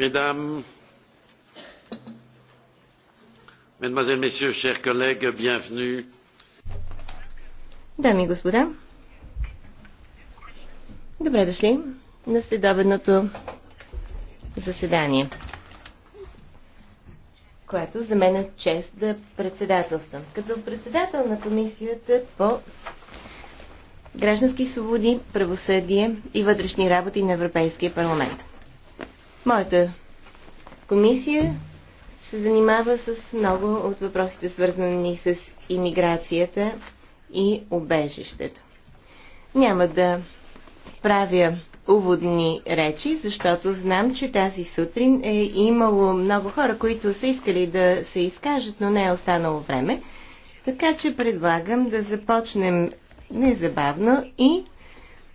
Mesdames, Mesdemoiselles, Messieurs, chers collègues, bienvenue. Дами и господа, добре дошли на следобедното заседание, което за мен е чест да председателствам. Като председател на комисията по граждански свободи, правосъдие и вътрешни работи на Европейския парламент. Моята комисия се занимава с много от въпросите, свързани с иммиграцията и обежището. Няма да правя уводни речи, защото знам, че тази сутрин е имало много хора, които са искали да се изкажат, но не е останало време. Така че предлагам да започнем незабавно и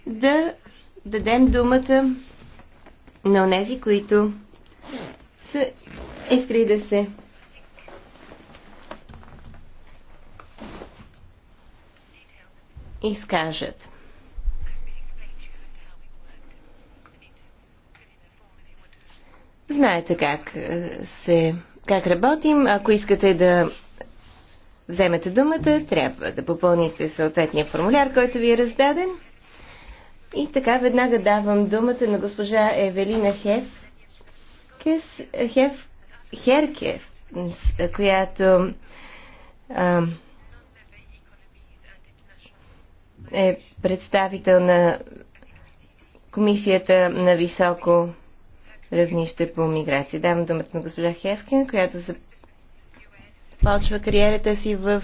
да дадем думата на онези, които са искали да се изкажат. Знаете как е, се как работим. Ако искате да вземете думата, трябва да попълните съответния формуляр, който ви е раздаден. И така веднага давам думата на госпожа Евелина Хеф, Кес, Хеф Херкев, която а, е представител на Комисията на високо равнище по миграция. Давам думата на госпожа Хевкин, която започва кариерата си в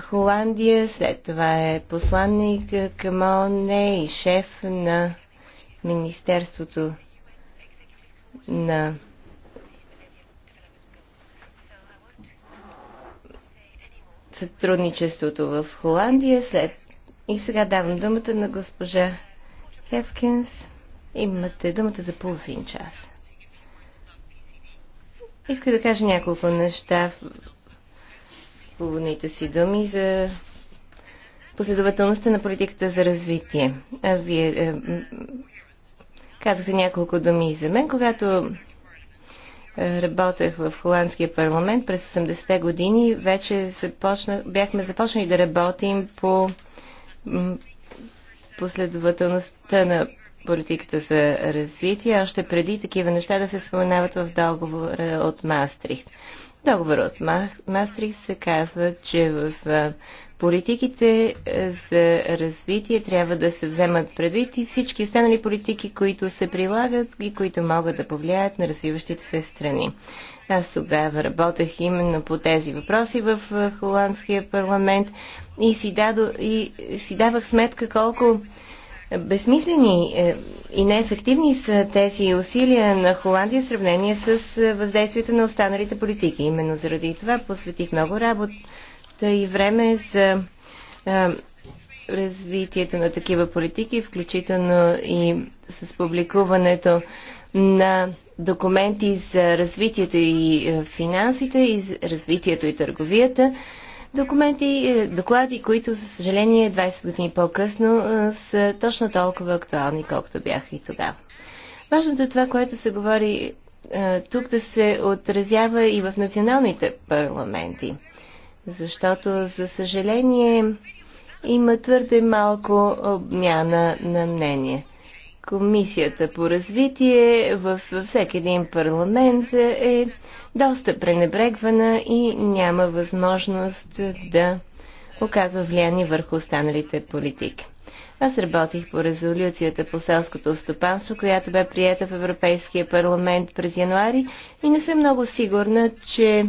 Холандия, след това е посланник е, към ООН е и шеф на Министерството на сътрудничеството в Холандия. След... И сега давам думата на госпожа Хевкинс. Имате думата за половин час. Иска да кажа няколко неща поводните си думи за последователността на политиката за развитие. А вие е, казахте няколко думи и за мен. Когато е, работех в Холандския парламент през 80-те години, вече започна, бяхме започнали да работим по последователността на политиката за развитие, още преди такива неща да се споменават в договора от Мастрихт. Договор от Мастрих се казва, че в политиките за развитие трябва да се вземат предвид и всички останали политики, които се прилагат и които могат да повлияят на развиващите се страни. Аз тогава работех именно по тези въпроси в Холандския парламент и си, дадо, и си давах сметка колко Безсмислени е, и неефективни са тези усилия на Холандия в сравнение с е, въздействието на останалите политики. Именно заради това посветих много работа и време за е, развитието на такива политики, включително и с публикуването на документи за развитието и финансите, и развитието и търговията. Документи, е, доклади, които, за съжаление, 20 години по-късно е, са точно толкова актуални, колкото бяха и тогава. Важното е това, което се говори е, тук да се отразява и в националните парламенти. Защото, за съжаление, има твърде малко обмяна на мнение. Комисията по развитие във всеки един парламент е доста пренебрегвана и няма възможност да оказва влияние върху останалите политики. Аз работих по резолюцията по селското стопанство, която бе приета в Европейския парламент през януари и не съм много сигурна, че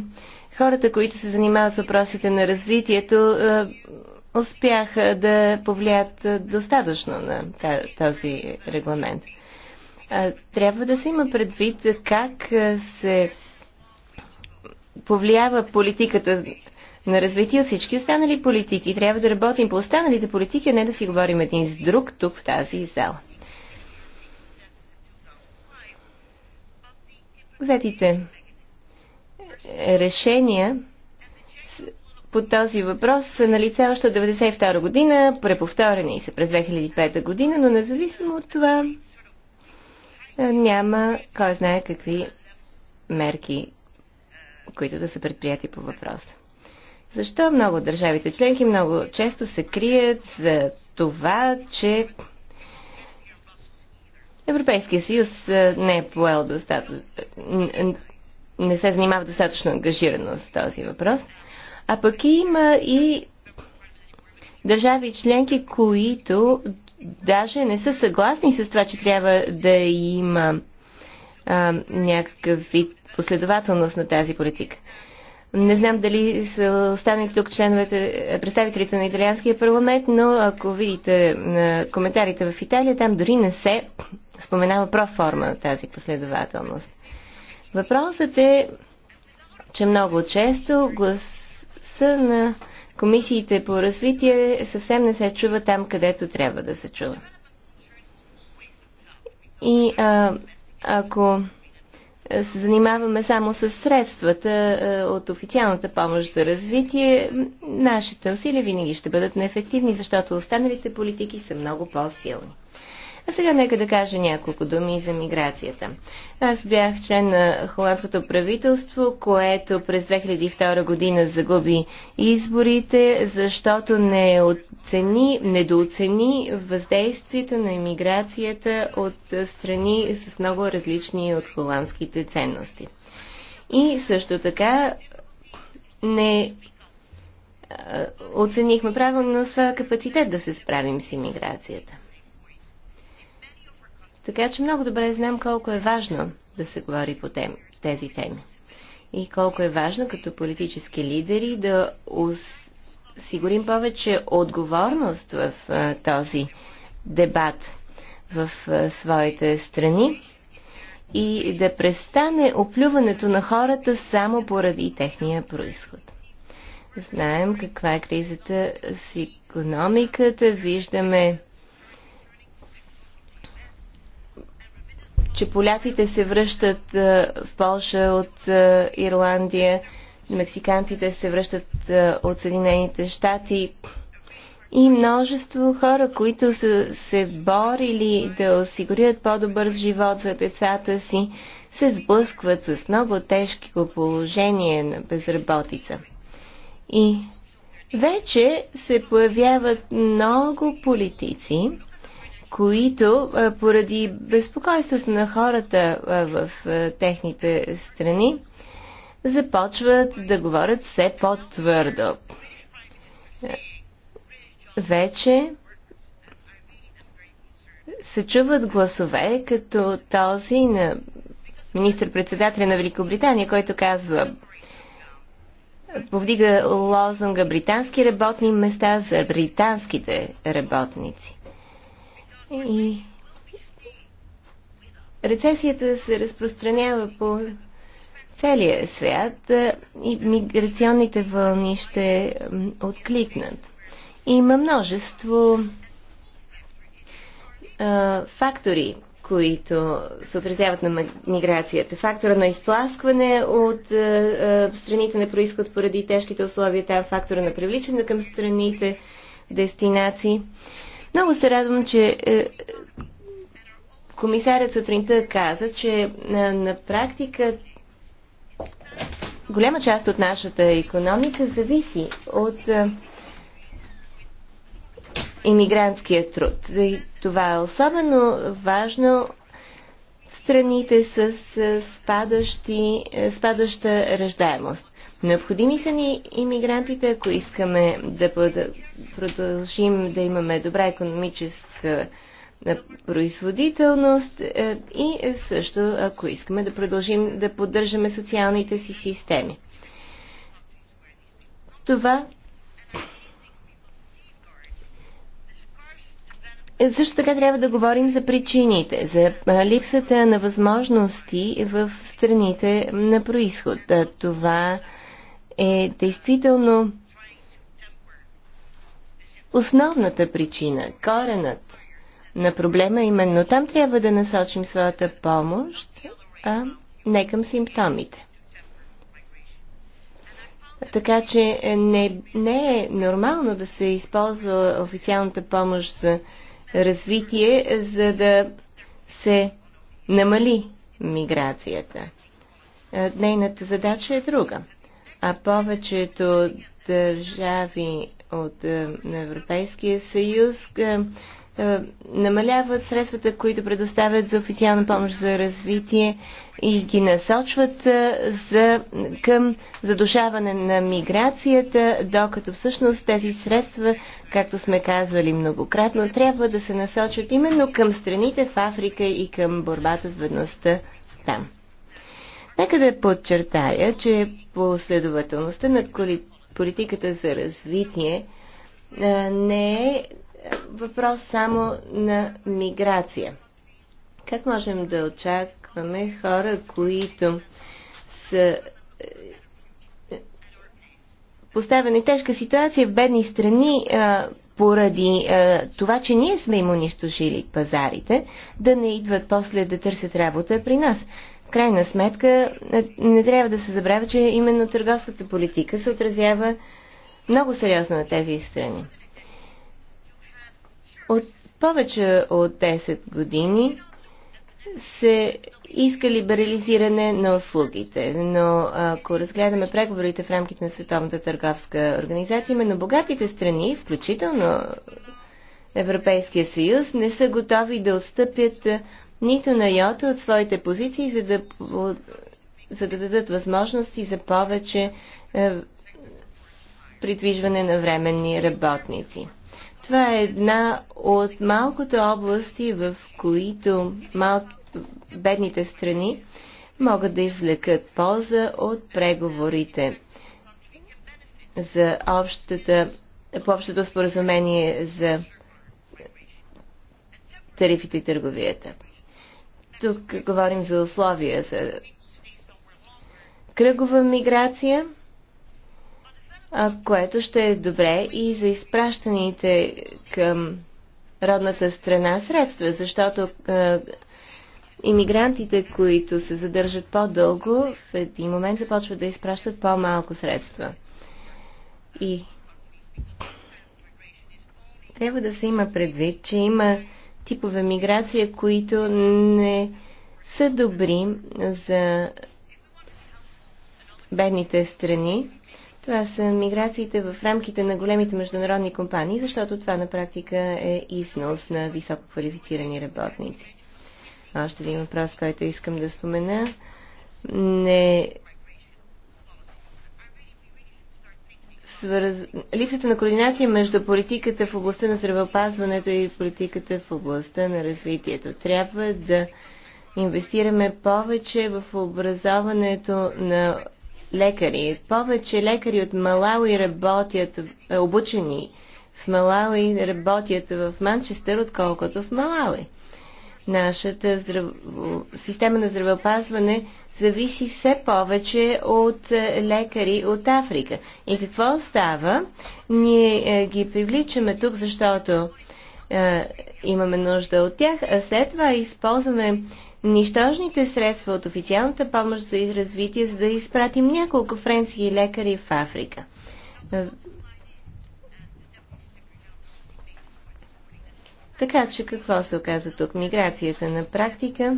хората, които се занимават с въпросите на развитието, успяха да повлият достатъчно на този регламент. Трябва да се има предвид как се повлиява политиката на развитие от всички останали политики. Трябва да работим по останалите политики, а не да си говорим един с друг тук в тази зала. Взетите решения по този въпрос са на лице още от 1992 година, преповторени са през 2005 година, но независимо от това няма кой знае какви мерки, които да са предприяти по въпроса. Защо много държавите членки много често се крият за това, че Европейския съюз не е поел достатъчно, не се занимава достатъчно ангажирано с този въпрос – а пък има и държави членки, които даже не са съгласни с това, че трябва да има а, някакъв вид последователност на тази политика. Не знам дали са останали тук членовете, представителите на италианския парламент, но ако видите на коментарите в Италия, там дори не се споменава проформа на тази последователност. Въпросът е, че много често глас гласа на комисиите по развитие съвсем не се чува там, където трябва да се чува. И а, ако се занимаваме само с средствата от официалната помощ за развитие, нашите усилия винаги ще бъдат неефективни, защото останалите политики са много по-силни. А сега нека да кажа няколко думи за миграцията. Аз бях член на холандското правителство, което през 2002 година загуби изборите, защото не оцени, недооцени въздействието на иммиграцията от страни с много различни от холандските ценности. И също така не оценихме правилно своя капацитет да се справим с иммиграцията. Така че много добре знам колко е важно да се говори по тем, тези теми. И колко е важно като политически лидери да осигурим повече отговорност в а, този дебат в а, своите страни и да престане оплюването на хората само поради техния происход. Знаем каква е кризата с економиката, виждаме че поляците се връщат е, в Польша от е, Ирландия, мексиканците се връщат е, от Съединените щати и множество хора, които са се борили да осигурят по-добър живот за децата си, се сблъскват с много тежки положение на безработица. И вече се появяват много политици, които поради безпокойството на хората в техните страни започват да говорят все по-твърдо. Вече се чуват гласове, като този на министър председателя на Великобритания, който казва повдига лозунга британски работни места за британските работници. И рецесията се разпространява по целия свят и миграционните вълни ще откликнат. Има множество а, фактори, които се отразяват на миграцията. Фактора на изтласкване от а, а, страните на происход поради тежките условия там, фактора на привличане към страните, дестинации. Много се радвам, че е, комисарят сутринта каза, че на, е, на практика голяма част от нашата економика зависи от е, иммигрантския труд. И това е особено важно страните с е, спадащи, е, спадаща ръждаемост. Необходими са ни иммигрантите, ако искаме да продължим да имаме добра економическа производителност е, и е, също ако искаме да продължим да поддържаме социалните си системи. Това е, Също така трябва да говорим за причините, за липсата на възможности в страните на происход. Това е действително основната причина, коренът на проблема. Е именно там трябва да насочим своята помощ, а не към симптомите. Така че не, не е нормално да се използва официалната помощ за развитие, за да се намали миграцията. Нейната задача е друга а повечето държави от е, Европейския съюз е, е, намаляват средствата, които предоставят за официална помощ за развитие и ги насочват за, към задушаване на миграцията, докато всъщност тези средства, както сме казвали многократно, трябва да се насочат именно към страните в Африка и към борбата с бедността там. Нека да подчертая, че последователността на политиката за развитие не е въпрос само на миграция. Как можем да очакваме хора, които са е, поставени в тежка ситуация в бедни страни поради това, че ние сме им унищожили пазарите, да не идват после да търсят работа при нас крайна сметка не трябва да се забравя, че именно търговската политика се отразява много сериозно на тези страни. От повече от 10 години се иска либерализиране на услугите. Но ако разгледаме преговорите в рамките на Световната търговска организация, именно богатите страни, включително Европейския съюз, не са готови да отстъпят нито на йота от своите позиции, за да, за да дадат възможности за повече е, придвижване на временни работници. Това е една от малкото области, в които мал... бедните страни могат да извлекат полза от преговорите за общата, по общото споразумение за тарифите и търговията. Тук говорим за условия за кръгова миграция, което ще е добре и за изпращаните към родната страна средства, защото е, иммигрантите, които се задържат по-дълго, в един момент започват да изпращат по-малко средства. И трябва да се има предвид, че има типове миграция, които не са добри за бедните страни. Това са миграциите в рамките на големите международни компании, защото това на практика е износ на високо квалифицирани работници. Още един въпрос, който искам да спомена. Не свърз... липсата на координация между политиката в областта на здравеопазването и политиката в областта на развитието. Трябва да инвестираме повече в образованието на лекари. Повече лекари от Малауи работят, е, обучени в Малауи, работят в Манчестър, отколкото в Малауи. Нашата здраво... система на здравеопазване зависи все повече от е, лекари от Африка. И какво става? Ние е, ги привличаме тук, защото е, имаме нужда от тях, а след това използваме нищожните средства от официалната помощ за развитие, за да изпратим няколко френски лекари в Африка. Е, Така че какво се оказа тук? Миграцията на практика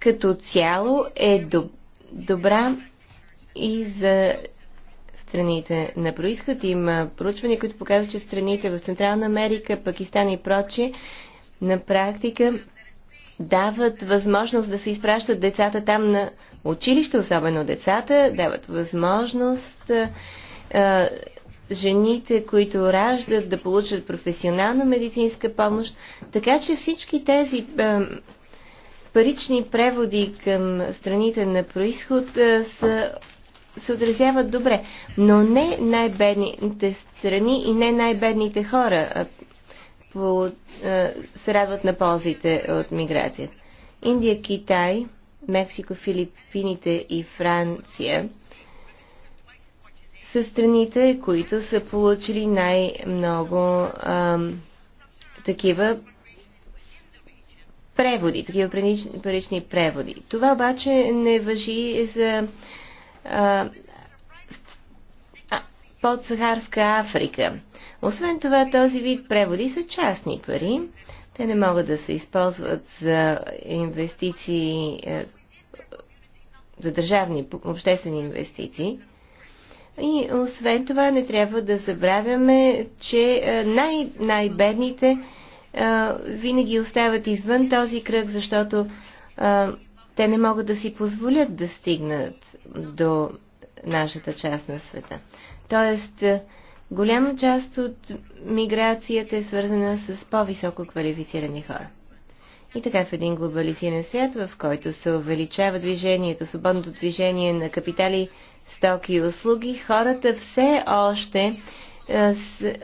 като цяло е доб добра и за страните на происход. Има проучвания, които показват, че страните в Централна Америка, Пакистан и Прочи на практика дават възможност да се изпращат децата там на училище, особено децата, дават възможност жените, които раждат, да получат професионална медицинска помощ. Така че всички тези е, парични преводи към страните на происход е, са, се отразяват добре, но не най-бедните страни и не най-бедните хора е, по, се радват на ползите от миграцията. Индия, Китай, Мексико, Филипините и Франция – са страните, които са получили най-много такива преводи, такива парични преводи. Това обаче не въжи за подсахарска Африка. Освен това, този вид преводи са частни пари. Те не могат да се използват за инвестиции, е, за държавни обществени инвестиции. И освен това не трябва да забравяме, че е, най- най-бедните е, винаги остават извън този кръг, защото а, е, те не могат да си позволят да стигнат до нашата част на света. Тоест, голяма част от миграцията е свързана с по-високо квалифицирани хора. И така в един глобализиран свят, в който се увеличава движението, свободното движение на капитали, стоки и услуги, хората все още е,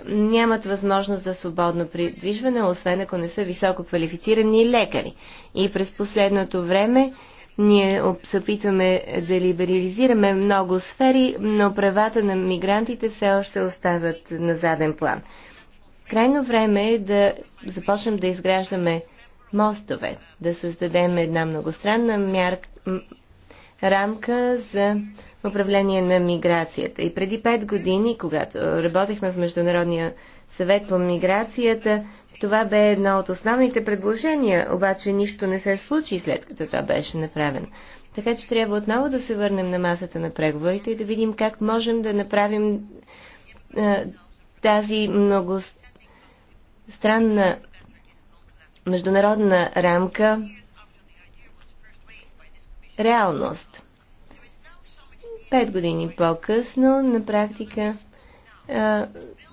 нямат възможност за свободно придвижване, освен ако не са високо квалифицирани лекари. И през последното време ние се опитваме да либерализираме много сфери, но правата на мигрантите все още остават на заден план. Крайно време е да започнем да изграждаме мостове, да създадем една многостранна мярка, рамка за управление на миграцията. И преди 5 години, когато работехме в Международния съвет по миграцията, това бе едно от основните предложения, обаче нищо не се случи след като това беше направено. Така че трябва отново да се върнем на масата на преговорите и да видим как можем да направим а, тази много странна международна рамка реалност. Пет години по-късно, на практика,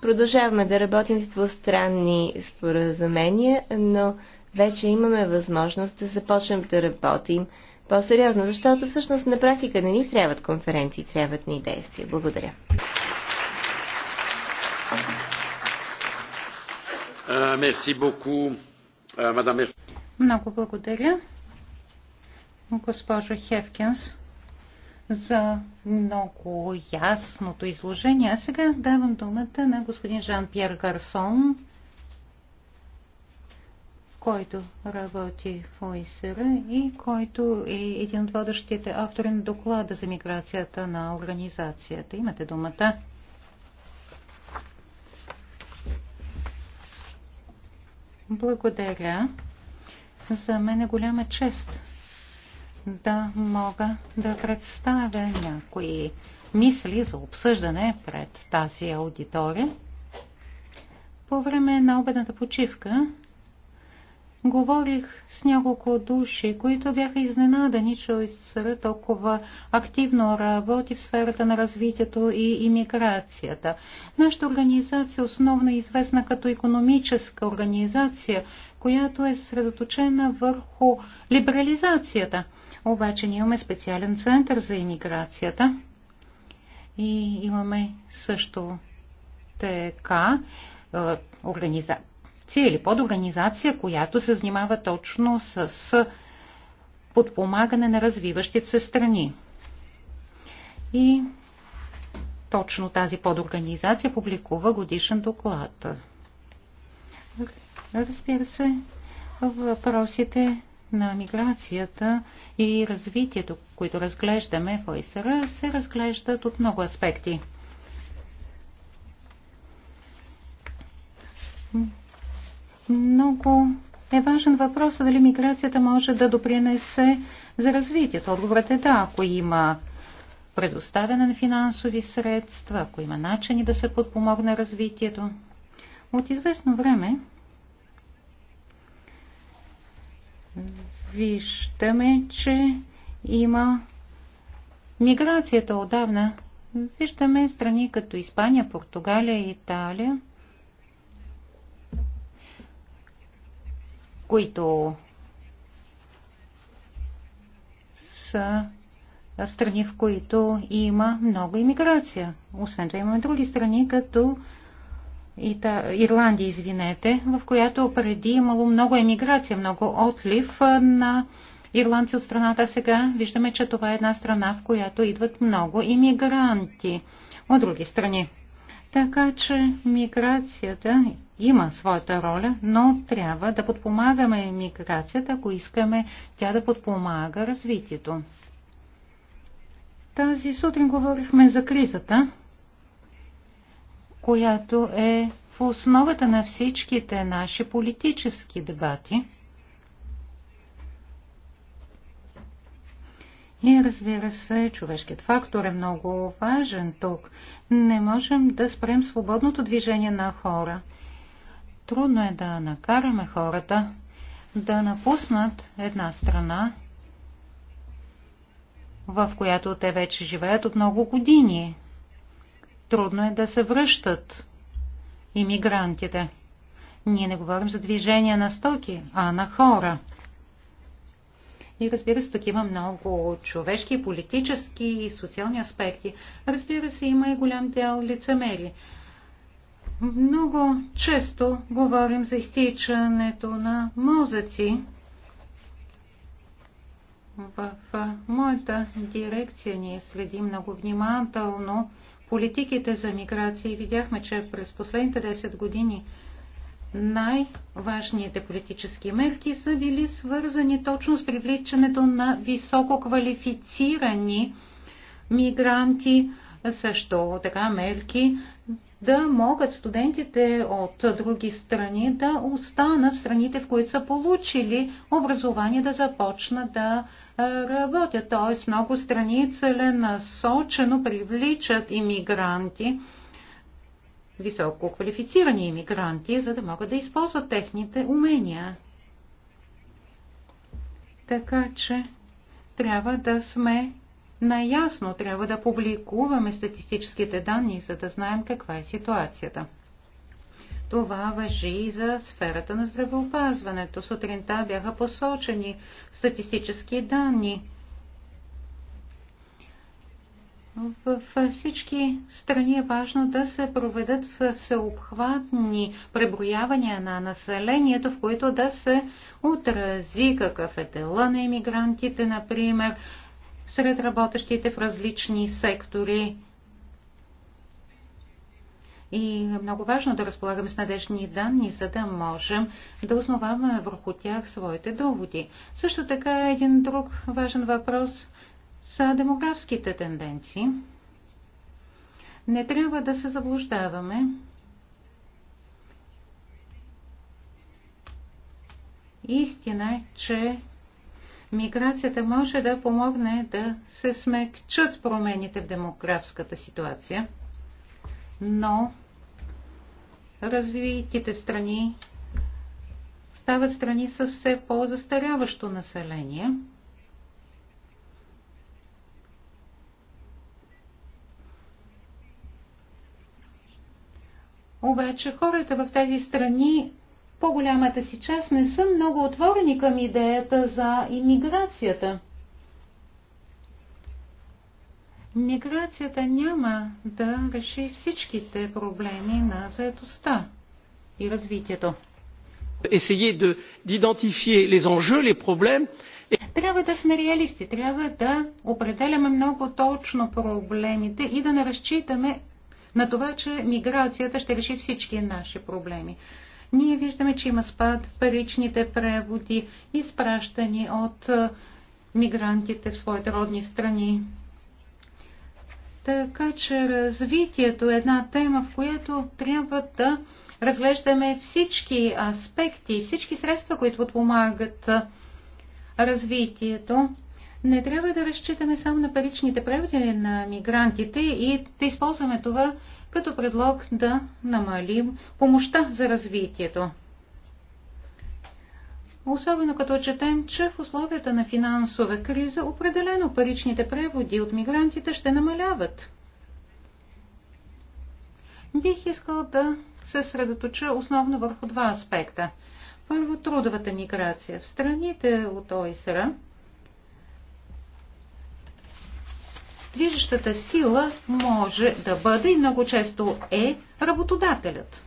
продължаваме да работим с двустранни споразумения, но вече имаме възможност да започнем да работим по-сериозно, защото всъщност на практика не ни трябват конференции, трябват ни действия. Благодаря. Много благодаря, госпожо Хевкинс за много ясното изложение. А сега давам думата на господин Жан-Пьер Гарсон, който работи в ОИСР и който е един от водещите автори на доклада за миграцията на организацията. Имате думата. Благодаря. За мен е голяма чест да мога да представя някои мисли за обсъждане пред тази аудитория. По време на обедната почивка говорих с няколко души, които бяха изненадани, че ОСР толкова активно работи в сферата на развитието и иммиграцията. Нашата организация е основно е известна като економическа организация, която е средоточена върху либерализацията – обаче ние имаме специален център за иммиграцията и имаме също така е, организация или подорганизация, която се занимава точно с подпомагане на развиващите се страни. И точно тази подорганизация публикува годишен доклад. Разбира се, въпросите на миграцията и развитието, които разглеждаме в ОСР, се разглеждат от много аспекти. Много е важен въпрос дали миграцията може да допринесе за развитието. Отговорът е да, ако има предоставяне на финансови средства, ако има начини да се подпомогне развитието. От известно време виждаме, че има миграцията отдавна. Виждаме страни като Испания, Португалия и Италия, които са страни, в които има много иммиграция. Освен това имаме други страни, като Ита, Ирландия, извинете, в която преди имало много емиграция, много отлив на ирландци от страната. Сега виждаме, че това е една страна, в която идват много иммигранти от други страни. Така че миграцията има своята роля, но трябва да подпомагаме миграцията, ако искаме тя да подпомага развитието. Тази сутрин говорихме за кризата която е в основата на всичките наши политически дебати. И разбира се, човешкият фактор е много важен тук. Не можем да спрем свободното движение на хора. Трудно е да накараме хората да напуснат една страна, в която те вече живеят от много години, трудно е да се връщат иммигрантите. Ние не говорим за движение на стоки, а на хора. И разбира се, тук има много човешки, политически и социални аспекти. Разбира се, има и голям дял лицемери. Много често говорим за изтичането на мозъци. В моята дирекция ние следим много внимателно политиките за миграция и видяхме, че през последните 10 години най-важните политически мерки са били свързани точно с привличането на високо квалифицирани мигранти, също така мерки да могат студентите от други страни да останат в страните, в които са получили образование, да започнат да работят. Т.е. много страни целенасочено привличат иммигранти, високо квалифицирани иммигранти, за да могат да използват техните умения. Така че трябва да сме наясно, трябва да публикуваме статистическите данни, за да знаем каква е ситуацията. Това въжи и за сферата на здравеопазването. Сутринта бяха посочени статистически данни. В всички страни е важно да се проведат всеобхватни преброявания на населението, в които да се отрази какъв е дела на иммигрантите, например, сред работещите в различни сектори и е много важно да разполагаме с надежни данни, за да можем да основаваме върху тях своите доводи. Също така е един друг важен въпрос са демографските тенденции. Не трябва да се заблуждаваме. Истина е, че миграцията може да помогне да се смекчат промените в демографската ситуация – но развитите страни стават страни с все по-застаряващо население. Обаче хората в тези страни по-голямата си част не са много отворени към идеята за иммиграцията. Миграцията няма да реши всичките проблеми на заедостта и развитието. Трябва да сме реалисти, трябва да определяме много точно проблемите и да не разчитаме на това, че миграцията ще реши всички наши проблеми. Ние виждаме, че има спад в паричните преводи, изпращани от мигрантите в своите родни страни. Така че развитието е една тема, в която трябва да разглеждаме всички аспекти, всички средства, които подпомагат развитието. Не трябва да разчитаме само на паричните преводи на мигрантите и да използваме това като предлог да намалим помощта за развитието. Особено като четем, че в условията на финансова криза определено паричните преводи от мигрантите ще намаляват. Бих искал да се средоточа основно върху два аспекта. Първо, трудовата миграция. В страните от ОСР движещата сила може да бъде и много често е работодателят.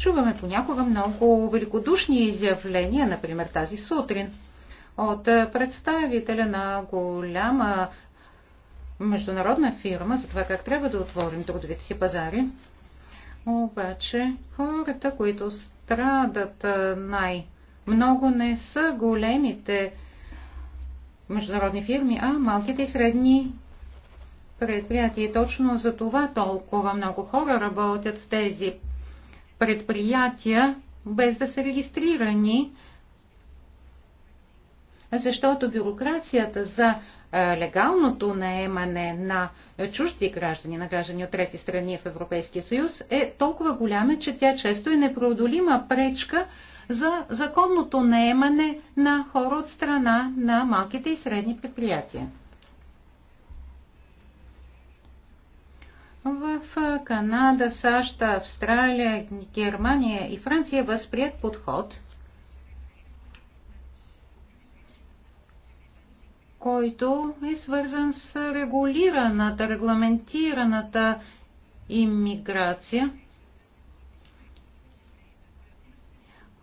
Чуваме понякога много великодушни изявления, например тази сутрин, от е, представителя на голяма международна фирма за това как трябва да отворим трудовите си пазари. Обаче хората, които страдат е, най-много не са големите международни фирми, а малките и средни предприятия. И точно за това толкова много хора работят в тези предприятия, без да са регистрирани, защото бюрокрацията за легалното наемане на чужди граждани, на граждани от трети страни в Европейския съюз е толкова голяма, че тя често е непреодолима пречка за законното наемане на хора от страна на малките и средни предприятия. В Канада, САЩ, Австралия, Германия и Франция възприят подход, който е свързан с регулираната, регламентираната иммиграция.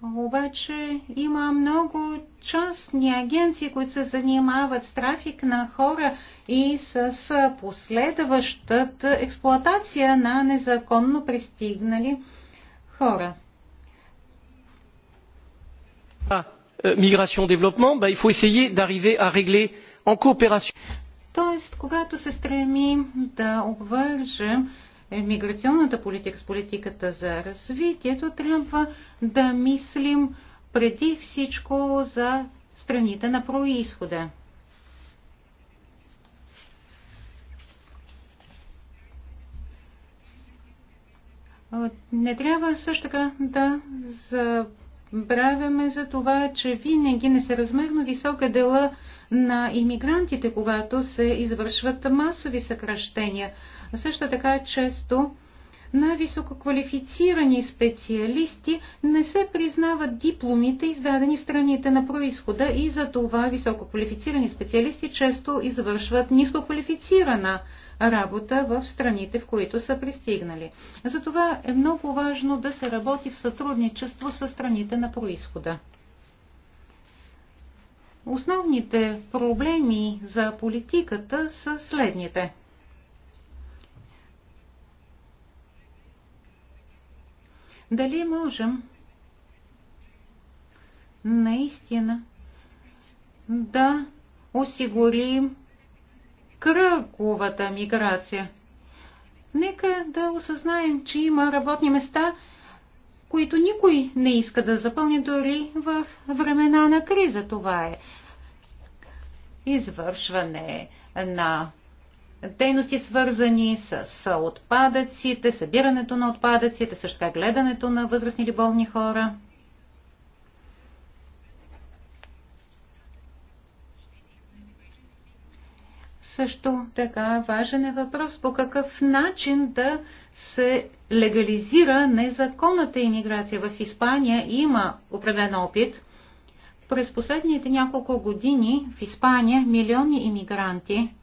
Обаче има много частни агенции, които се занимават с трафик на хора и с последващата експлоатация на незаконно пристигнали хора. Е, миграция девелопмент, бе, il faut essayer d'arriver à régler en coopération. Тоест, когато се стремим да обвържем е, миграционната политика с политиката за развитието, трябва да мислим преди всичко за страните на происхода. Е, не трябва също така да забравяме за това, че винаги несъразмерно висока дела на иммигрантите, когато се извършват масови съкръщения – също така често на висококвалифицирани специалисти не се признават дипломите, издадени в страните на происхода и за това висококвалифицирани специалисти често извършват нискоквалифицирана работа в страните, в които са пристигнали. Затова е много важно да се работи в сътрудничество с страните на происхода. Основните проблеми за политиката са следните – Дали можем наистина да осигурим кръговата миграция? Нека да осъзнаем, че има работни места, които никой не иска да запълни дори в времена на криза. Това е извършване на дейности, свързани с отпадъците, събирането на отпадъците, също така гледането на възрастни или болни хора. Също така важен е въпрос по какъв начин да се легализира незаконната иммиграция. В Испания има определен опит. През последните няколко години в Испания милиони иммигранти –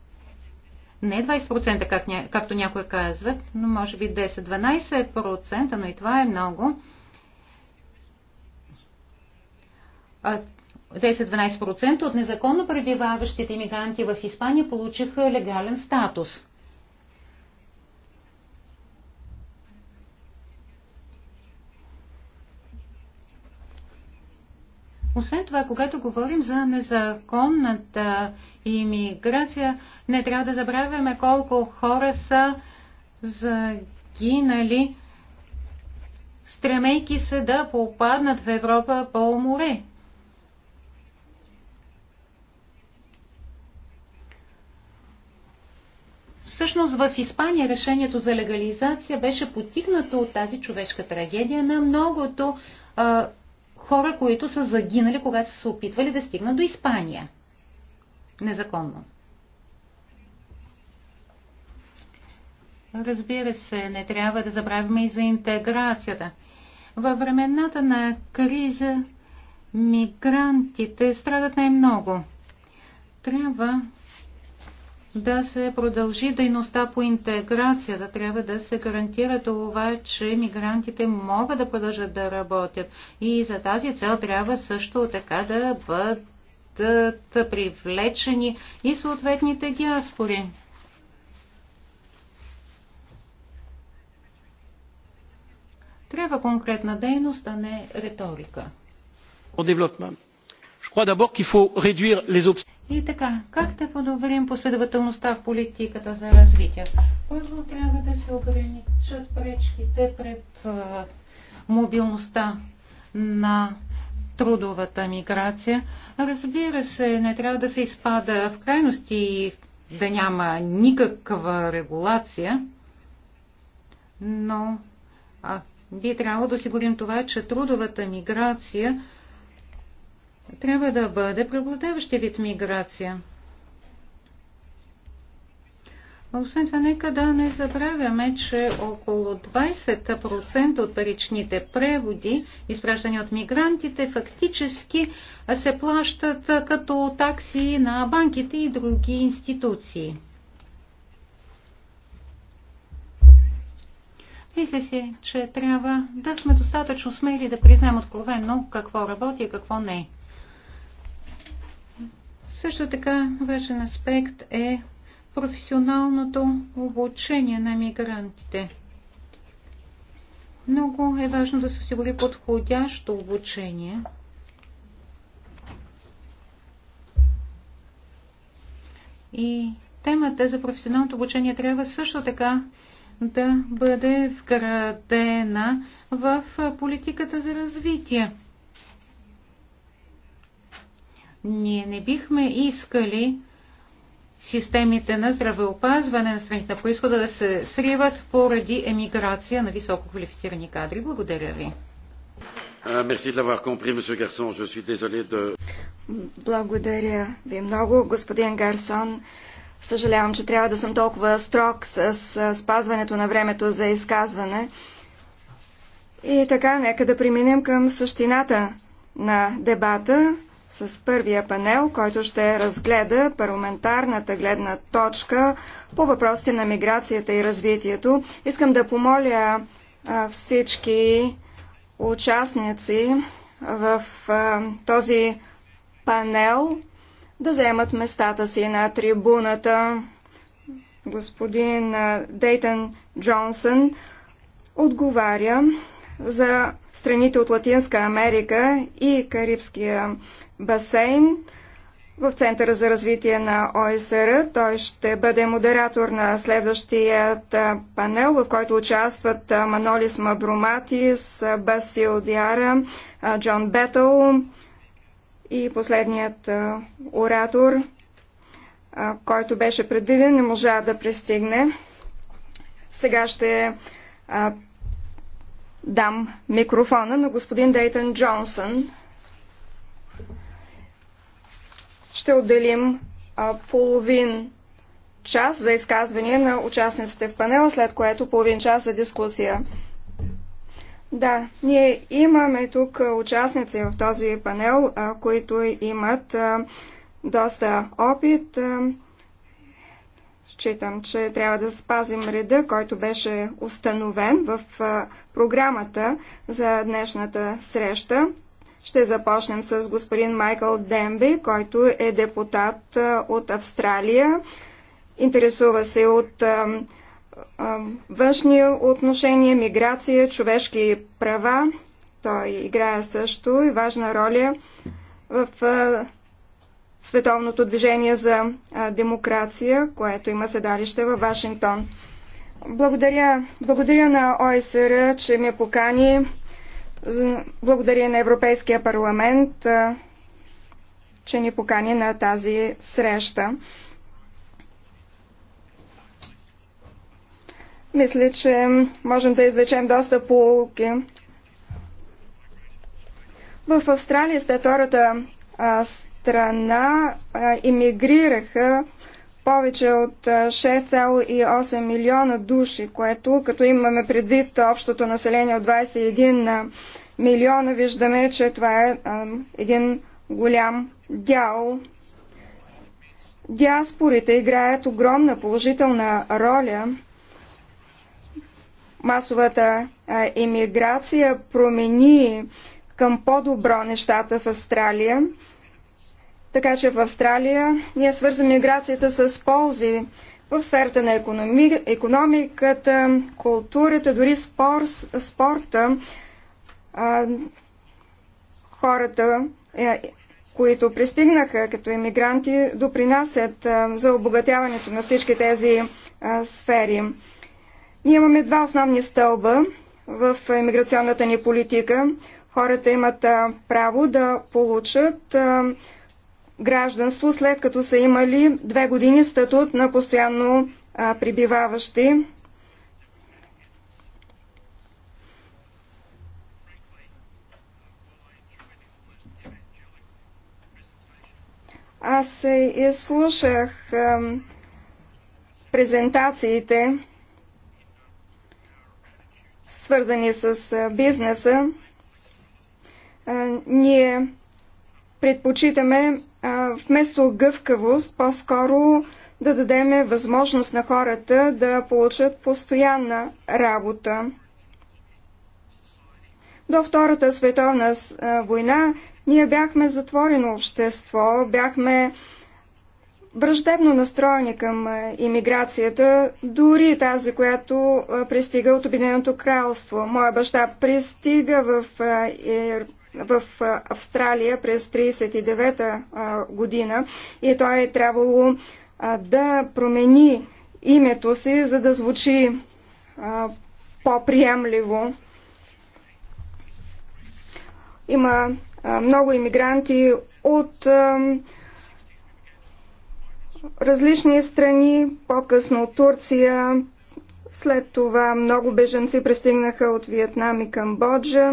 не 20%, както някои казват, но може би 10-12%, но и това е много. 10-12% от незаконно пребиваващите иммигранти в Испания получиха легален статус. Освен това, когато говорим за незаконната иммиграция, не трябва да забравяме колко хора са загинали, стремейки се да попаднат в Европа по море. Всъщност в Испания решението за легализация беше потигнато от тази човешка трагедия на многото а, хора, които са загинали, когато са се опитвали да стигнат до Испания. Незаконно. Разбира се, не трябва да забравяме и за интеграцията. Във времената на криза мигрантите страдат най-много. Трябва да се продължи дейността по интеграция, Да трябва да се гарантира това, че мигрантите могат да продължат да работят. И за тази цел трябва също така да бъдат привлечени и съответните диаспори. Трябва конкретна дейност, а не риторика. Je crois d'abord qu'il faut réduire les obstacles. И така, как да подобрим последователността в политиката за развитие? Първо трябва да се ограничат пречките пред мобилността на трудовата миграция. Разбира се, не трябва да се изпада в крайности и да няма никаква регулация, но а, би трябвало да осигурим това, че трудовата миграция трябва да бъде преобладаващи вид миграция. Освен това, нека да не забравяме, че около 20% от паричните преводи, изпращани от мигрантите, фактически се плащат като такси на банките и други институции. Мисля си, че трябва да сме достатъчно смели да признаем откровенно какво работи и какво не. е. Също така важен аспект е професионалното обучение на мигрантите. Много е важно да се осигури подходящо обучение. И темата за професионалното обучение трябва също така да бъде вградена в политиката за развитие. Ние не бихме искали системите на здравеопазване на страните на происхода да се сриват поради емиграция на високо квалифицирани кадри. Благодаря ви. Благодаря ви много, господин Гарсон. Съжалявам, че трябва да съм толкова строг с спазването на времето за изказване. И така, нека да преминем към същината на дебата с първия панел, който ще разгледа парламентарната гледна точка по въпросите на миграцията и развитието. Искам да помоля всички участници в този панел да заемат местата си на трибуната. Господин Дейтън Джонсън отговаря за страните от Латинска Америка и Карибския басейн в Центъра за развитие на ОСР. Той ще бъде модератор на следващият панел, в който участват Манолис Маброматис, Басил Диара, Джон Бетъл и последният оратор, който беше предвиден, не можа да пристигне. Сега ще дам микрофона на господин Дейтън Джонсън. Ще отделим а, половин час за изказване на участниците в панела, след което половин час за дискусия. Да, ние имаме тук участници в този панел, а, които имат а, доста опит. А, Считам, че трябва да спазим реда, който беше установен в програмата за днешната среща. Ще започнем с господин Майкъл Демби, който е депутат от Австралия. Интересува се от външни отношения, миграция, човешки права. Той играе също и важна роля в Световното движение за демокрация, което има седалище във Вашингтон. Благодаря, благодаря на ОСР, че ме покани. Благодаря на Европейския парламент, че ни покани на тази среща. Мисля, че можем да извлечем доста полуки. В Австралия след втората страна емигрираха повече от 6,8 милиона души, което като имаме предвид общото население от 21 милиона, виждаме, че това е един голям дял. Диаспорите играят огромна положителна роля. Масовата емиграция промени към по-добро нещата в Австралия. Така че в Австралия ние свързваме миграцията с ползи в сферата на економи... економиката, културата, дори спор... спорта. А, хората, е, които пристигнаха като иммигранти, допринасят а, за обогатяването на всички тези а, сфери. Ние имаме два основни стълба в иммиграционната ни политика. Хората имат а, право да получат а, гражданство, след като са имали две години статут на постоянно а, прибиваващи. Аз изслушах а, презентациите, свързани с а, бизнеса. А, ние предпочитаме вместо гъвкавост, по-скоро да дадем възможност на хората да получат постоянна работа. До Втората световна война ние бяхме затворено общество, бяхме враждебно настроени към иммиграцията, дори тази, която пристига от Обединеното кралство. Моя баща пристига в в Австралия през 1939 година и той е трябвало да промени името си, за да звучи по-приемливо. Има много иммигранти от различни страни, по-късно от Турция, след това много беженци пристигнаха от Виетнам и Камбоджа.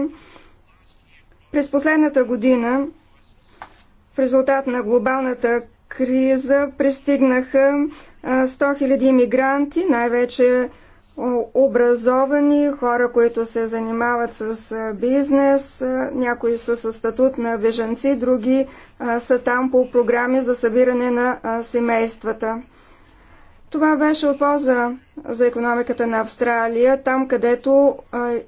През последната година, в резултат на глобалната криза, пристигнаха 100 000 иммигранти, най-вече образовани, хора, които се занимават с бизнес, някои са с статут на беженци, други са там по програми за събиране на семействата. Това беше от полза за економиката на Австралия, там където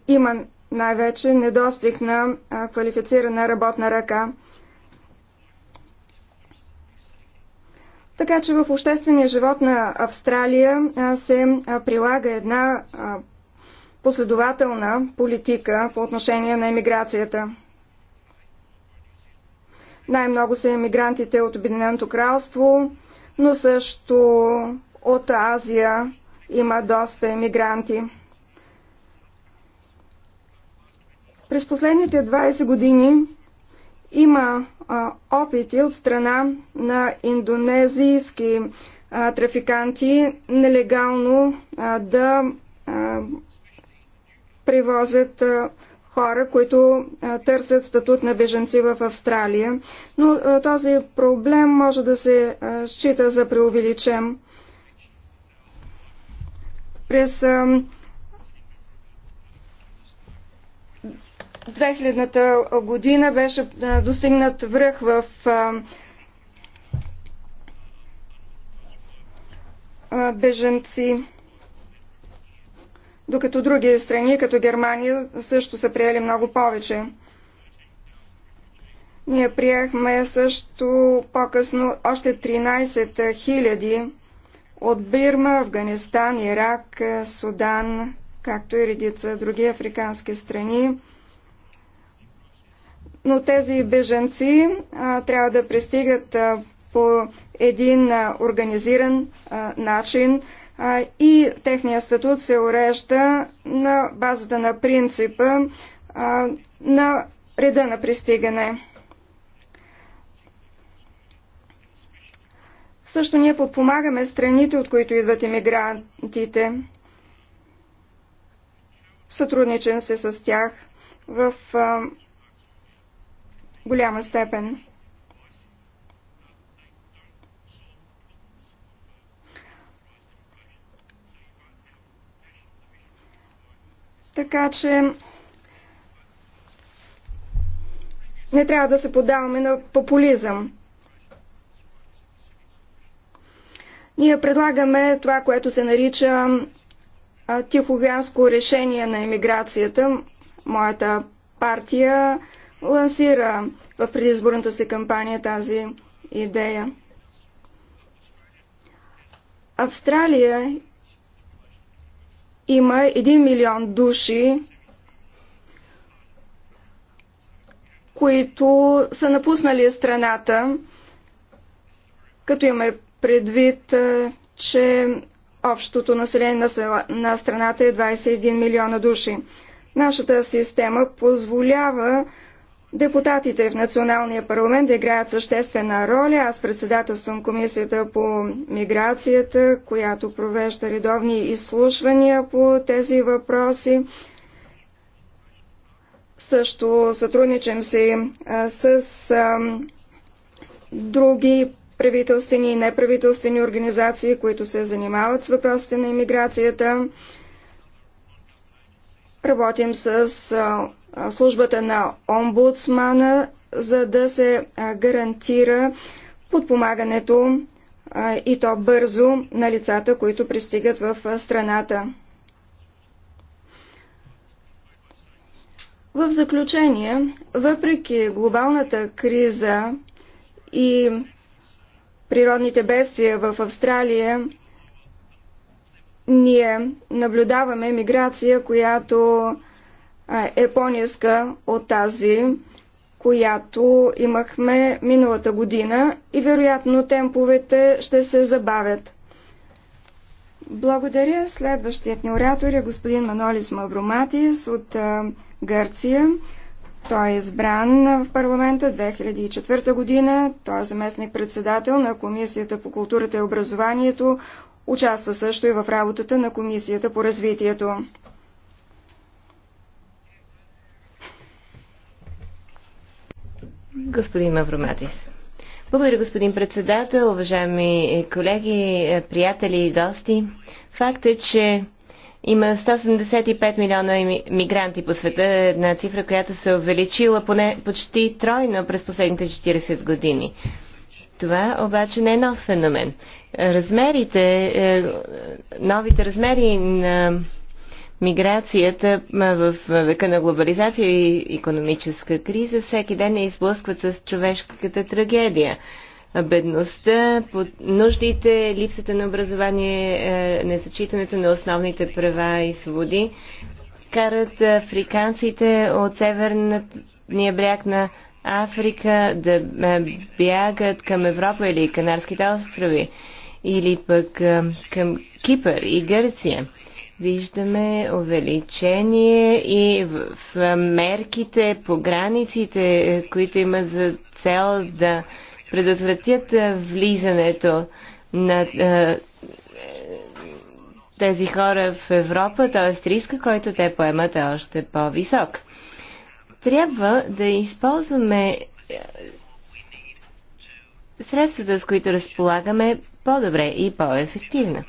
има най-вече недостиг на квалифицирана работна ръка. Така че в обществения живот на Австралия се прилага една последователна политика по отношение на емиграцията. Най-много са емигрантите от Обединеното кралство, но също от Азия има доста емигранти. През последните 20 години има а, опити от страна на индонезийски а, трафиканти нелегално а, да а, привозят а, хора, които а, търсят статут на беженци в Австралия. Но а, този проблем може да се а, счита за преувеличен. През а, 2000-та година беше достигнат връх в беженци, докато други страни, като Германия, също са приели много повече. Ние приехме също по-късно още 13 000 от Бирма, Афганистан, Ирак, Судан, както и редица други африкански страни но тези беженци а, трябва да пристигат а, по един а, организиран а, начин а, и техния статут се урежда на базата на принципа а, на реда на пристигане. Също ние подпомагаме страните, от които идват иммигрантите. Сътрудничен се с тях в а, голяма степен. Така че не трябва да се подаваме на популизъм. Ние предлагаме това, което се нарича тихогянско решение на емиграцията. Моята партия лансира в предизборната си кампания тази идея. Австралия има 1 милион души, които са напуснали страната, като имаме предвид, че общото население на страната е 21 милиона души. Нашата система позволява депутатите в националния парламент да играят съществена роля. Аз председателствам комисията по миграцията, която провежда редовни изслушвания по тези въпроси. Също сътрудничам си с а, други правителствени и неправителствени организации, които се занимават с въпросите на иммиграцията. Работим с а, службата на омбудсмана, за да се гарантира подпомагането и то бързо на лицата, които пристигат в страната. В заключение, въпреки глобалната криза и природните бедствия в Австралия, ние наблюдаваме миграция, която е по-ниска от тази, която имахме миналата година и вероятно темповете ще се забавят. Благодаря. Следващият ни оратор е господин Манолис Мавроматис от Гърция. Той е избран в парламента 2004 година. Той е заместник-председател на Комисията по културата и образованието. Участва също и в работата на Комисията по развитието. Господин Мавроматис. Благодаря, господин председател, уважаеми колеги, приятели и гости. Факт е, че има 175 милиона мигранти по света, една цифра, която се е увеличила поне почти тройно през последните 40 години. Това обаче не е нов феномен. Размерите, е, новите размери на миграцията в века на глобализация и економическа криза всеки ден не изблъскват с човешката трагедия. Бедността, нуждите, липсата на образование, незачитането на основните права и свободи карат африканците от северния бряг на Африка да бягат към Европа или Канарските острови или пък към Кипър и Гърция виждаме увеличение и в мерките по границите, които имат за цел да предотвратят влизането на тези хора в Европа, т.е. риска, който те поемат е още по-висок. Трябва да използваме средствата, с които разполагаме, по-добре и по-ефективно.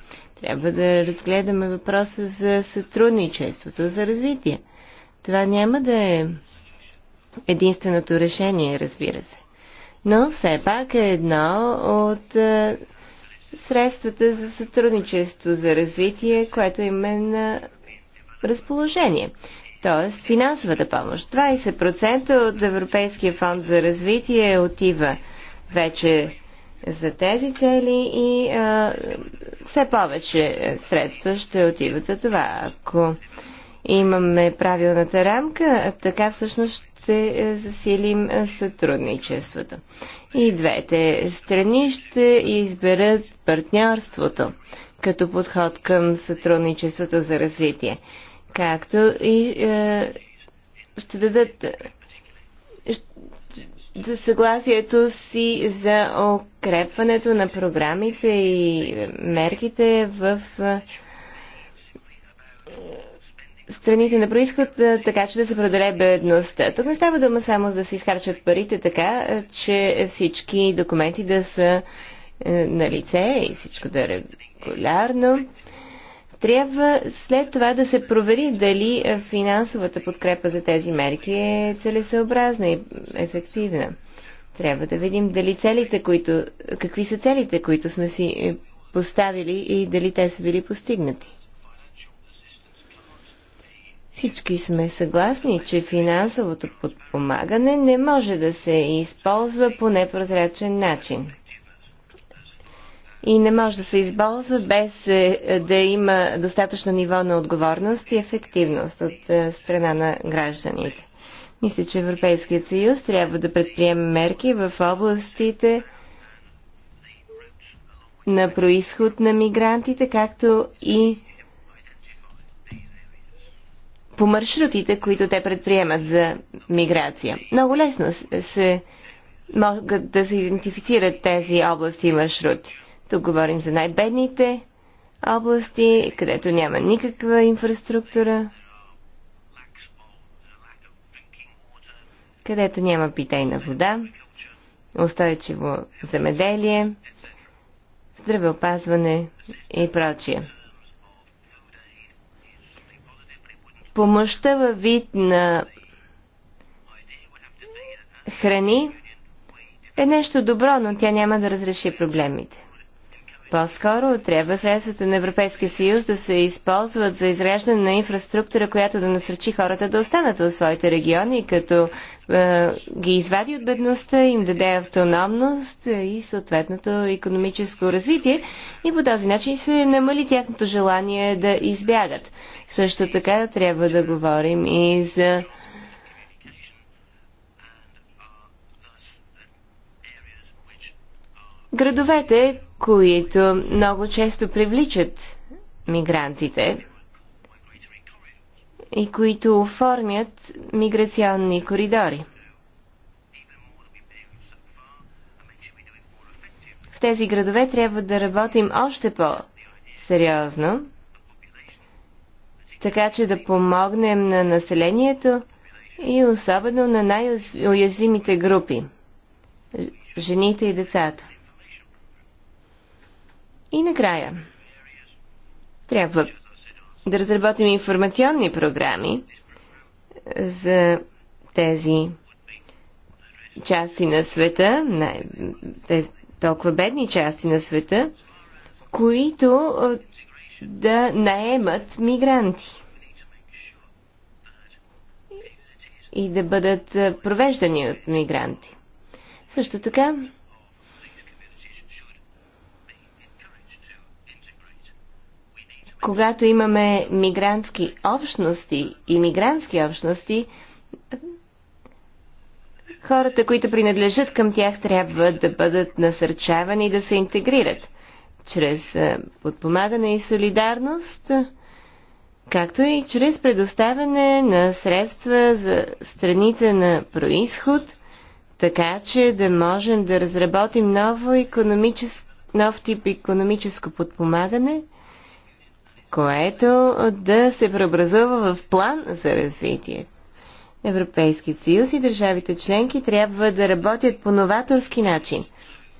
Трябва да разгледаме въпроса за сътрудничеството, за развитие. Това няма да е единственото решение, разбира се. Но все пак е едно от е, средствата за сътрудничество, за развитие, което има е на разположение. Тоест финансовата помощ. 20% от Европейския фонд за развитие отива вече за тези цели и а, все повече средства ще отиват за това. Ако имаме правилната рамка, така всъщност ще засилим сътрудничеството. И двете страни ще изберат партньорството като подход към сътрудничеството за развитие, както и е, ще дадат за съгласието си за укрепването на програмите и мерките в страните на происход, така че да се преодолее бедността. Тук не става дума само за да се изхарчат парите така, че всички документи да са е, на лице и всичко да е регулярно. Трябва след това да се провери дали е, финансовата подкрепа за тези мерки е целесъобразна и ефективна. Трябва да видим дали целите, които, какви са целите, които сме си е, поставили и дали те са били постигнати. Всички сме съгласни, че финансовото подпомагане не може да се използва по непрозрачен начин и не може да се използва без е, да има достатъчно ниво на отговорност и ефективност от е, страна на гражданите. Мисля, че Европейският съюз трябва да предприеме мерки в областите на происход на мигрантите, както и по маршрутите, които те предприемат за миграция. Много лесно се могат да се идентифицират тези области и маршрути. Тук говорим за най-бедните области, където няма никаква инфраструктура, където няма питейна вода, устойчиво земеделие, здравеопазване и прочие. Помощта във вид на храни е нещо добро, но тя няма да разреши проблемите. По-скоро трябва средствата на Европейския съюз да се използват за изреждане на инфраструктура, която да насърчи хората да останат в своите региони, като е, ги извади от бедността, им даде автономност е, и съответното економическо развитие и по този начин се намали тяхното желание да избягат. Също така трябва да говорим и за градовете, които много често привличат мигрантите и които оформят миграционни коридори. В тези градове трябва да работим още по-сериозно, така че да помогнем на населението и особено на най-уязвимите групи – жените и децата. И накрая, трябва да разработим информационни програми за тези части на света, най- тези толкова бедни части на света, които да наемат мигранти и да бъдат провеждани от мигранти. Също така, когато имаме мигрантски общности и мигрантски общности, хората, които принадлежат към тях, трябва да бъдат насърчавани и да се интегрират чрез подпомагане и солидарност, както и чрез предоставяне на средства за страните на происход, така че да можем да разработим ново економическо нов тип економическо подпомагане – което да се преобразува в план за развитие. Европейският съюз и държавите членки трябва да работят по новаторски начин.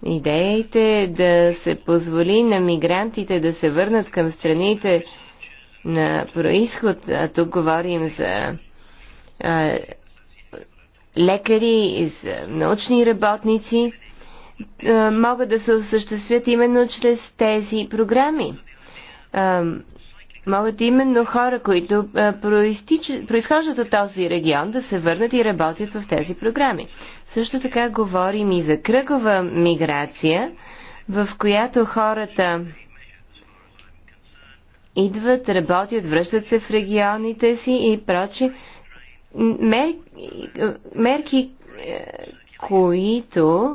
Идеите да се позволи на мигрантите да се върнат към страните на происход, а тук говорим за а, лекари, за научни работници, а, могат да се осъществят именно чрез тези програми. А, могат именно хора, които произхождат от този регион, да се върнат и работят в тези програми. Също така говорим и за кръгова миграция, в която хората идват, работят, връщат се в регионите си и прочи. Мер... Мерки, е, които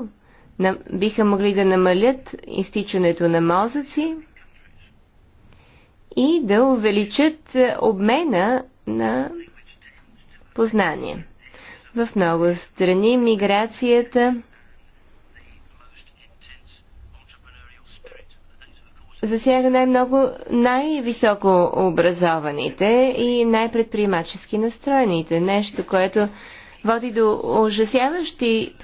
биха могли да намалят изтичането на мозъци, и да увеличат обмена на познание. В много страни миграцията засяга най-много най-високо образованите и най-предприемачески настроените. Нещо, което води до ужасяващи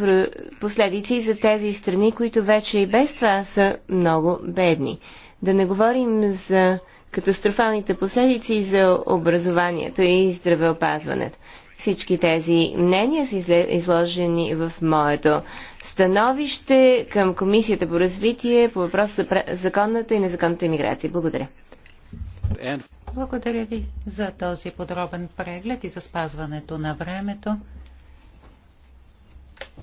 последици за тези страни, които вече и без това са много бедни. Да не говорим за катастрофалните последици за образованието и здравеопазването. Всички тези мнения са изложени в моето становище към Комисията по развитие по въпрос за законната и незаконната иммиграция. Благодаря. Благодаря ви за този подробен преглед и за спазването на времето.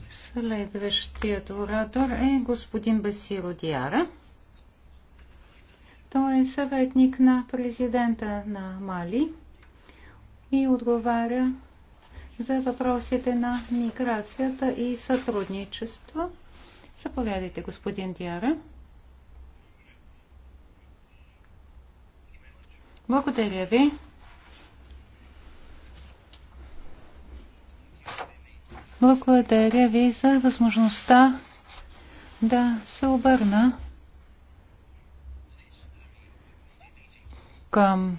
Следващият оратор е господин Басиро Диара. Той е съветник на президента на Мали и отговаря за въпросите на миграцията и сътрудничество. Заповядайте, господин Диара. Благодаря ви. Благодаря ви за възможността да се обърна към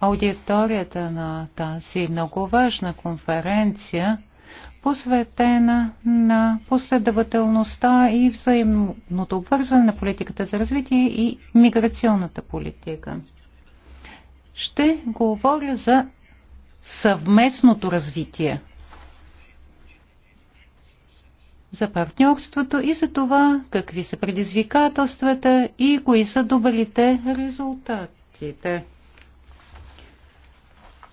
аудиторията на тази много важна конференция, посветена на последователността и взаимното обвързване на политиката за развитие и миграционната политика. Ще говоря за съвместното развитие, за партньорството и за това какви са предизвикателствата и кои са добрите резултати щатите.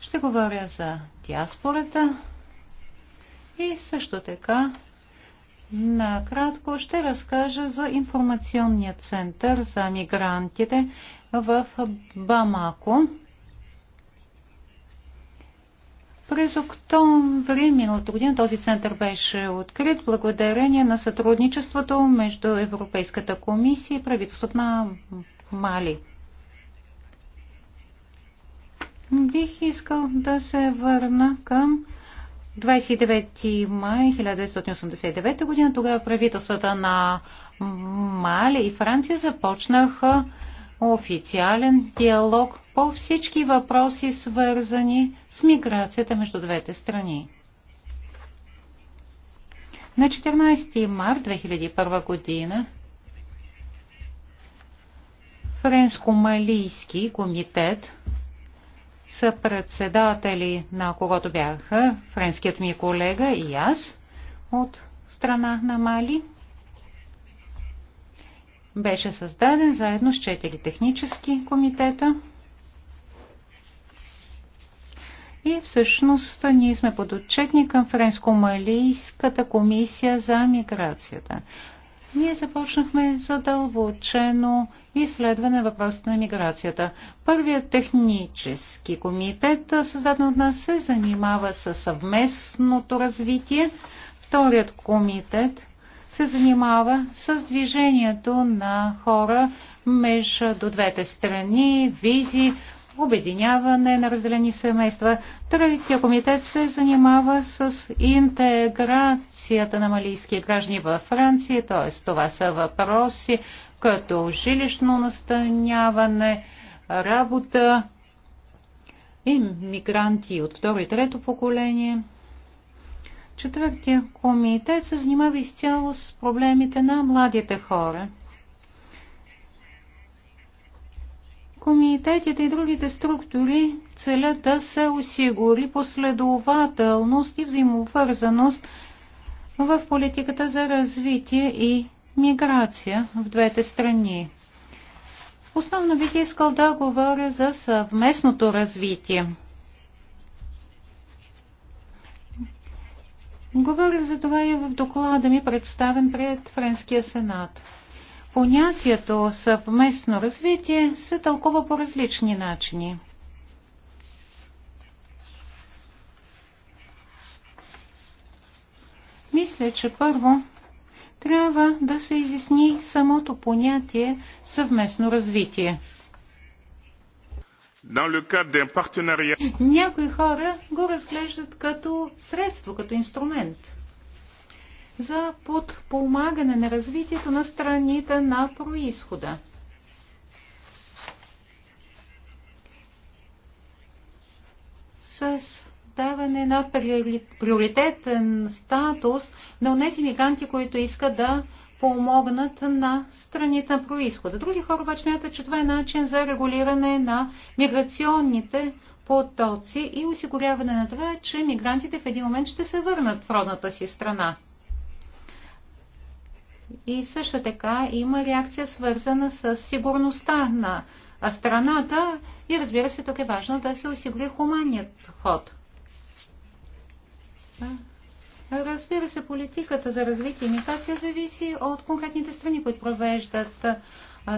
Ще говоря за диаспората и също така накратко ще разкажа за информационния център за мигрантите в Бамако. През октомври миналата година този център беше открит благодарение на сътрудничеството между Европейската комисия и правителството на Мали. Бих искал да се върна към 29 май 1989 година. Тогава правителствата на Мали и Франция започнаха официален диалог по всички въпроси, свързани с миграцията между двете страни. На 14 март 2001 година Френско-Малийски комитет – съпредседатели, на когото бяха френският ми колега и аз от страна на Мали. Беше създаден заедно с четири технически комитета. И всъщност ние сме подотчетни към Френско-Малийската комисия за миграцията ние започнахме задълбочено изследване на въпросите на миграцията. Първият технически комитет, създаден от нас, се занимава с съвместното развитие. Вторият комитет се занимава с движението на хора между двете страни, визи, обединяване на разделени семейства. Третия комитет се занимава с интеграцията на малийски граждани във Франция, т.е. това са въпроси като жилищно настаняване, работа, и мигранти от второ и трето поколение. Четвъртия комитет се занимава изцяло с проблемите на младите хора – Комитетите и другите структури целят да се осигури последователност и взаимовързаност в политиката за развитие и миграция в двете страни. Основно бих искал да говоря за съвместното развитие. Говорих за това и в доклада ми, представен пред Френския сенат понятието съвместно развитие се тълкува по различни начини. Мисля, че първо трябва да се изясни самото понятие съвместно развитие. Някои хора го разглеждат като средство, като инструмент за подпомагане на развитието на страните на происхода. С даване на приоритетен статус на тези мигранти, които искат да помогнат на страните на происхода. Други хора обаче смятат, че това е начин за регулиране на миграционните потоци и осигуряване на това, че мигрантите в един момент ще се върнат в родната си страна. И също така има реакция свързана с сигурността на страната и разбира се, тук е важно да се осигури хуманният ход. Разбира се, политиката за развитие и миграция зависи от конкретните страни, които провеждат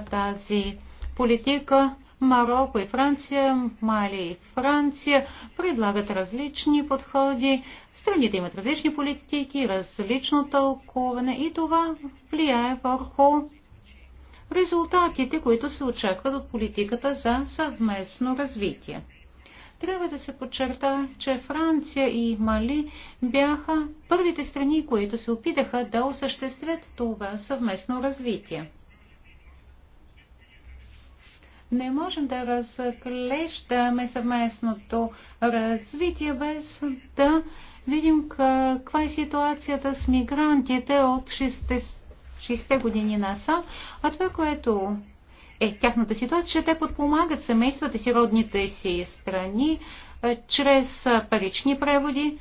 тази политика. Марокко и Франция, Мали и Франция предлагат различни подходи Страните имат различни политики, различно тълкуване и това влияе върху резултатите, които се очакват от политиката за съвместно развитие. Трябва да се подчерта, че Франция и Мали бяха първите страни, които се опитаха да осъществят това съвместно развитие. Не можем да разглеждаме съвместното развитие без да видим каква е ситуацията с мигрантите от 6-те години насам, а това, което е тяхната ситуация, че те подпомагат семействата си, родните си страни, чрез парични преводи,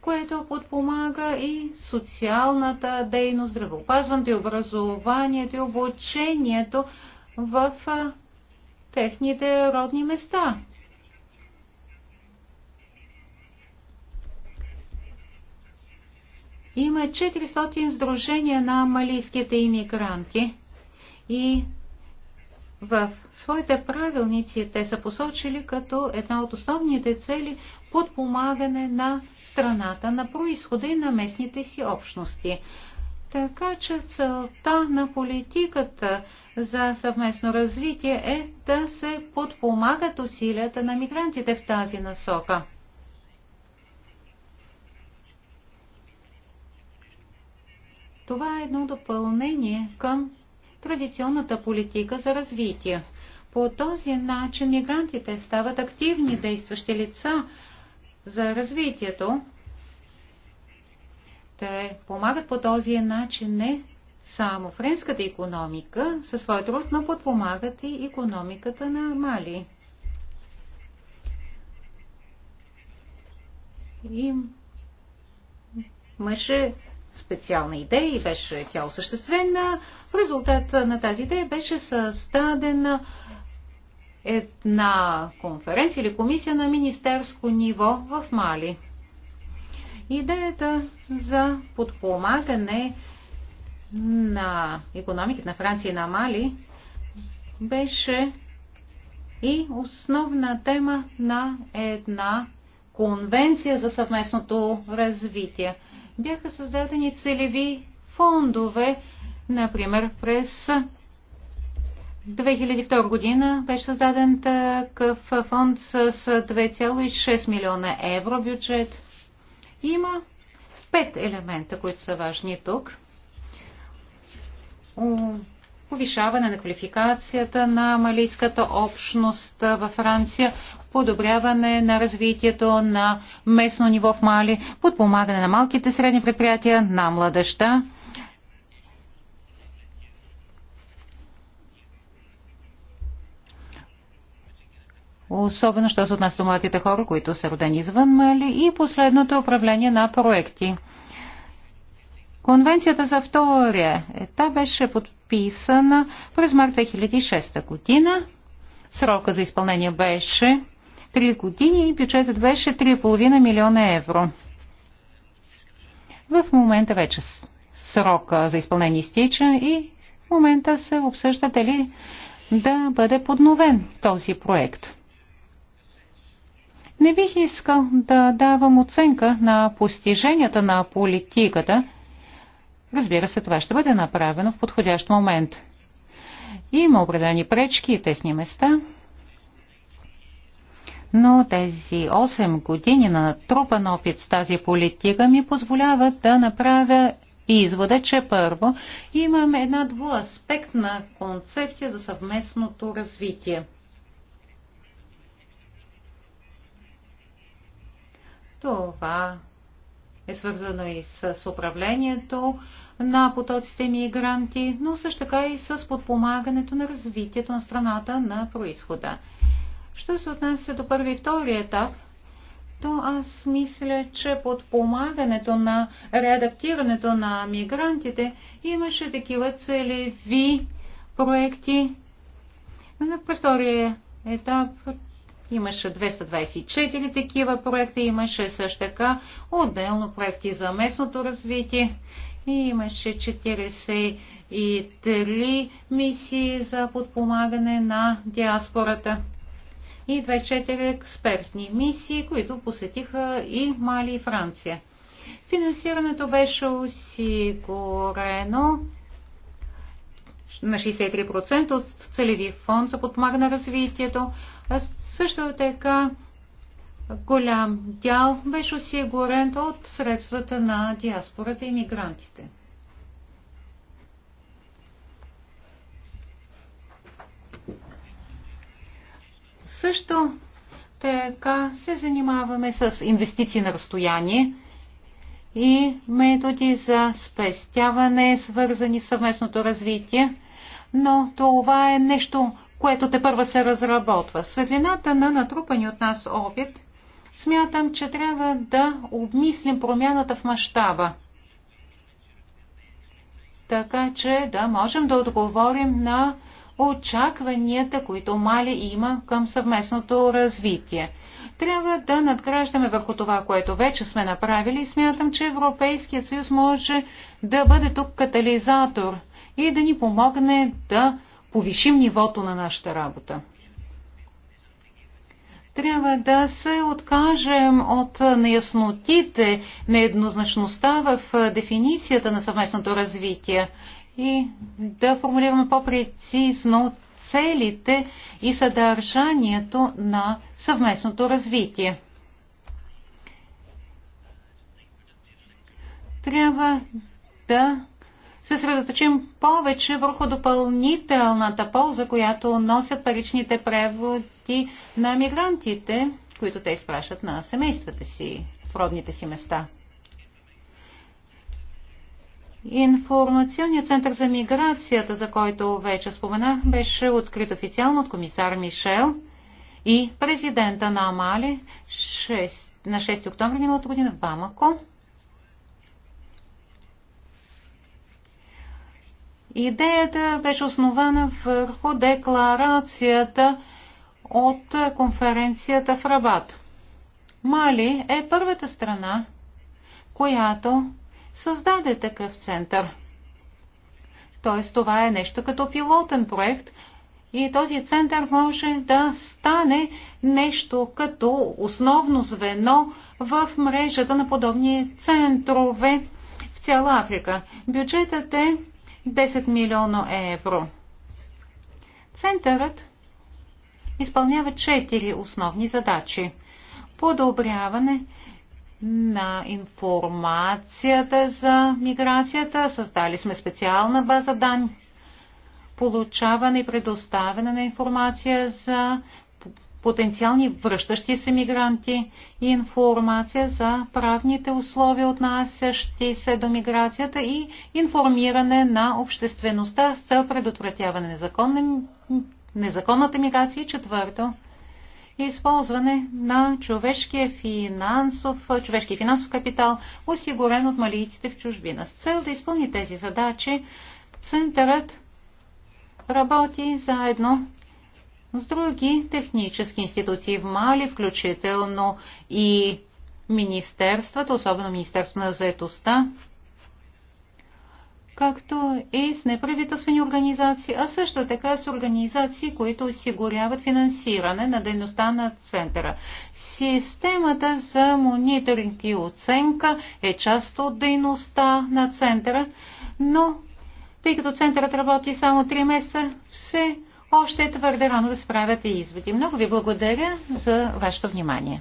което подпомага и социалната дейност, здравеопазването и образованието и обучението в техните родни места. Има 400 сдружения на малийските иммигранти и в своите правилници те са посочили като една от основните цели подпомагане на страната на происхода и на местните си общности. Така че целта на политиката за съвместно развитие е да се подпомагат усилията на мигрантите в тази насока. Това е едно допълнение към традиционната политика за развитие. По този начин мигрантите стават активни действащи лица за развитието. Те помагат по този начин не само френската економика със своя труд, но подпомагат и економиката на Мали. И имаше специална идея и беше тя осъществена. В резултат на тази идея беше създадена една конференция или комисия на министерско ниво в Мали. Идеята за подпомагане на економиката на Франция и на Мали беше и основна тема на една конвенция за съвместното развитие бяха създадени целеви фондове, например през 2002 година беше създаден такъв фонд с 2,6 милиона евро бюджет. Има пет елемента, които са важни тук повишаване на квалификацията на малийската общност във Франция, подобряване на развитието на местно ниво в Мали, подпомагане на малките средни предприятия, на младеща. Особено, що се отнася до младите хора, които са родени извън Мали и последното управление на проекти. Конвенцията за втория етап беше подписана през март 2006 година. Срока за изпълнение беше 3 години и бюджетът беше 3,5 милиона евро. В момента вече срока за изпълнение изтича и в момента се обсъжда дали да бъде подновен този проект. Не бих искал да давам оценка на постиженията на политиката – Разбира се, това ще бъде направено в подходящ момент. Има определени пречки и тесни места, но тези 8 години на натрупан опит с тази политика ми позволяват да направя извода, че първо имаме една двуаспектна концепция за съвместното развитие. Това е свързано и с управлението на потоците мигранти, но също така и с подпомагането на развитието на страната на происхода. Що се отнася до първи и втори етап, то аз мисля, че подпомагането на реадаптирането на мигрантите имаше такива целеви проекти. На втория етап Имаше 224 такива проекта, имаше също така отделно проекти за местното развитие и имаше 43 мисии за подпомагане на диаспората и 24 експертни мисии, които посетиха и Мали и Франция. Финансирането беше осигурено на 63% от целеви фонд за подпомагане на развитието, също така голям дял беше осигурен от средствата на диаспората и мигрантите. Също така се занимаваме с инвестиции на разстояние и методи за спестяване, свързани с съвместното развитие, но това е нещо което те първа се разработва. Светлината на натрупани от нас опит, смятам, че трябва да обмислим промяната в мащаба. Така че да можем да отговорим на очакванията, които Мали има към съвместното развитие. Трябва да надграждаме върху това, което вече сме направили и смятам, че Европейският съюз може да бъде тук катализатор и да ни помогне да повишим нивото на нашата работа. Трябва да се откажем от неяснотите, нееднозначността в дефиницията на съвместното развитие и да формулираме по-прецизно целите и съдържанието на съвместното развитие. Трябва да съсредоточим повече върху допълнителната полза, която носят паричните преводи на мигрантите, които те изпращат на семействата си в родните си места. Информационният център за миграцията, за който вече споменах, беше открит официално от комисар Мишел и президента на Амали 6, на 6 октомври миналата година в Бамако. Идеята беше основана върху декларацията от конференцията в Рабат. Мали е първата страна, която създаде такъв център. Т.е. това е нещо като пилотен проект и този център може да стане нещо като основно звено в мрежата на подобни центрове в цяла Африка. Бюджетът е 10 милиона евро. Центърът изпълнява 4 основни задачи. Подобряване на информацията за миграцията. Създали сме специална база данни. Получаване и предоставяне на информация за потенциални връщащи се мигранти и информация за правните условия, отнасящи се до миграцията и информиране на обществеността с цел предотвратяване незаконна, незаконната миграция. четвърто, използване на човешкия финансов, човешки финансов капитал, осигурен от малийците в чужбина. С цел да изпълни тези задачи, Центърът работи заедно с други технически институции в Мали, включително и министерствата, особено Министерство на заетостта, както и с неправителствени организации, а също така с организации, които осигуряват финансиране на дейността на центъра. Системата за мониторинг и оценка е част от дейността на центъра, но тъй като центърът работи само 3 месеца, все още е твърде рано да се правят и изводи. Много ви благодаря за вашето внимание.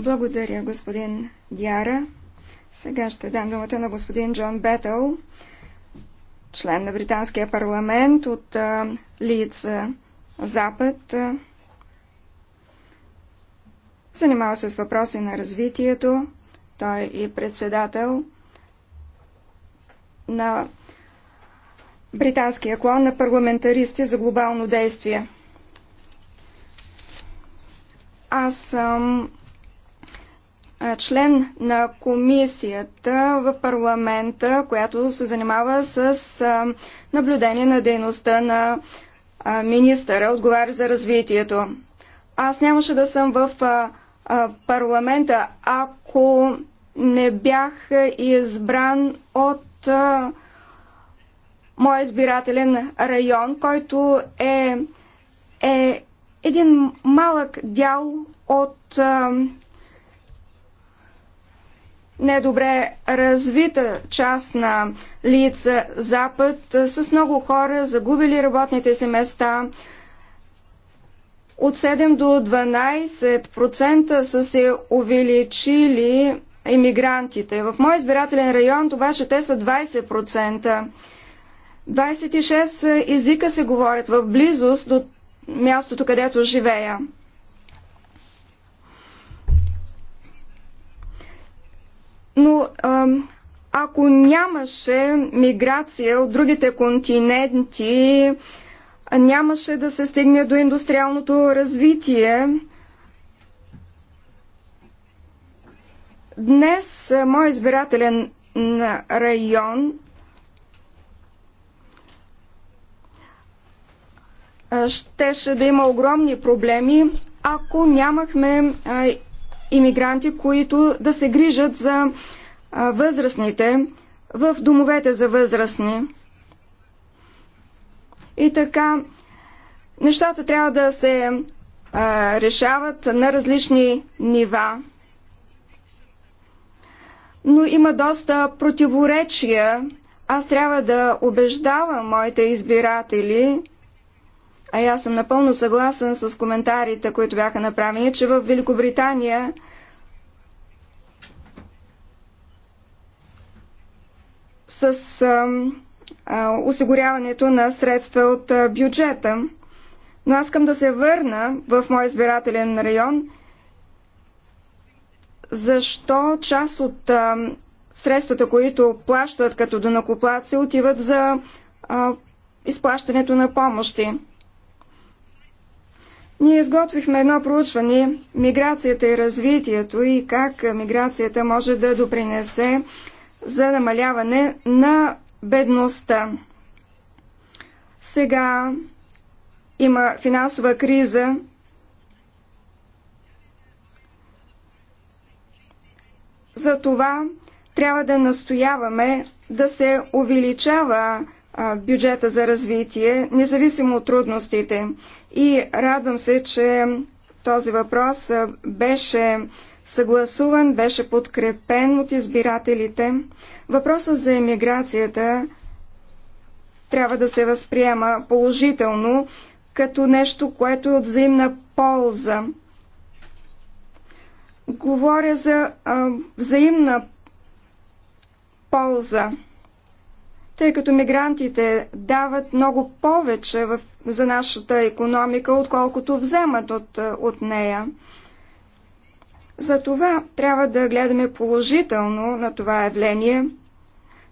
Благодаря, господин Дяра. Сега ще дам думата на господин Джон Бетъл, член на Британския парламент от Лидс Запад. Занимава се с въпроси на развитието. Той е председател на британския клон на парламентаристи за глобално действие. Аз съм член на комисията в парламента, която се занимава с наблюдение на дейността на министъра, отговаря за развитието. Аз нямаше да съм в парламента, ако не бях избран от моя избирателен район, който е, е един малък дял от а, недобре развита част на лица Запад, с много хора, загубили работните си места. От 7 до 12% са се увеличили иммигрантите. В моят избирателен район това ще те са 20%. 26 езика се говорят в близост до мястото, където живея. Но ако нямаше миграция от другите континенти, нямаше да се стигне до индустриалното развитие. Днес мой избирателен район щеше да има огромни проблеми, ако нямахме иммигранти, които да се грижат за възрастните в домовете за възрастни. И така, нещата трябва да се решават на различни нива. Но има доста противоречия. Аз трябва да убеждавам моите избиратели, а аз съм напълно съгласен с коментарите, които бяха направени, че в Великобритания с а, а, осигуряването на средства от а, бюджета. Но аз искам да се върна в мой избирателен район. Защо част от а, средствата, които плащат като донакоплаци, отиват за а, изплащането на помощи? Ние изготвихме едно проучване миграцията и развитието и как миграцията може да допринесе за намаляване на бедността. Сега има финансова криза. За това трябва да настояваме да се увеличава бюджета за развитие, независимо от трудностите. И радвам се, че този въпрос беше съгласуван, беше подкрепен от избирателите. Въпросът за емиграцията трябва да се възприема положително, като нещо, което е от взаимна полза. Говоря за а, взаимна полза тъй като мигрантите дават много повече в, за нашата економика, отколкото вземат от, е, от нея. За това трябва да гледаме положително на това явление,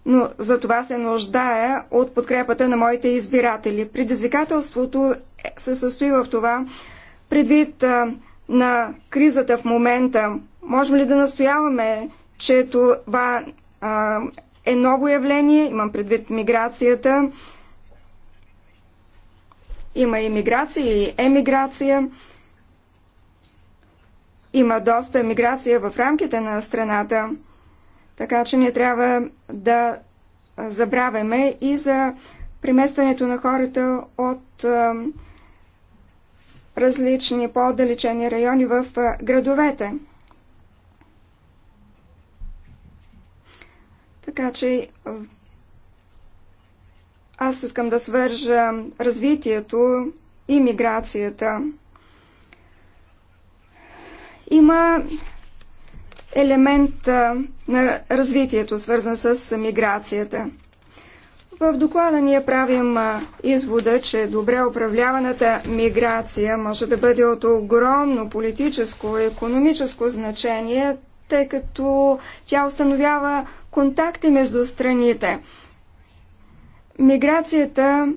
но за това се нуждая от подкрепата на моите избиратели. Предизвикателството е, се състои в това, предвид а, е, на кризата в момента, можем ли да настояваме, че това а, е ново явление, имам предвид миграцията. Има и миграция, и емиграция. Има доста миграция в рамките на страната, така че ние трябва да забравяме и за преместването на хората от различни по-отдалечени райони в градовете. Така че аз искам да свържа развитието и миграцията. Има елемент на развитието, свързан с миграцията. В доклада ние правим извода, че добре управляваната миграция може да бъде от огромно политическо и економическо значение, тъй като тя установява контакти между страните. Миграцията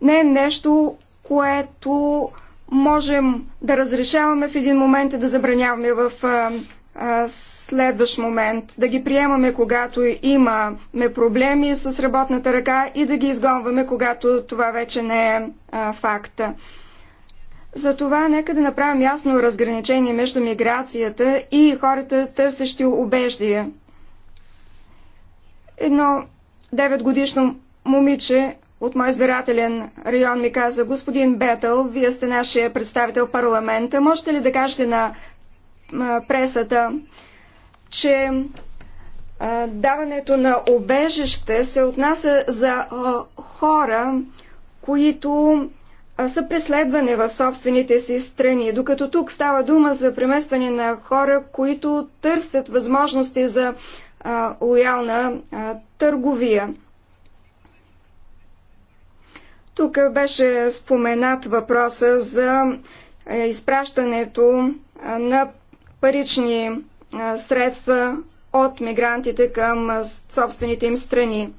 не е нещо, което можем да разрешаваме в един момент и да забраняваме в а, а, следващ момент, да ги приемаме когато имаме проблеми с работната ръка и да ги изгонваме когато това вече не е а, факта. Затова нека да направим ясно разграничение между миграцията и хората търсещи убеждие. Едно 9 годишно момиче от мой избирателен район ми каза, господин Бетъл, вие сте нашия представител парламента, можете ли да кажете на пресата, че даването на обежище се отнася за хора, които са преследвани в собствените си страни, докато тук става дума за преместване на хора, които търсят възможности за лоялна търговия. Тук беше споменат въпроса за е, изпращането на парични средства от мигрантите към собствените им страни.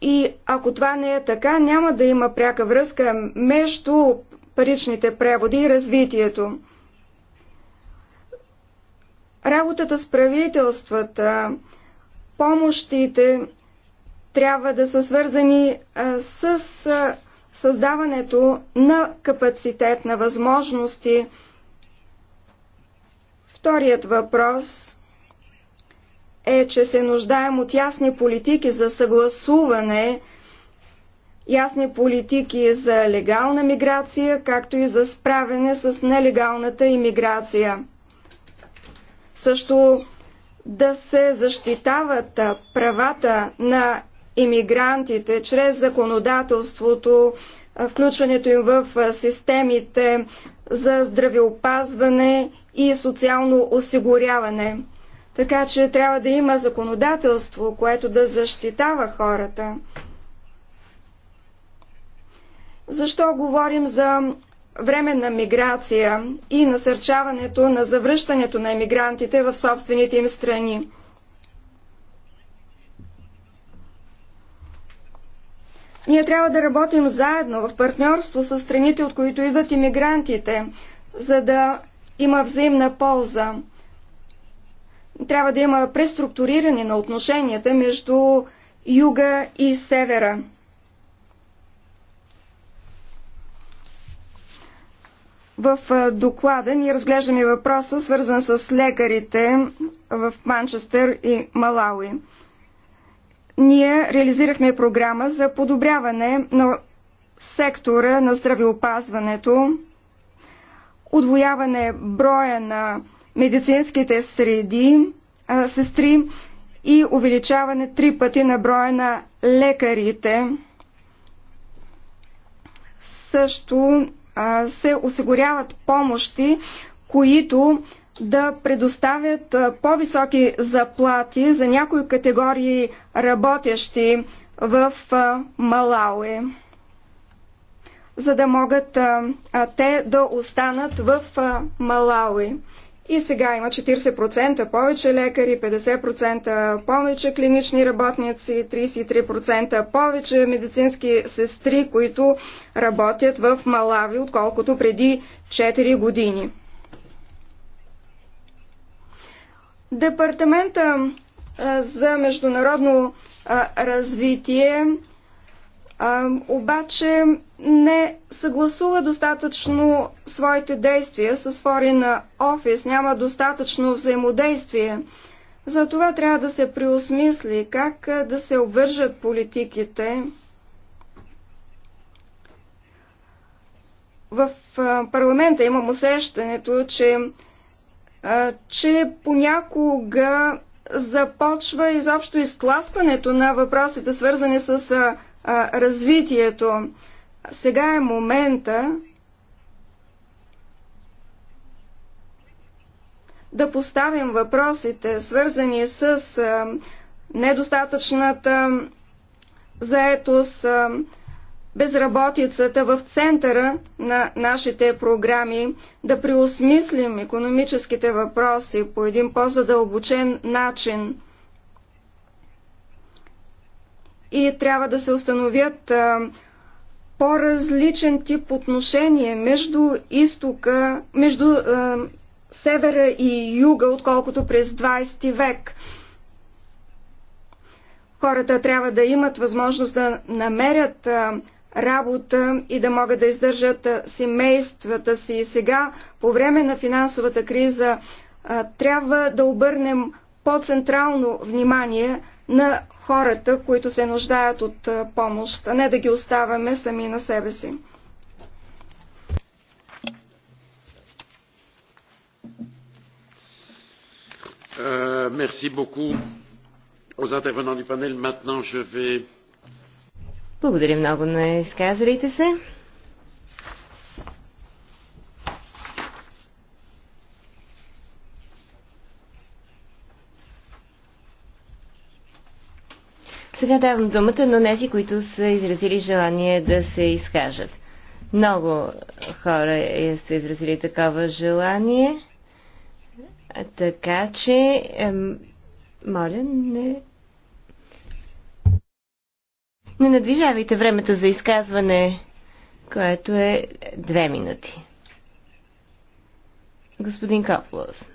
И ако това не е така, няма да има пряка връзка между паричните преводи и развитието. Работата с правителствата, помощите трябва да са свързани с създаването на капацитет, на възможности. Вторият въпрос е, че се нуждаем от ясни политики за съгласуване ясни политики за легална миграция, както и за справяне с нелегалната иммиграция. Също да се защитават правата на иммигрантите чрез законодателството, включването им в системите за здравеопазване и социално осигуряване. Така че трябва да има законодателство, което да защитава хората. Защо говорим за временна миграция и насърчаването на завръщането на емигрантите в собствените им страни? Ние трябва да работим заедно в партньорство с страните, от които идват иммигрантите, за да има взаимна полза. Трябва да има преструктуриране на отношенията между юга и севера. В доклада ние разглеждаме въпроса, свързан с лекарите в Манчестър и Малауи. Ние реализирахме програма за подобряване на сектора на здравеопазването, отвояване броя на медицинските среди, сестри и увеличаване три пъти на броя на лекарите. Също се осигуряват помощи, които да предоставят по-високи заплати за някои категории работещи в Малауи, за да могат те да останат в Малауи. И сега има 40% повече лекари, 50% повече клинични работници, 33% повече медицински сестри, които работят в Малави, отколкото преди 4 години. Департамента за международно развитие а, обаче не съгласува достатъчно своите действия с форина офис, няма достатъчно взаимодействие. За това трябва да се преосмисли как да се обвържат политиките в парламента имам усещането, че, че понякога започва изобщо изкласването на въпросите, свързани с а, развитието. Сега е момента да поставим въпросите, свързани с а, недостатъчната заетост, безработицата в центъра на нашите програми, да преосмислим економическите въпроси по един по-задълбочен начин и трябва да се установят по-различен тип отношения между изтока, между а, севера и юга, отколкото през 20 век. Хората трябва да имат възможност да намерят а, работа и да могат да издържат а, семействата си. И сега, по време на финансовата криза, а, трябва да обърнем по-централно внимание на хората, които се нуждаят от помощ, а не да ги оставяме сами на себе си. Euh, благодаря много на изказалите се. Сега давам думата на тези, които са изразили желание да се изкажат. Много хора е, са изразили такова желание, така че, ем, моля, не. Не надвижавайте времето за изказване, което е две минути. Господин Коплос.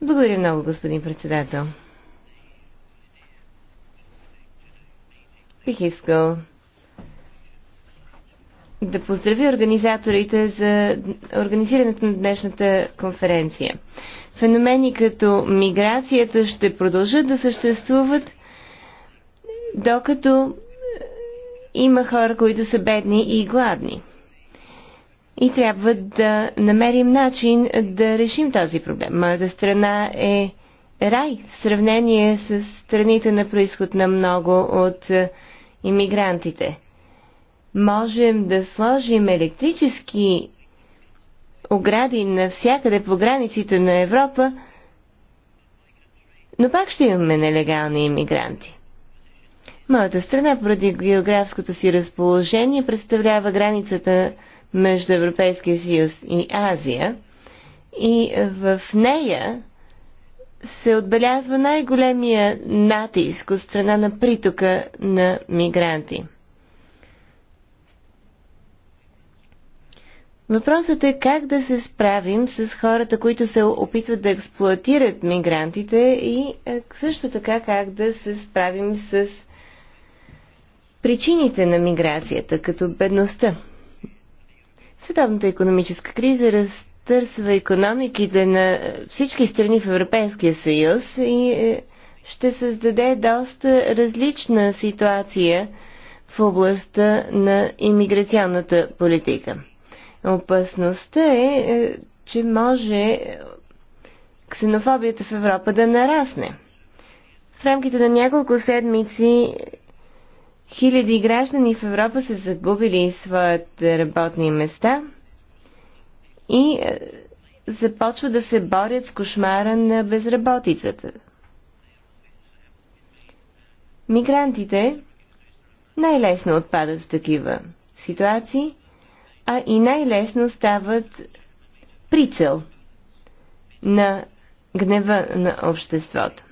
Благодаря много, господин председател. Бих искал да поздравя организаторите за организирането на днешната конференция. Феномени като миграцията ще продължат да съществуват, докато има хора, които са бедни и гладни. И трябва да намерим начин да решим този проблем. Моята страна е рай в сравнение с страните на происход на много от иммигрантите. Можем да сложим електрически огради навсякъде по границите на Европа, но пак ще имаме нелегални иммигранти. Моята страна, поради географското си разположение, представлява границата между Европейския съюз и Азия и в нея се отбелязва най-големия натиск от страна на притока на мигранти. Въпросът е как да се справим с хората, които се опитват да експлуатират мигрантите и е, също така как да се справим с причините на миграцията, като бедността. Световната економическа криза раз разтърсва економиките на всички страни в Европейския съюз и е, ще създаде доста различна ситуация в областта на иммиграционната политика. Опасността е, е, че може ксенофобията в Европа да нарасне. В рамките на няколко седмици хиляди граждани в Европа са загубили своите работни места – и е, започват да се борят с кошмара на безработицата. Мигрантите най-лесно отпадат в такива ситуации, а и най-лесно стават прицел на гнева на обществото.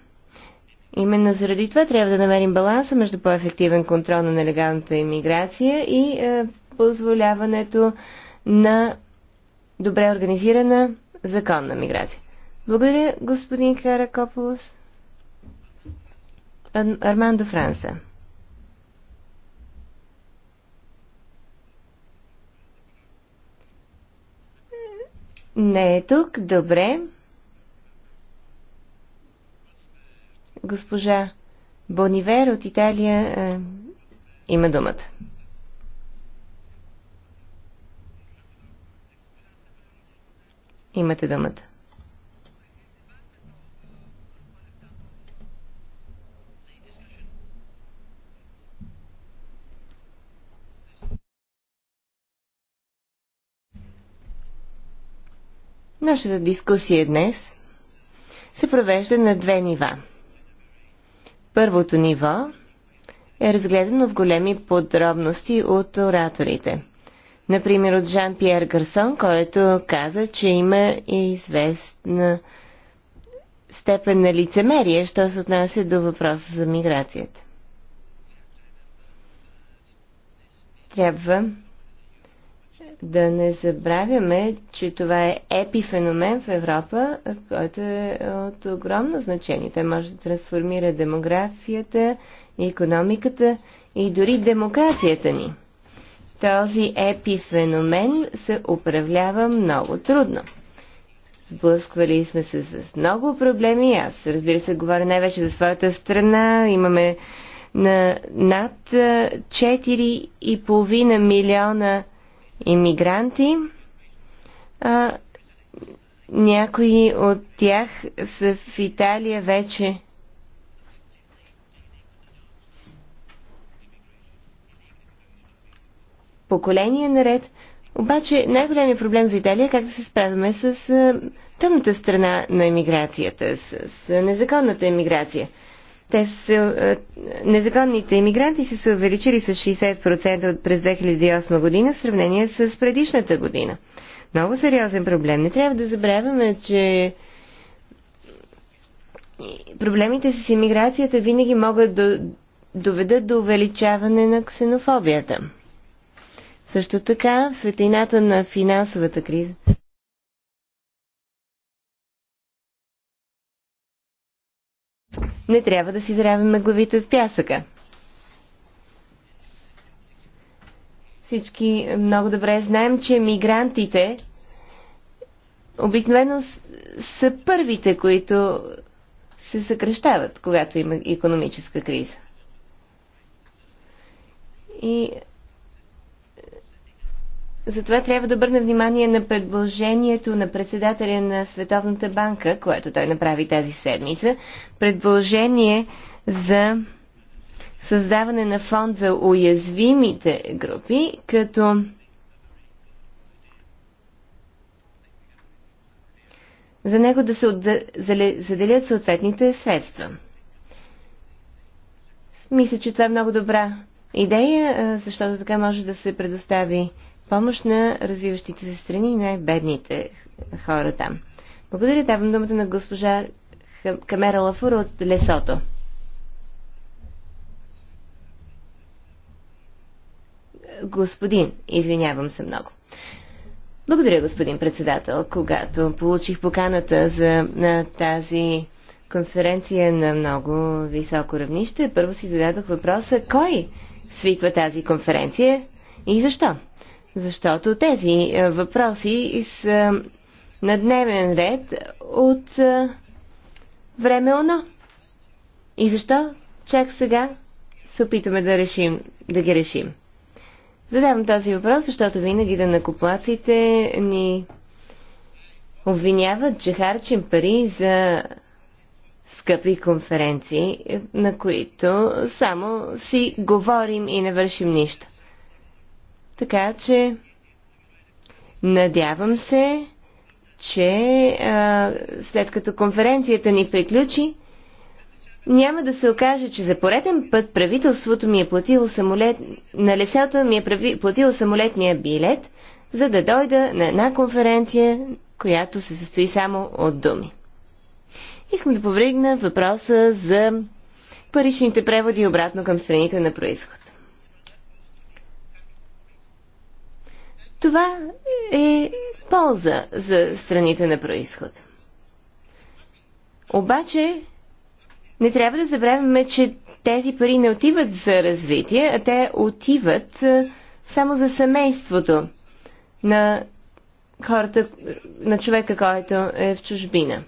Именно заради това трябва да намерим баланса между по-ефективен контрол на нелегалната иммиграция и е, позволяването на добре организирана, законна миграция. Благодаря, господин Каракополос. Армандо Франса. Не е тук. Добре. Госпожа Бонивер от Италия е, има думата. Имате думата. Нашата дискусия днес се провежда на две нива. Първото ниво е разгледано в големи подробности от ораторите – Например, от Жан-Пьер Гарсон, който каза, че има известна степен на лицемерие, що се отнася до въпроса за миграцията. Трябва да не забравяме, че това е епифеномен в Европа, който е от огромно значение. Той може да трансформира демографията, економиката и дори демокрацията ни. Този епифеномен се управлява много трудно. Сблъсквали сме се с много проблеми. Аз, разбира се, говоря най-вече за своята страна. Имаме на над 4,5 милиона иммигранти. А, някои от тях са в Италия вече поколения наред. Обаче най-големият проблем за Италия е как да се справяме с а, тъмната страна на емиграцията, с, с незаконната емиграция. Те са, а, незаконните емигранти са се увеличили с 60% през 2008 година в сравнение с предишната година. Много сериозен проблем. Не трябва да забравяме, че проблемите с емиграцията винаги могат да доведат до увеличаване на ксенофобията. Също така, светлината на финансовата криза. Не трябва да си здравяме главите в пясъка. Всички много добре знаем, че мигрантите обикновено са първите, които се съкрещават, когато има економическа криза. И затова трябва да обърна внимание на предложението на председателя на Световната банка, което той направи тази седмица. Предложение за създаване на фонд за уязвимите групи, като за него да се отда... заделят съответните средства. Мисля, че това е много добра идея, защото така може да се предостави помощ на развиващите се страни и най-бедните хора там. Благодаря. Давам думата на госпожа Камера Лафура от Лесото. Господин, извинявам се много. Благодаря, господин председател. Когато получих поканата за на тази конференция на много високо равнище, първо си зададох въпроса кой свиква тази конференция и защо. Защото тези е, въпроси са на дневен ред от е, време оно. И защо чак сега се опитаме да, решим, да ги решим? Задавам този въпрос, защото винаги да накоплаците ни обвиняват, че харчим пари за скъпи конференции, на които само си говорим и не вършим нищо. Така че надявам се, че а, след като конференцията ни приключи, няма да се окаже, че за пореден път правителството ми е платило самолет, на лесото ми е прави, платило самолетния билет, за да дойда на една конференция, която се състои само от думи. Искам да повригна въпроса за паричните преводи обратно към страните на происход. Това е полза за страните на происход. Обаче, не трябва да забравяме, че тези пари не отиват за развитие, а те отиват само за семейството на хората, на човека, който е в чужбина.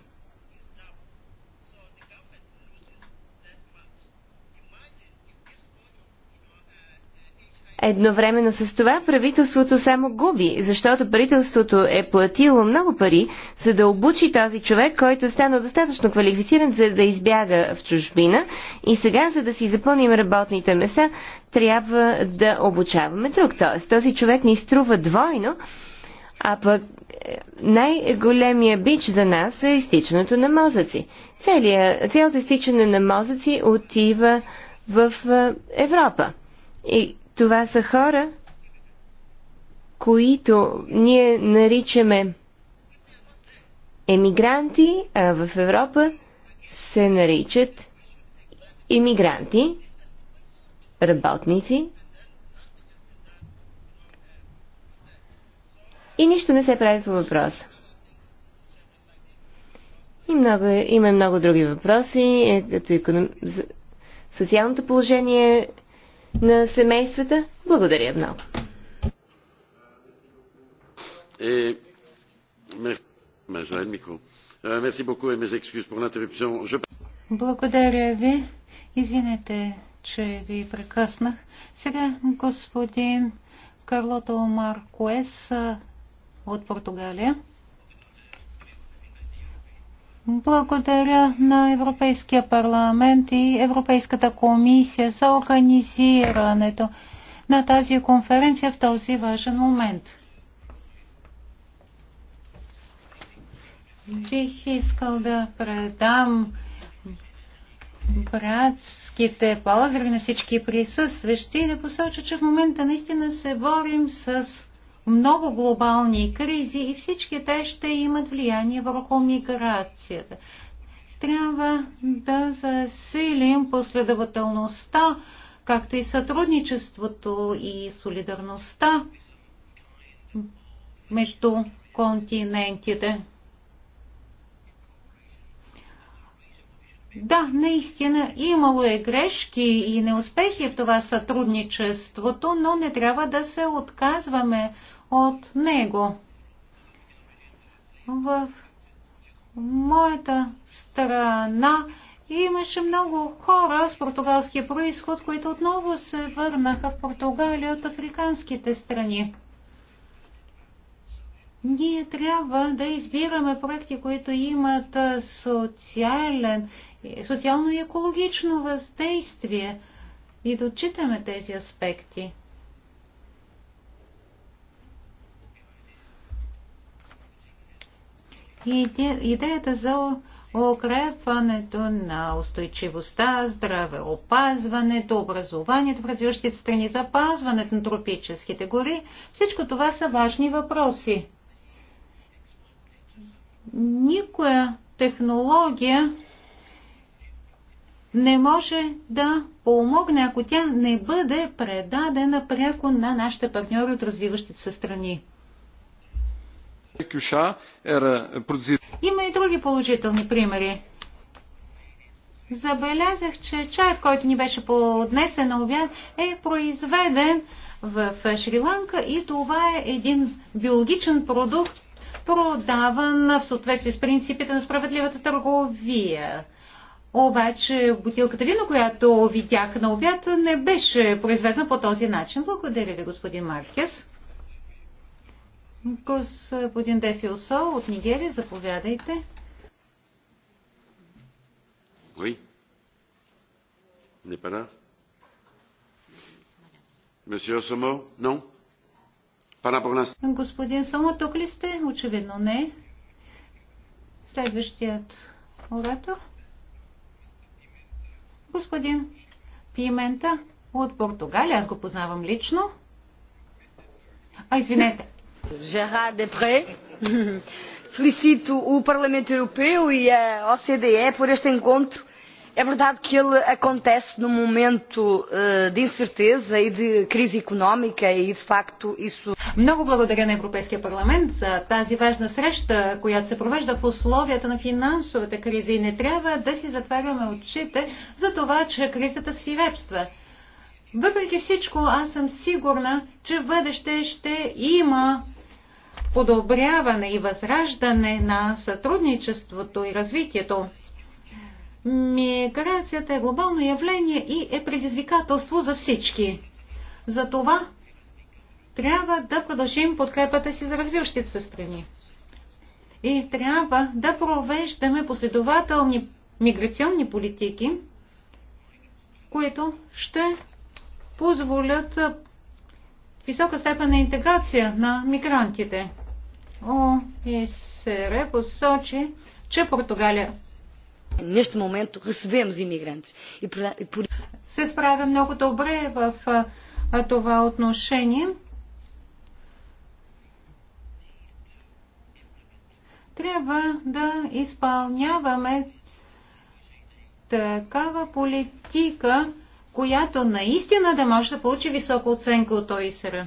Едновременно с това правителството само губи, защото правителството е платило много пари, за да обучи този човек, който е станал достатъчно квалифициран, за да избяга в чужбина. И сега, за да си запълним работните места, трябва да обучаваме друг. Тоест, този човек ни струва двойно, а пък е, най-големия бич за нас е изтичането на мозъци. Целият, цялото изтичане на мозъци отива в е, Европа. И това са хора, които ние наричаме емигранти, а в Европа се наричат емигранти, работници. И нищо не се прави по въпроса. И много, има много други въпроси, е, като економ... социалното положение на семействата. Благодаря много. Е, е, е, Благодаря ви. Извинете, че ви прекъснах. Сега господин Карлото Маркуес от Португалия. Благодаря на Европейския парламент и Европейската комисия за организирането на тази конференция в този важен момент. Бих искал да предам братските поздрави на всички присъстващи и да посоча, че в момента наистина се борим с много глобални кризи и всички те ще имат влияние върху миграцията. Трябва да засилим последователността, както и сътрудничеството и солидарността между континентите. Да, наистина, имало е грешки и неуспехи в това сътрудничеството, но не трябва да се отказваме от него. В моята страна имаше много хора с португалски происход, които отново се върнаха в Португалия от африканските страни. Ние трябва да избираме проекти, които имат социален, е, социално и екологично въздействие и да отчитаме тези аспекти. идеята за укрепването на устойчивостта, здравеопазването, образованието в развиващите страни, запазването на тропическите гори. Всичко това са важни въпроси. Никоя технология не може да помогне, ако тя не бъде предадена пряко на нашите партньори от развиващите се страни. Има и други положителни примери. Забелязах, че чаят, който ни беше поднесен на обяд, е произведен в Шри-Ланка и това е един биологичен продукт, продаван в съответствие с принципите на справедливата търговия. Обаче бутилката вино, която видях на обяд, не беше произведена по този начин. Благодаря ви, господин Маркес. Господин Дефилсо от Нигерия, заповядайте. Oui. N'est pas là. Monsieur Somo, non? Господин Сомо, тук ли сте? Очевидно не. Следващият оратор. Господин Пимента от Португалия. Аз го познавам лично. А, извинете gérard deprez Felicito o Parlamento Europeu e a OCDE por este encontro. É verdade que ele acontece num momento eh, de incerteza и e de crise económica и e, de facto isso... Много благодаря на Европейския парламент за тази важна среща, която се провежда в условията на финансовата криза и не трябва да си затваряме очите за това, че кризата свирепства. Въпреки всичко, аз съм сигурна, че в бъдеще ще има подобряване и възраждане на сътрудничеството и развитието. Миграцията е глобално явление и е предизвикателство за всички. Затова трябва да продължим подкрепата си за развиващите се страни. И трябва да провеждаме последователни миграционни политики, които ще позволят висока степен на интеграция на мигрантите. ОИСР посочи, че Португалия neste momento recebemos imigrantes. И, e e por... Се справя много добре в това отношение. Трябва да изпълняваме такава политика, която наистина да може да получи висока оценка от ОИСР.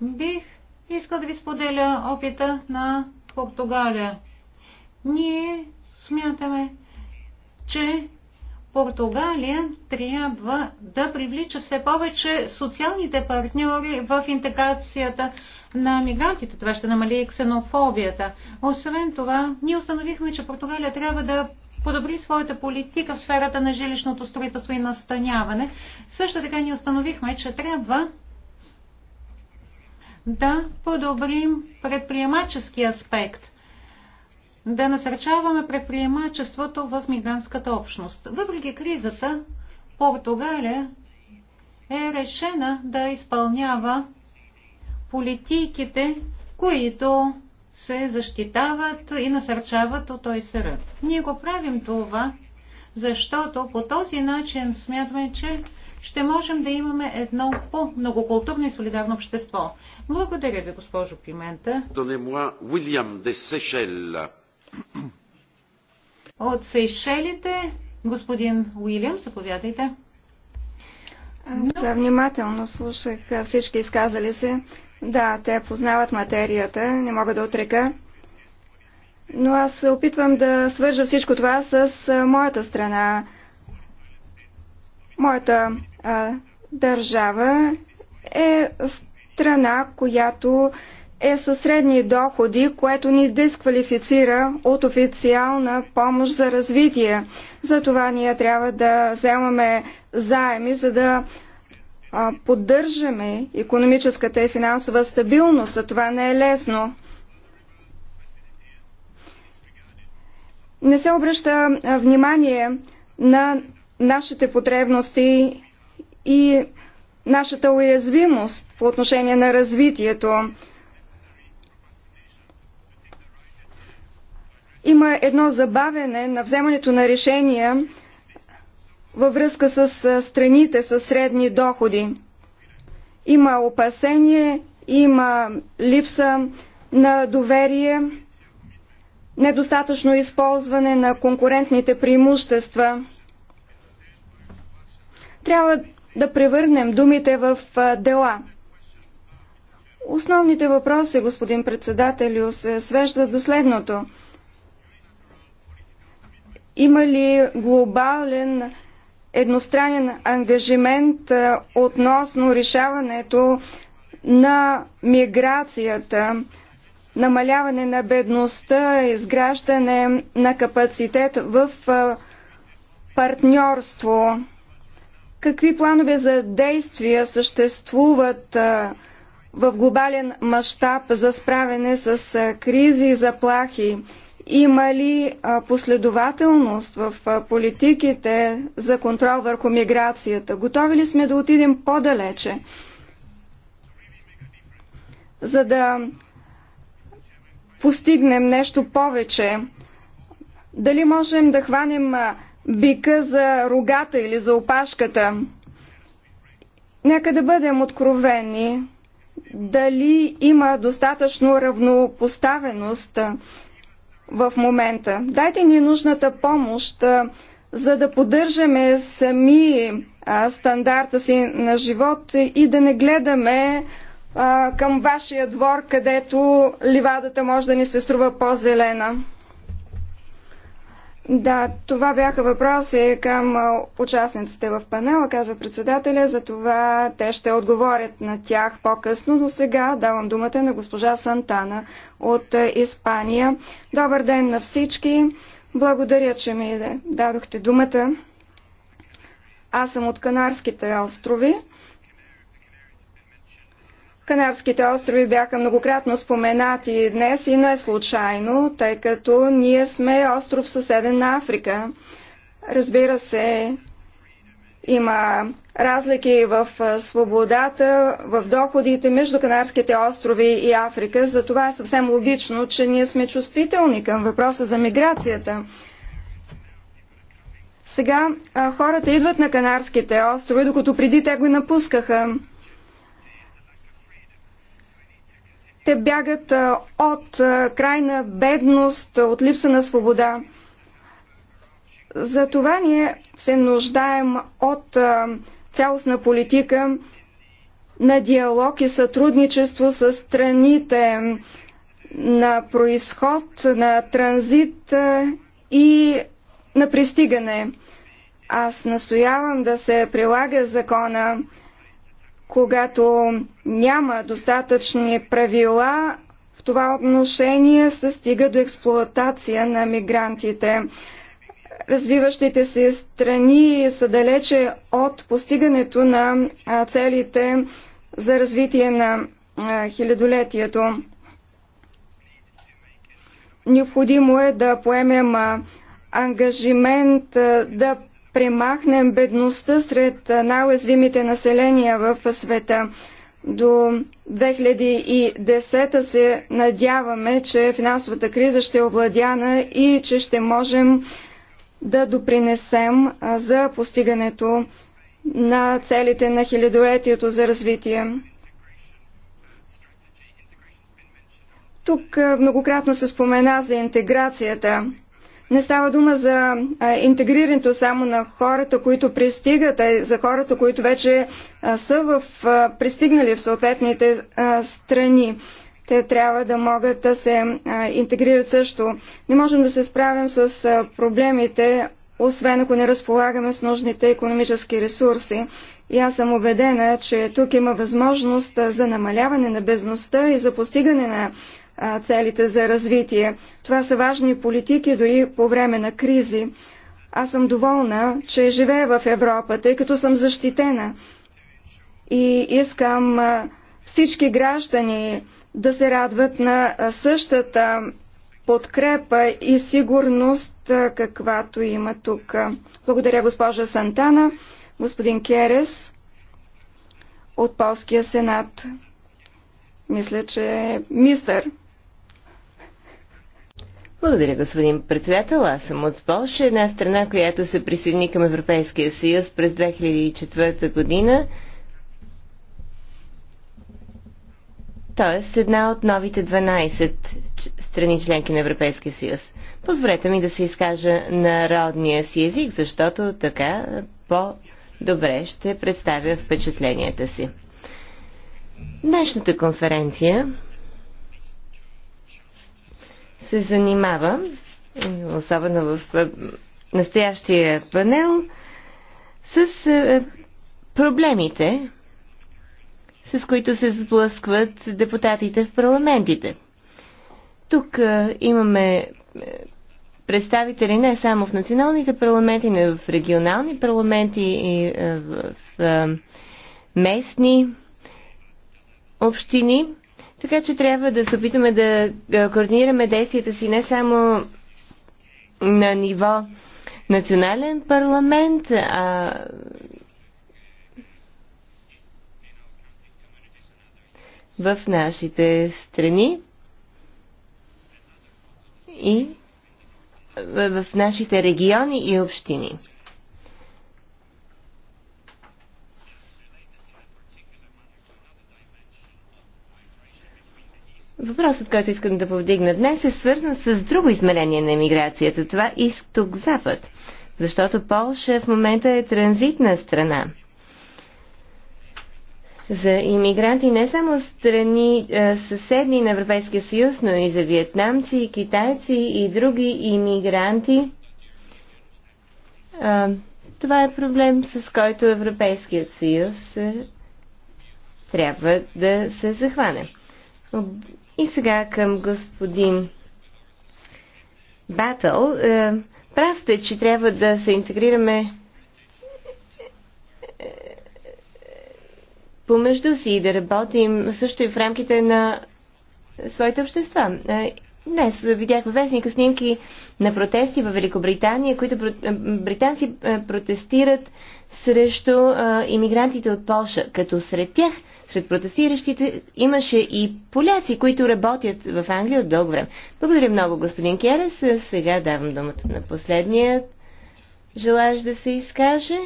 Бих иска да ви споделя опита на Португалия. Ние смятаме, че Португалия трябва да привлича все повече социалните партньори в интеграцията на мигрантите. Това ще намали ксенофобията. Освен това, ние установихме, че Португалия трябва да подобри своята политика в сферата на жилищното строителство и настаняване. Също така ни установихме, че трябва да подобрим предприемачески аспект, да насърчаваме предприемачеството в мигрантската общност. Въпреки кризата, Португалия е решена да изпълнява политиките, които се защитават и насърчават от ОСР. Ние го правим това, защото по този начин смятаме, че ще можем да имаме едно по-многокултурно и солидарно общество. Благодаря ви, госпожо Пимента. От Сейшелите, господин Уилям, заповядайте. За внимателно слушах всички изказали се. Да, те познават материята, не мога да отрека. Но аз се опитвам да свържа всичко това с моята страна. Моята а, държава е страна, която е със средни доходи, което ни дисквалифицира от официална помощ за развитие. Затова ние трябва да вземаме заеми, за да а, поддържаме економическата и финансова стабилност. За това не е лесно. Не се обръща внимание на нашите потребности и нашата уязвимост по отношение на развитието. Има едно забавене на вземането на решения във връзка с страните с средни доходи. Има опасение, има липса на доверие, недостатъчно използване на конкурентните преимущества – трябва да превърнем думите в дела. Основните въпроси, господин председателю, се свеждат до следното. Има ли глобален едностранен ангажимент относно решаването на миграцията, намаляване на бедността, изграждане на капацитет в партньорство? Какви планове за действия съществуват в глобален мащаб за справяне с кризи и заплахи? Има ли последователност в политиките за контрол върху миграцията? Готови ли сме да отидем по-далече? За да постигнем нещо повече, дали можем да хванем бика за рогата или за опашката. Нека да бъдем откровени дали има достатъчно равнопоставеност в момента. Дайте ни нужната помощ, за да поддържаме сами стандарта си на живот и да не гледаме към вашия двор, където ливадата може да ни се струва по-зелена. Да, това бяха въпроси към участниците в панела, казва председателя, за това те ще отговорят на тях по-късно, но сега давам думата на госпожа Сантана от Испания. Добър ден на всички! Благодаря, че ми дадохте думата. Аз съм от Канарските острови. Канарските острови бяха многократно споменати днес и не случайно, тъй като ние сме остров съседен на Африка. Разбира се, има разлики в свободата, в доходите между Канарските острови и Африка. Затова е съвсем логично, че ние сме чувствителни към въпроса за миграцията. Сега хората идват на Канарските острови, докато преди те го напускаха. Те бягат от крайна бедност, от липса на свобода. Затова ние се нуждаем от цялостна политика на диалог и сътрудничество с страните на происход, на транзит и на пристигане. Аз настоявам да се прилага закона когато няма достатъчни правила, в това отношение се стига до експлоатация на мигрантите. Развиващите се страни са далече от постигането на целите за развитие на хилядолетието. Необходимо е да поемем ангажимент да премахнем бедността сред най-уязвимите населения в света. До 2010 се надяваме, че финансовата криза ще е овладяна и че ще можем да допринесем за постигането на целите на хилядолетието за развитие. Тук многократно се спомена за интеграцията. Не става дума за интегрирането само на хората, които пристигат, а за хората, които вече са в, пристигнали в съответните страни. Те трябва да могат да се интегрират също. Не можем да се справим с проблемите, освен ако не разполагаме с нужните економически ресурси. И аз съм убедена, че тук има възможност за намаляване на безността и за постигане на целите за развитие. Това са важни политики дори по време на кризи. Аз съм доволна, че живея в Европа, тъй като съм защитена. И искам всички граждани да се радват на същата подкрепа и сигурност, каквато има тук. Благодаря госпожа Сантана, господин Керес от Полския сенат. Мисля, че е мистър благодаря, господин председател. Аз съм от Польша, една страна, която се присъедини към Европейския съюз през 2004 година. Тоест една от новите 12 страни членки на Европейския съюз. Позволете ми да се изкажа на родния си език, защото така по-добре ще представя впечатленията си. Днешната конференция се занимава, особено в настоящия панел, с проблемите, с които се сблъскват депутатите в парламентите. Тук имаме представители не само в националните парламенти, но и в регионални парламенти и в местни общини. Така че трябва да се опитаме да координираме действията си не само на ниво национален парламент, а в нашите страни и в нашите региони и общини. Въпросът, който искам да повдигна днес е свързан с друго измерение на емиграцията. Това е изток-запад. Защото Полша в момента е транзитна страна. За иммигранти не само страни съседни на Европейския съюз, но и за вьетнамци, и китайци и други иммигранти. това е проблем, с който Европейският съюз е, трябва да се захване. И сега към господин Батъл. Е, прав сте, че трябва да се интегрираме е, помежду си и да работим също и в рамките на своите общества. Е, днес във вестника снимки на протести в Великобритания, които британци протестират срещу иммигрантите от Польша, като сред тях сред протестиращите имаше и поляци, които работят в Англия от дълго време. Благодаря много, господин Керес. Сега давам думата на последния Желаеш да се изкаже?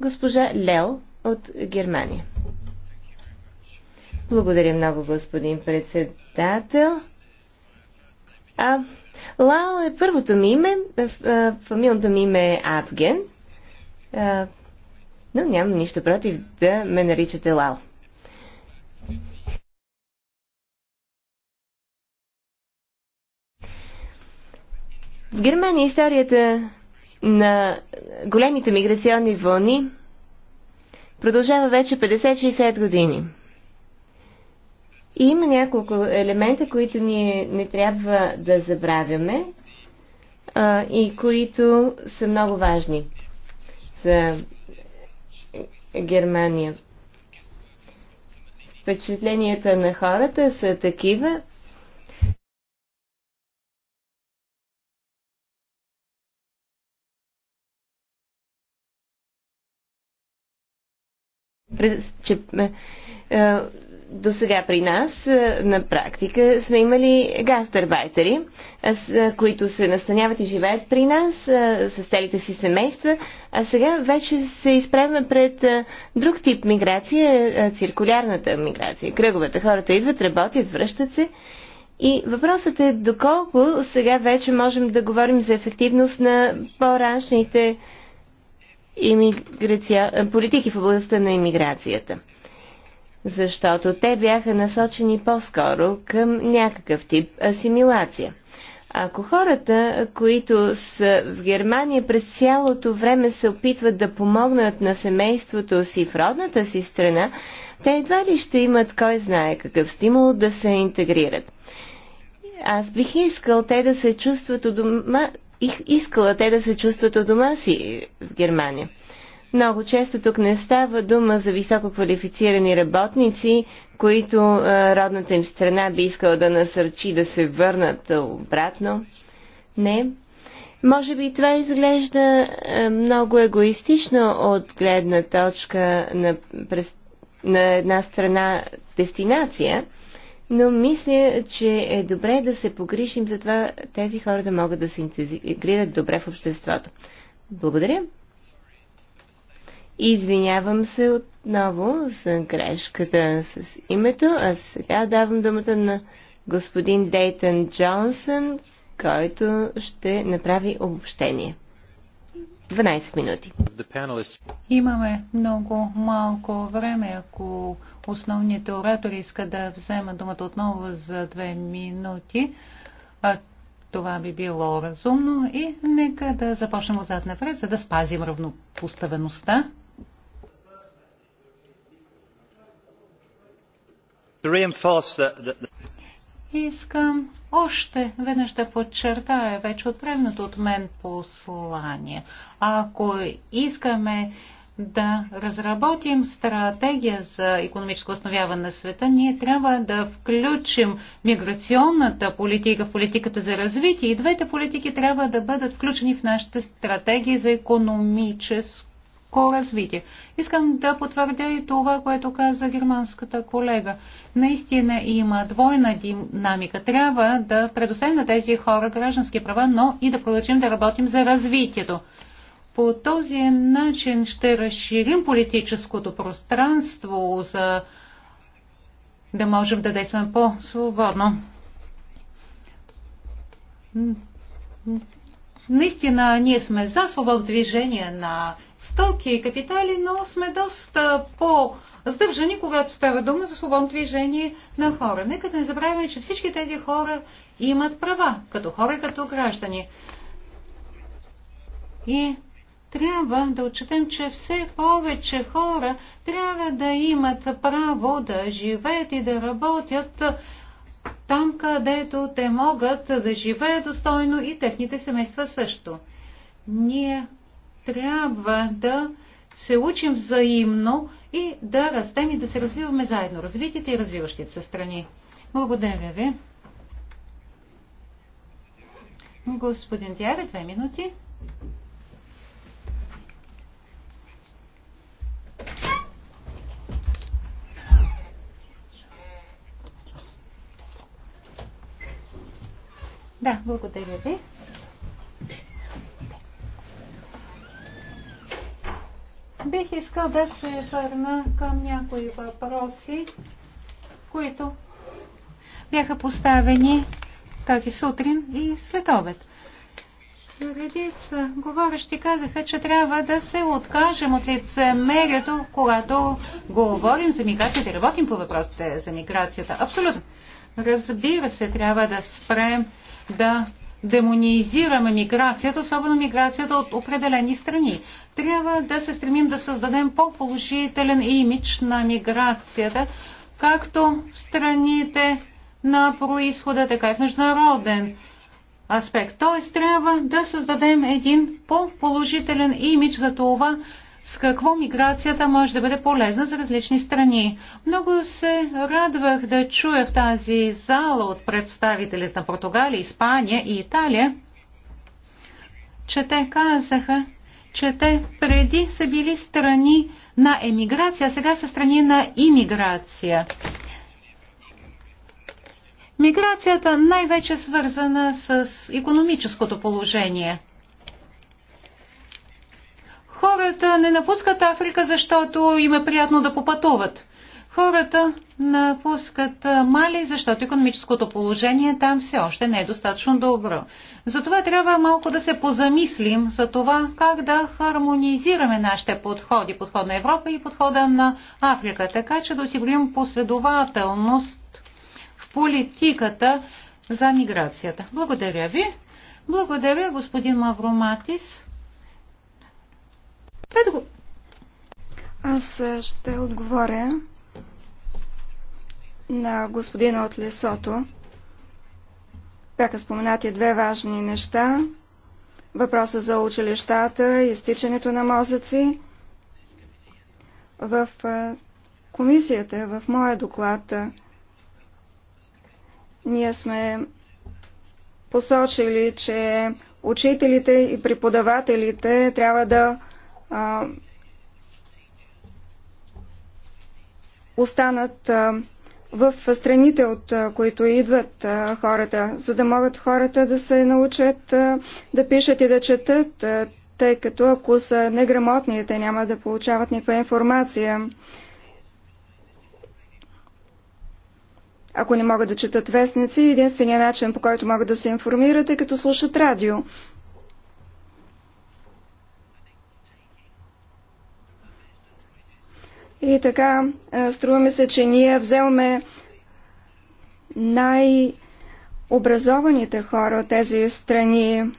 Госпожа Лел от Германия. Благодаря много, господин председател. А, Лао е първото ми име, фамилното ми име е Абген. а, но нямам нищо против да ме наричате Лао. В Германия историята на големите миграционни вълни продължава вече 50-60 години. И има няколко елемента, които ние не трябва да забравяме а, и които са много важни за Германия. Впечатленията на хората са такива, че е, до сега при нас е, на практика сме имали гастарбайтери, е, които се настаняват и живеят при нас с целите си семейства, а сега вече се изправяме пред друг тип миграция, циркулярната миграция, кръговата. Хората идват, работят, връщат се. И въпросът е доколко сега вече можем да говорим за ефективност на по-раншните иммиграция, политики в областта на иммиграцията. Защото те бяха насочени по-скоро към някакъв тип асимилация. Ако хората, които са в Германия през цялото време се опитват да помогнат на семейството си в родната си страна, те едва ли ще имат кой знае какъв стимул да се интегрират. Аз бих искал те да се чувстват у дома искала те да се чувстват у дома си в Германия. Много често тук не става дума за високо квалифицирани работници, които родната им страна би искала да насърчи да се върнат обратно. Не. Може би това изглежда много егоистично от гледна точка на, на една страна дестинация, но мисля, че е добре да се погрижим за това тези хора да могат да се интегрират добре в обществото. Благодаря. Извинявам се отново за грешката с името, а сега давам думата на господин Дейтън Джонсън, който ще направи обобщение. 12 минути. Имаме много малко време, ако основните оратори искат да вземат думата отново за 2 минути. А това би било разумно и нека да започнем отзад напред, за да спазим равнопоставеността. Искам още веднъж да подчертая вече отправеното от мен послание. Ако искаме да разработим стратегия за економическо основяване на света, ние трябва да включим миграционната политика в политиката за развитие и двете политики трябва да бъдат включени в нашите стратегии за економическо градско развитие. Искам да потвърдя и това, което каза германската колега. Наистина има двойна динамика. Трябва да предоставим на тези хора граждански права, но и да продължим да работим за развитието. По този начин ще разширим политическото пространство, за да можем да действаме по-свободно Наистина, ние сме за свободно движение на стоки и капитали, но сме доста по- сдържани, когато става дума за свободно движение на хора. Нека да не забравяме, че всички тези хора имат права, като хора, и като граждани. И трябва да отчетем, че все повече хора трябва да имат право да живеят и да работят там, където те могат да живеят достойно и техните семейства също. Ние трябва да се учим взаимно и да растем и да се развиваме заедно, развитите и развиващите се страни. Благодаря ви. Господин Дяре, две минути. Да, благодаря ви. Бих искал да се върна към някои въпроси, които бяха поставени тази сутрин и след обед. Редица говорещи казаха, че трябва да се откажем от лицемерието, когато говорим за миграцията и работим по въпросите за миграцията. Абсолютно. Разбира се, трябва да спрем да демонизираме миграцията, особено миграцията от определени страни. Трябва да се стремим да създадем по-положителен имидж на миграцията, както в страните на происхода, така и в международен аспект. Т.е. трябва да създадем един по-положителен имидж за това, с какво миграцията може да бъде полезна за различни страни. Много се радвах да чуя в тази зала от представителите на Португалия, Испания и Италия, че те казаха, че те преди са били страни на емиграция, а сега са страни на имиграция. Миграцията най-вече свързана с економическото положение – Хората не напускат Африка, защото им е приятно да попътуват. Хората напускат Мали, защото економическото положение там все още не е достатъчно добро. Затова трябва малко да се позамислим за това как да хармонизираме нашите подходи, подход на Европа и подхода на Африка, така че да осигурим последователност в политиката за миграцията. Благодаря ви. Благодаря, господин Мавроматис го... Аз ще отговоря на господина от лесото. Бяха споменати две важни неща. Въпроса за училищата, изтичането на мозъци. В комисията, в моя доклад, ние сме посочили, че учителите и преподавателите трябва да а, останат а, в страните, от а, които идват а, хората, за да могат хората да се научат а, да пишат и да четат, а, тъй като ако са неграмотни, те няма да получават никаква информация. Ако не могат да четат вестници, единственият начин по който могат да се информират е като слушат радио. И така, струва ми се, че ние вземаме най-образованите хора от тези страни.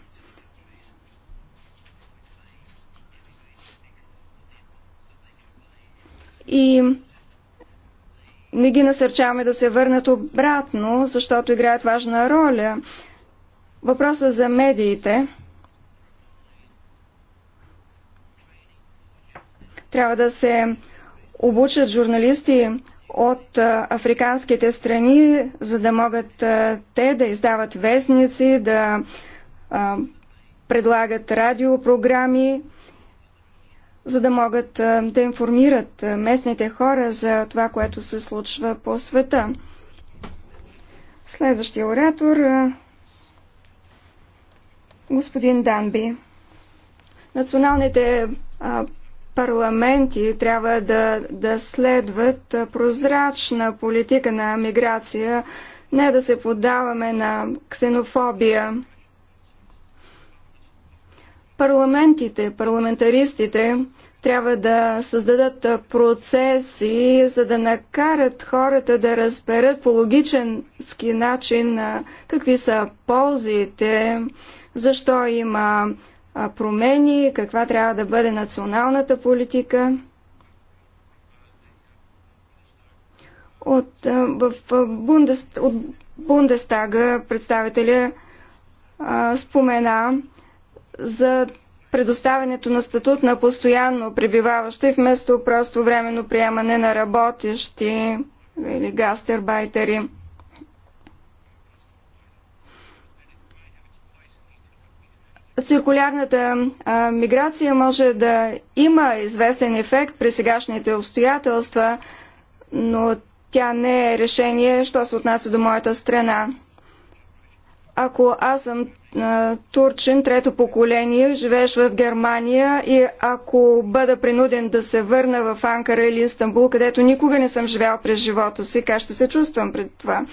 И не ги насърчаваме да се върнат обратно, защото играят важна роля. Въпросът за медиите. Трябва да се обучат журналисти от африканските страни, за да могат те да издават вестници, да предлагат радиопрограми, за да могат да информират местните хора за това, което се случва по света. Следващия оратор господин Данби. Националните парламенти трябва да, да следват прозрачна политика на миграция, не да се поддаваме на ксенофобия. Парламентите, парламентаристите трябва да създадат процеси, за да накарат хората да разберат по логически начин какви са ползите, защо има промени, каква трябва да бъде националната политика. От, в Бундест, от Бундестага представителя спомена за предоставянето на статут на постоянно пребиваващи вместо просто временно приемане на работещи или гастербайтери. циркулярната а, миграция може да има известен ефект при сегашните обстоятелства, но тя не е решение, що се отнася до моята страна. Ако аз съм а, турчин, трето поколение, живееш в Германия и ако бъда принуден да се върна в Анкара или Истанбул, където никога не съм живял през живота си, как ще се чувствам пред това?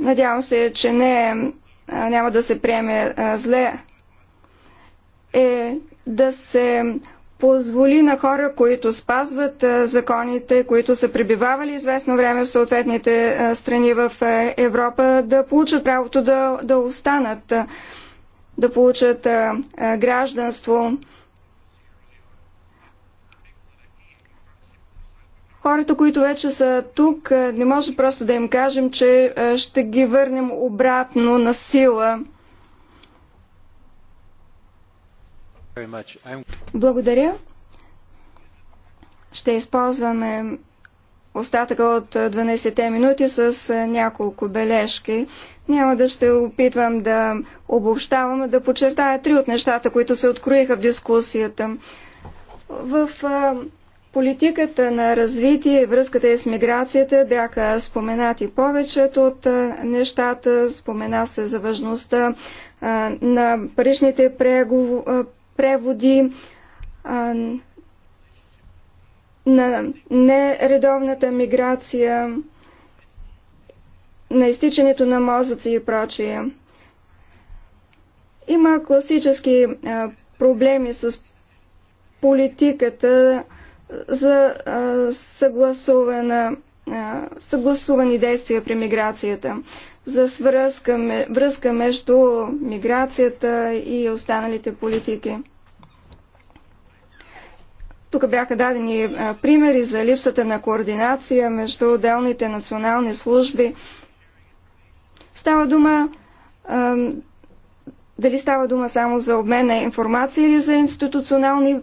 Надявам се, че не, няма да се приеме зле. Е да се позволи на хора, които спазват законите, които са пребивавали известно време в съответните страни в Европа, да получат правото да, да останат, да получат гражданство. Хората, които вече са тук, е, не може просто да им кажем, че е, ще ги върнем обратно на сила. Благодаря. Ще използваме остатъка от 12-те е, минути с няколко бележки. Няма да ще опитвам да обобщавам, да подчертая три от нещата, които се откроиха в дискусията. В Политиката на развитие и връзката с миграцията бяха споменати повечето от нещата. Спомена се за важността на паричните преводи, на нередовната миграция, на изтичането на мозъци и прочие. Има класически проблеми с политиката за съгласувана, съгласувани действия при миграцията, за свръзка, връзка между миграцията и останалите политики. Тук бяха дадени примери за липсата на координация между отделните национални служби. Става дума дали става дума само за обмен на информация или за институционални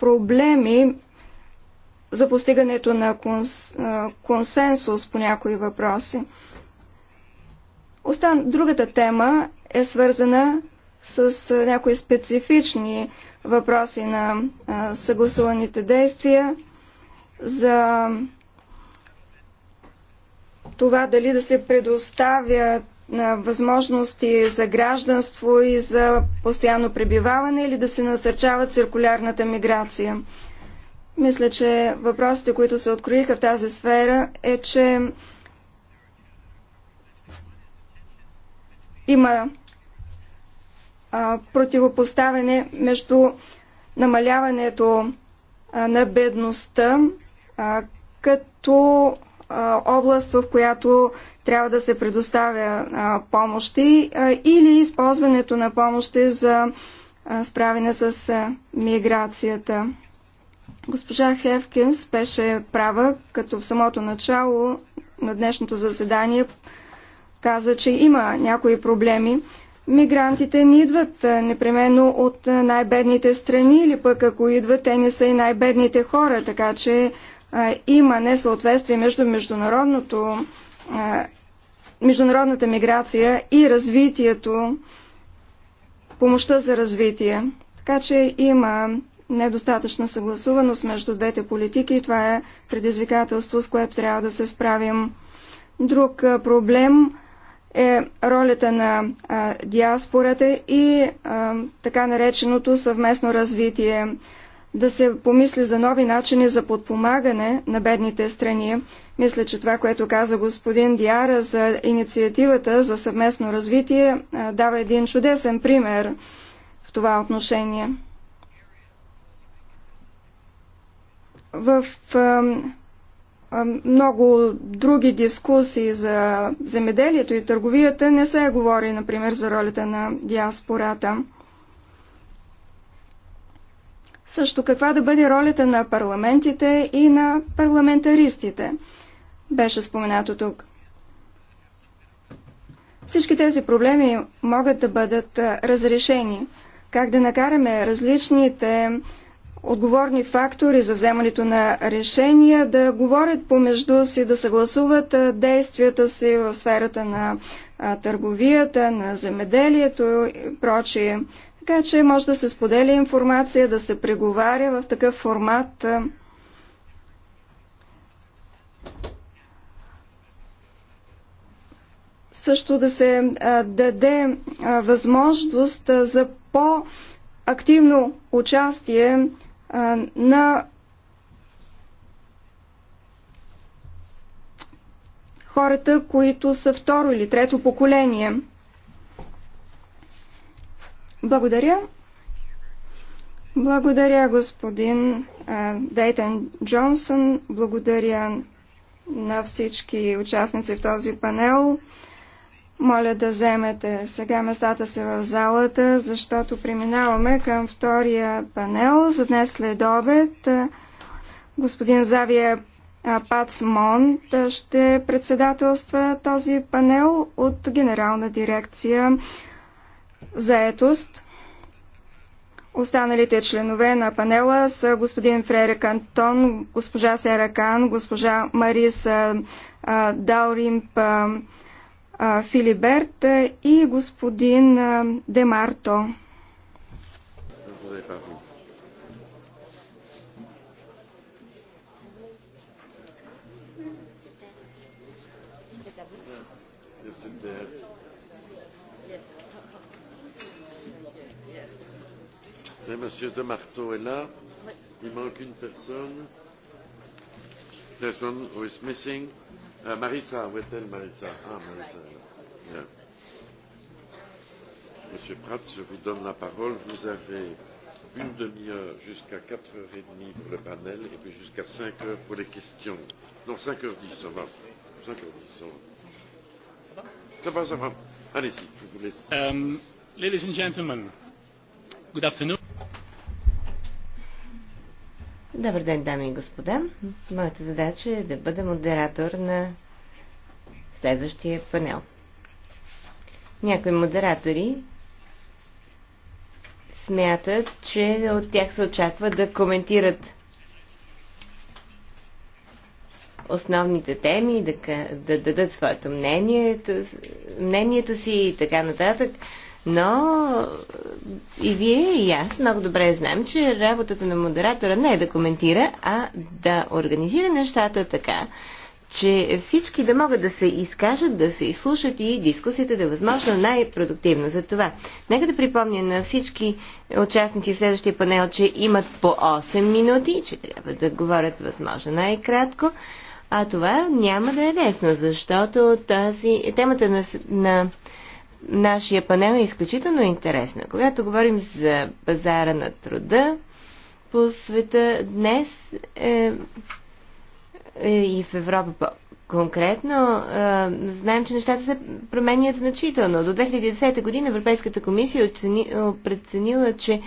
проблеми за постигането на конс, консенсус по някои въпроси. Остан... Другата тема е свързана с някои специфични въпроси на съгласуваните действия за това дали да се предоставят на възможности за гражданство и за постоянно пребиваване или да се насърчава циркулярната миграция. Мисля, че въпросите, които се откроиха в тази сфера, е, че има а, противопоставяне между намаляването а, на бедността а, като а, област, в която трябва да се предоставя а, помощи а, или използването на помощи за а, справяне с а, миграцията. Госпожа Хевкинс беше права, като в самото начало на днешното заседание каза, че има някои проблеми. Мигрантите не идват непременно от най-бедните страни или пък ако идват, те не са и най-бедните хора, така че а, има несъответствие между международното, а, международната миграция и развитието, помощта за развитие. Така че има недостатъчна съгласуваност между двете политики и това е предизвикателство, с което трябва да се справим. Друг проблем е ролята на а, диаспората и а, така нареченото съвместно развитие. Да се помисли за нови начини за подпомагане на бедните страни. Мисля, че това, което каза господин Диара за инициативата за съвместно развитие, а, дава един чудесен пример в това отношение. В много други дискусии за земеделието и търговията не се говори, например, за ролята на диаспората. Също каква да бъде ролята на парламентите и на парламентаристите, беше споменато тук. Всички тези проблеми могат да бъдат разрешени. Как да накараме различните отговорни фактори за вземането на решения, да говорят помежду си, да съгласуват действията си в сферата на търговията, на земеделието и прочие. Така че може да се споделя информация, да се преговаря в такъв формат. Също да се даде възможност за по- активно участие на хората, които са второ или трето поколение. Благодаря. Благодаря, господин Дейтън Джонсън. Благодаря на всички участници в този панел. Моля да вземете сега местата си в залата, защото преминаваме към втория панел за днес след обед. Господин Завия Пац Монт ще председателства този панел от Генерална дирекция заетост. Останалите членове на панела са господин Фрерик Антон, госпожа Сера Кан, госпожа Мариса Даурим Филиберт и господин Демарто. Et Monsieur de Marteau est là. Il manque une personne. This one who is missing. Uh, Marisa, with them, Marisa. Monsieur Prats, je vous donne la parole. Vous avez une demi-heure jusqu'à quatre heures et demie pour le panel et puis jusqu'à cinq heures pour les questions. Non, cinq heures dix, ça va. Cinq heures dix, ça va. Ça va, ça va. Allez-y, je vous laisse. ladies and gentlemen, good afternoon. Добър ден, дами и господа. Моята задача е да бъда модератор на следващия панел. Някои модератори смятат, че от тях се очаква да коментират основните теми, да, да дадат своето мнение, мнението си и така нататък. Но и вие, и аз много добре знам, че работата на модератора не е да коментира, а да организира нещата така, че всички да могат да се изкажат, да се изслушат и дискусията да е възможно най-продуктивна. За това, нека да припомня на всички участници в следващия панел, че имат по 8 минути, че трябва да говорят възможно най-кратко. А това няма да е лесно, защото тази, темата на, на нашия панел е изключително интересна. Когато говорим за пазара на труда по света днес е, е и в Европа Конкретно, е, знаем, че нещата се променят значително. До 2010 година Европейската комисия оцени, е, преценила, че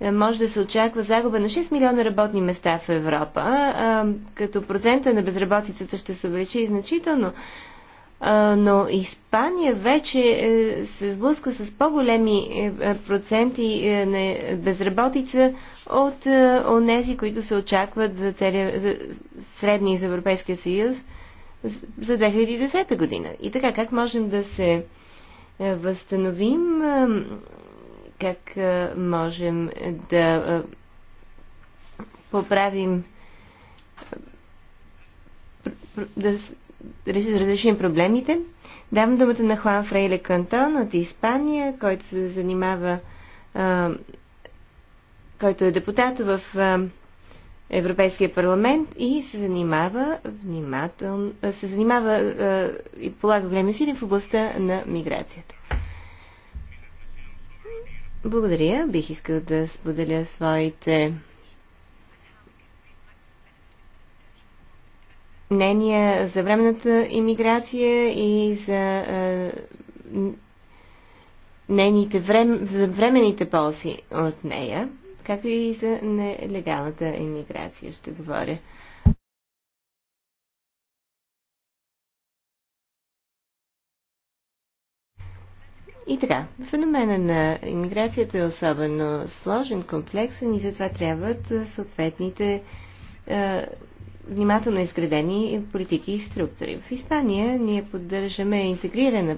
е, може да се очаква загуба на 6 милиона работни места в Европа, а, като процента на безработицата ще се увеличи значително но Испания вече е, се сблъска с по-големи е, е, проценти на безработица от онези, които се очакват за, целия, за средния за Европейския съюз за 2010 година. И така, как можем да се възстановим, как можем да поправим да разрешим проблемите. Давам думата на Хуан Фрейле Кантон от Испания, който се занимава, а, който е депутат в а, Европейския парламент и се занимава внимателно, се занимава а, и полага големи сили в областта на миграцията. Благодаря. Бих искал да споделя своите мнения за временната иммиграция и за нейните врем... за временните ползи от нея, както и за нелегалната иммиграция ще говоря. И така, феномена на иммиграцията е особено сложен, комплексен и затова трябват съответните е, внимателно изградени политики и структури. В Испания ние поддържаме интегрирана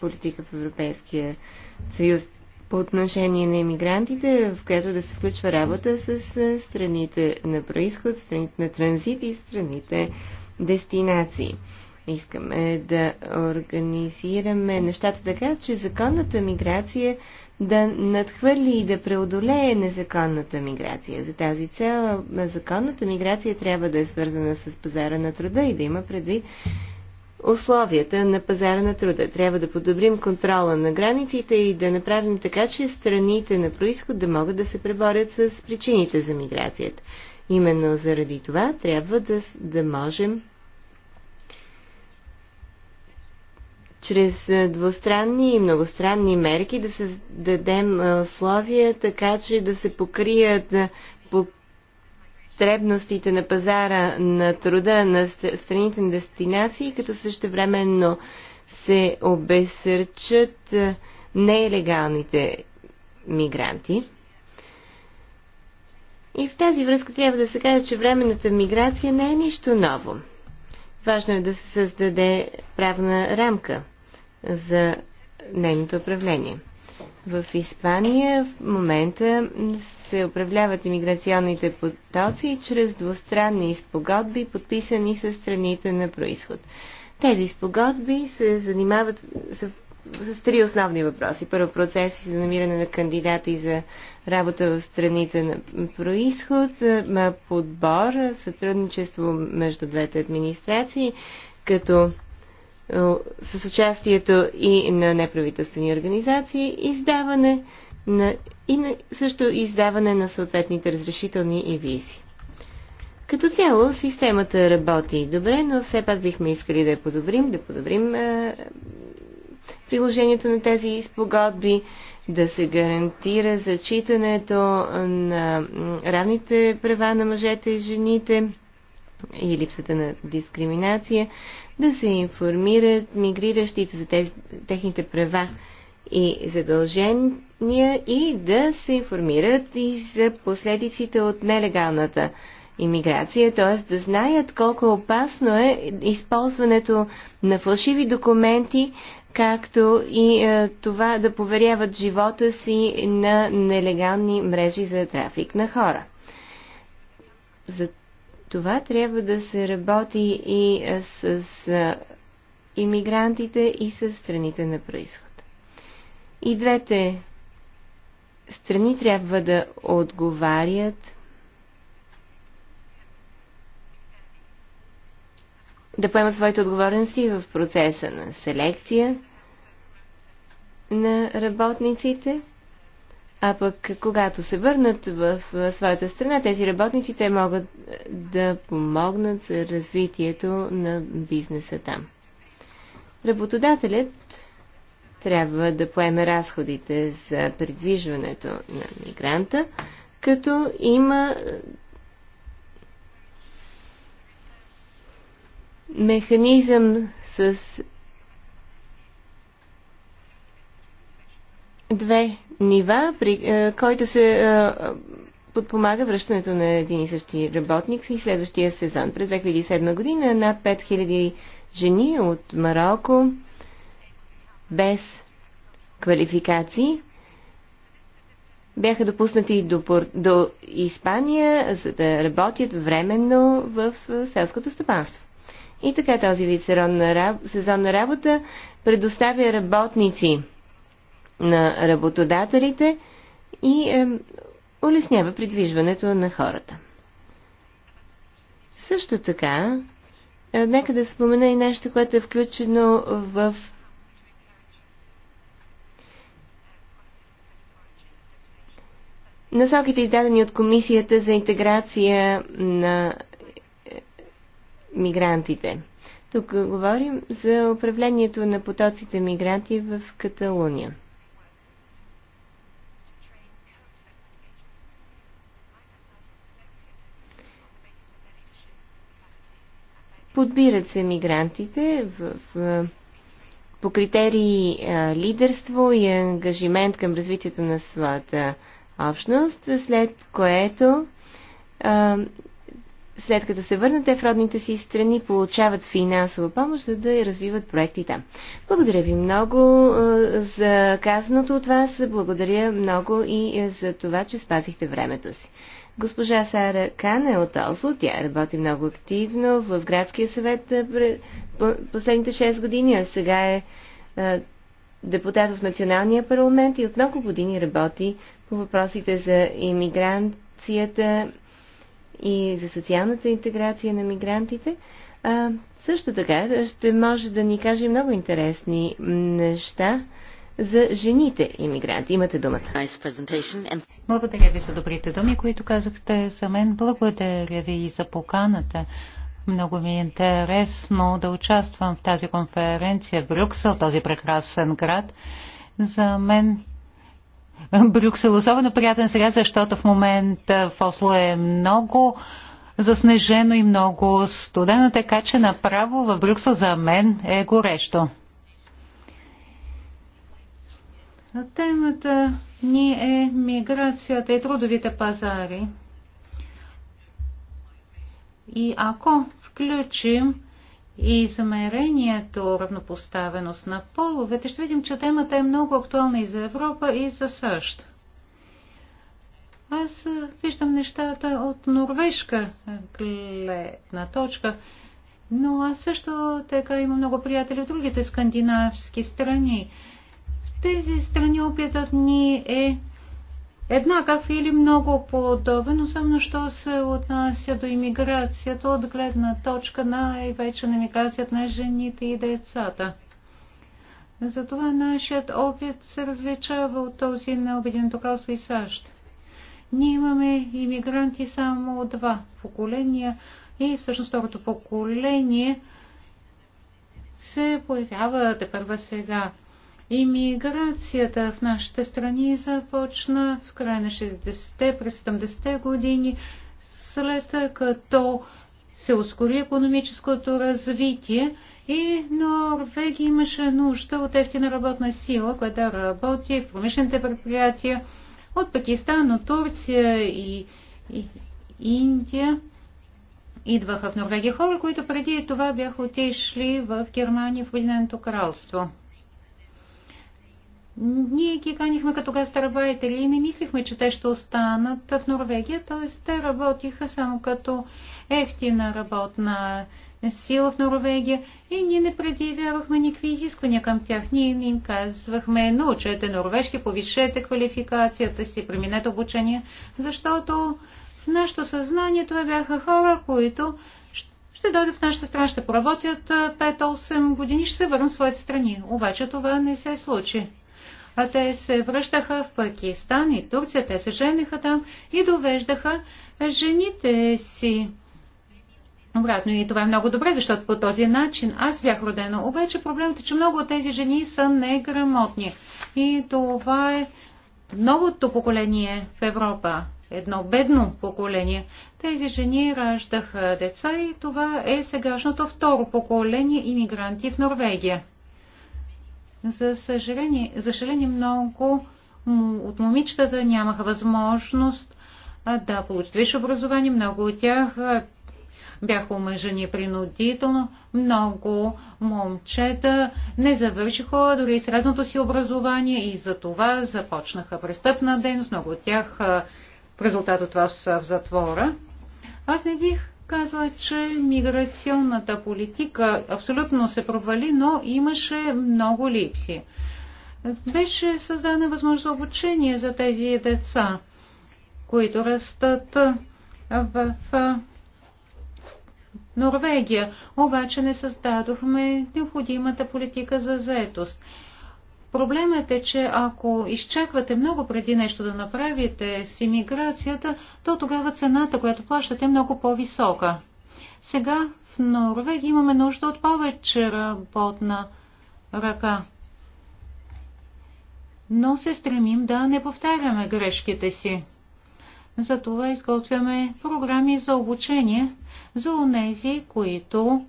политика в Европейския съюз по отношение на иммигрантите, в която да се включва работа с страните на происход, страните на транзит и страните дестинации. Искаме да организираме нещата така, че законната миграция да надхвърли и да преодолее незаконната миграция. За тази цел законната миграция трябва да е свързана с пазара на труда и да има предвид условията на пазара на труда. Трябва да подобрим контрола на границите и да направим така, че страните на происход да могат да се преборят с причините за миграцията. Именно заради това трябва да, да можем чрез е, двустранни и многостранни мерки да създадем е, условия, така че да се покрият е, потребностите на пазара на труда на страните на дестинации, като същевременно се обесърчат нелегалните мигранти. И в тази връзка трябва да се каже, че временната миграция не е нищо ново. Важно е да се създаде правна рамка за нейното управление. В Испания в момента се управляват иммиграционните потоци чрез двустранни спогодби, подписани с страните на происход. Тези спогодби се занимават, са с три основни въпроси. Първо процеси за намиране на кандидати за работа в страните на происход, подбор, сътрудничество между двете администрации, като с участието и на неправителствени организации, издаване на, и на, също издаване на съответните разрешителни и визи. Като цяло системата работи добре, но все пак бихме искали да я подобрим, да подобрим приложението на тези спогодби, да се гарантира зачитането на равните права на мъжете и жените и липсата на дискриминация, да се информират мигриращите за тези, техните права и задължения и да се информират и за последиците от нелегалната иммиграция, т.е. да знаят колко опасно е използването на фалшиви документи както и е, това да поверяват живота си на нелегални мрежи за трафик на хора. За това трябва да се работи и е, с, с е, иммигрантите и с страните на происход. И двете страни трябва да отговарят да поемат своите отговорности в процеса на селекция на работниците, а пък когато се върнат в своята страна, тези работници те могат е, да помогнат за развитието на бизнеса там. Работодателят трябва да поеме разходите за придвижването на мигранта, като има е, механизъм с две нива, при е, който се е, подпомага връщането на един и същи работник и следващия сезон. През 2007 година над 5000 жени от Марокко без квалификации бяха допуснати до, до Испания, за да работят временно в е, селското стопанство. И така този вид сезонна работа предоставя работници на работодателите и е, улеснява придвижването на хората. Също така, е, нека да спомена и нещо, което е включено в насоките, издадени от Комисията за интеграция на мигрантите. Тук говорим за управлението на потоците мигранти в Каталуния. Подбират се мигрантите в, в, по критерии а, лидерство и ангажимент към развитието на своята общност, след което а, след като се върнат те в родните си страни, получават финансова помощ, за да развиват проекти там. Благодаря ви много за казаното от вас. Благодаря много и за това, че спазихте времето си. Госпожа Сара Кан е от Осло. Тя работи много активно в градския съвет последните 6 години, а сега е депутат в Националния парламент и от много години работи по въпросите за иммигрантцията и за социалната интеграция на мигрантите, а, също така ще може да ни каже много интересни неща за жените иммигранти. Имате думата. Благодаря ви за добрите думи, които казахте за мен. Благодаря ви и за поканата. Много ми е интересно да участвам в тази конференция в Брюксел, този прекрасен град. За мен Брюксел особено приятен сряд, защото в момента в Осло е много заснежено и много студено, така че направо в Брюксел за мен е горещо. Темата ни е миграцията и трудовите пазари. И ако включим и замерението равнопоставеност на половете, ще видим, че темата е много актуална и за Европа, и за САЩ. Аз виждам нещата от норвежка гледна точка, но аз също така имам много приятели от другите скандинавски страни. В тези страни опитът ни е кафе или много подобен, особено що се отнася до иммиграцията от гледна точка най-вече на иммиграцията на жените и децата. Затова нашият опит се различава от този на Обединеното кралство и САЩ. Ние имаме иммигранти само два поколения и всъщност второто поколение се появява те първа сега. Имиграцията в нашите страни започна в края на 60-те, през 70-те години, след като се ускори економическото развитие и Норвегия имаше нужда от ефтина работна сила, която работи в промишлените предприятия от Пакистан, от Турция и, и Индия. Идваха в Норвегия хора, които преди това бяха отишли в Германия, в Обединеното кралство. Ние ги канихме като гастарбайтери и не мислихме, че те ще останат в Норвегия, т.е. те работиха само като ефтина работна сила в Норвегия и ние не предявявахме никакви изисквания към тях. Ние им казвахме, научете норвежки, повишете квалификацията си, преминете обучение, защото в нашето съзнание това бяха хора, които ще дойдат в нашата страна, ще поработят 5-8 години, ще се върнат в своите страни. Обаче това не се случи а те се връщаха в Пакистан и Турция, те се жениха там и довеждаха жените си обратно. И това е много добре, защото по този начин аз бях родена. Обаче проблемът е, че много от тези жени са неграмотни. И това е новото поколение в Европа, едно бедно поколение. Тези жени раждаха деца и това е сегашното второ поколение иммигранти в Норвегия. За съжаление, за съжаление много от момичетата нямаха възможност да получат висше образование. Много от тях бяха омъжени принудително. Много момчета не завършиха дори средното си образование и за това започнаха престъпна дейност. Много от тях в резултат от това са в затвора. Аз не бих казва, че миграционната политика абсолютно се провали, но имаше много липси. Беше създадена възможност за обучение за тези деца, които растат в Норвегия, обаче не създадохме необходимата политика за заетост. Проблемът е, че ако изчаквате много преди нещо да направите с иммиграцията, то тогава цената, която плащате е много по-висока. Сега в Норвегия имаме нужда от повече работна ръка. Но се стремим да не повтаряме грешките си. Затова изготвяме програми за обучение за онези, които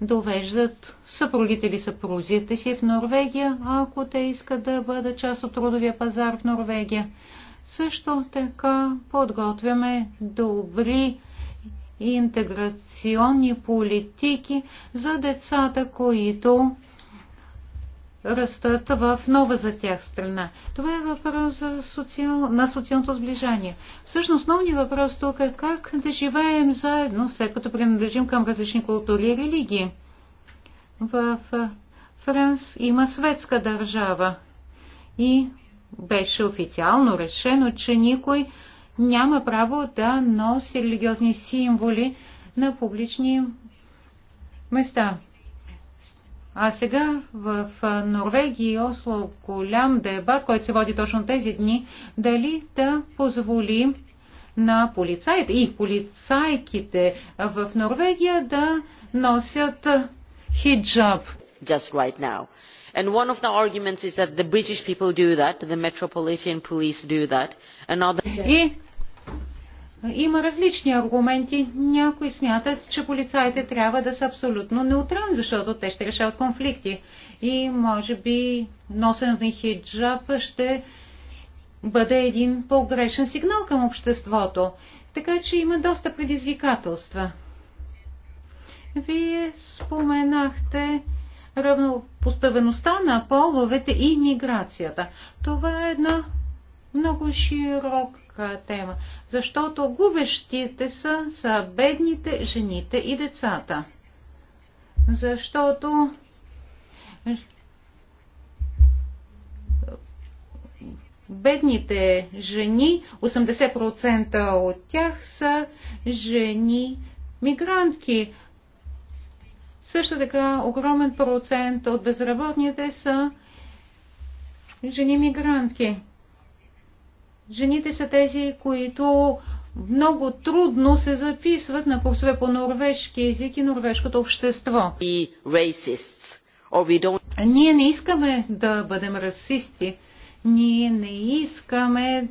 довеждат съпругите или съпрузите си в Норвегия, ако те искат да бъдат част от трудовия пазар в Норвегия. Също така подготвяме добри интеграционни политики за децата, които растат в нова за тях страна. Това е въпрос за социал... на социалното сближание. Всъщност основният въпрос тук е как да живеем заедно, след като принадлежим към различни култури и религии. В Франс има светска държава и беше официално решено, че никой няма право да носи религиозни символи на публични места. А сега в Норвегия и Осло голям дебат, който се води точно тези дни, дали да позволи на полицаите и полицайките в Норвегия да носят хиджаб. Just right now. And one of the arguments is that the British people do that, the metropolitan police do that, Another... И има различни аргументи. Някои смятат, че полицаите трябва да са абсолютно неутрални, защото те ще решават конфликти. И може би носенето на хиджаб ще бъде един по-грешен сигнал към обществото. Така че има доста предизвикателства. Вие споменахте равнопоставеността на половете и миграцията. Това е една много широк тема. Защото губещите са, са бедните, жените и децата. Защото бедните жени, 80% от тях са жени мигрантки. Също така огромен процент от безработните са жени мигрантки. Жените са тези, които много трудно се записват на курсове по норвежки език и норвежкото общество. Ние не искаме да бъдем расисти. Ние не искаме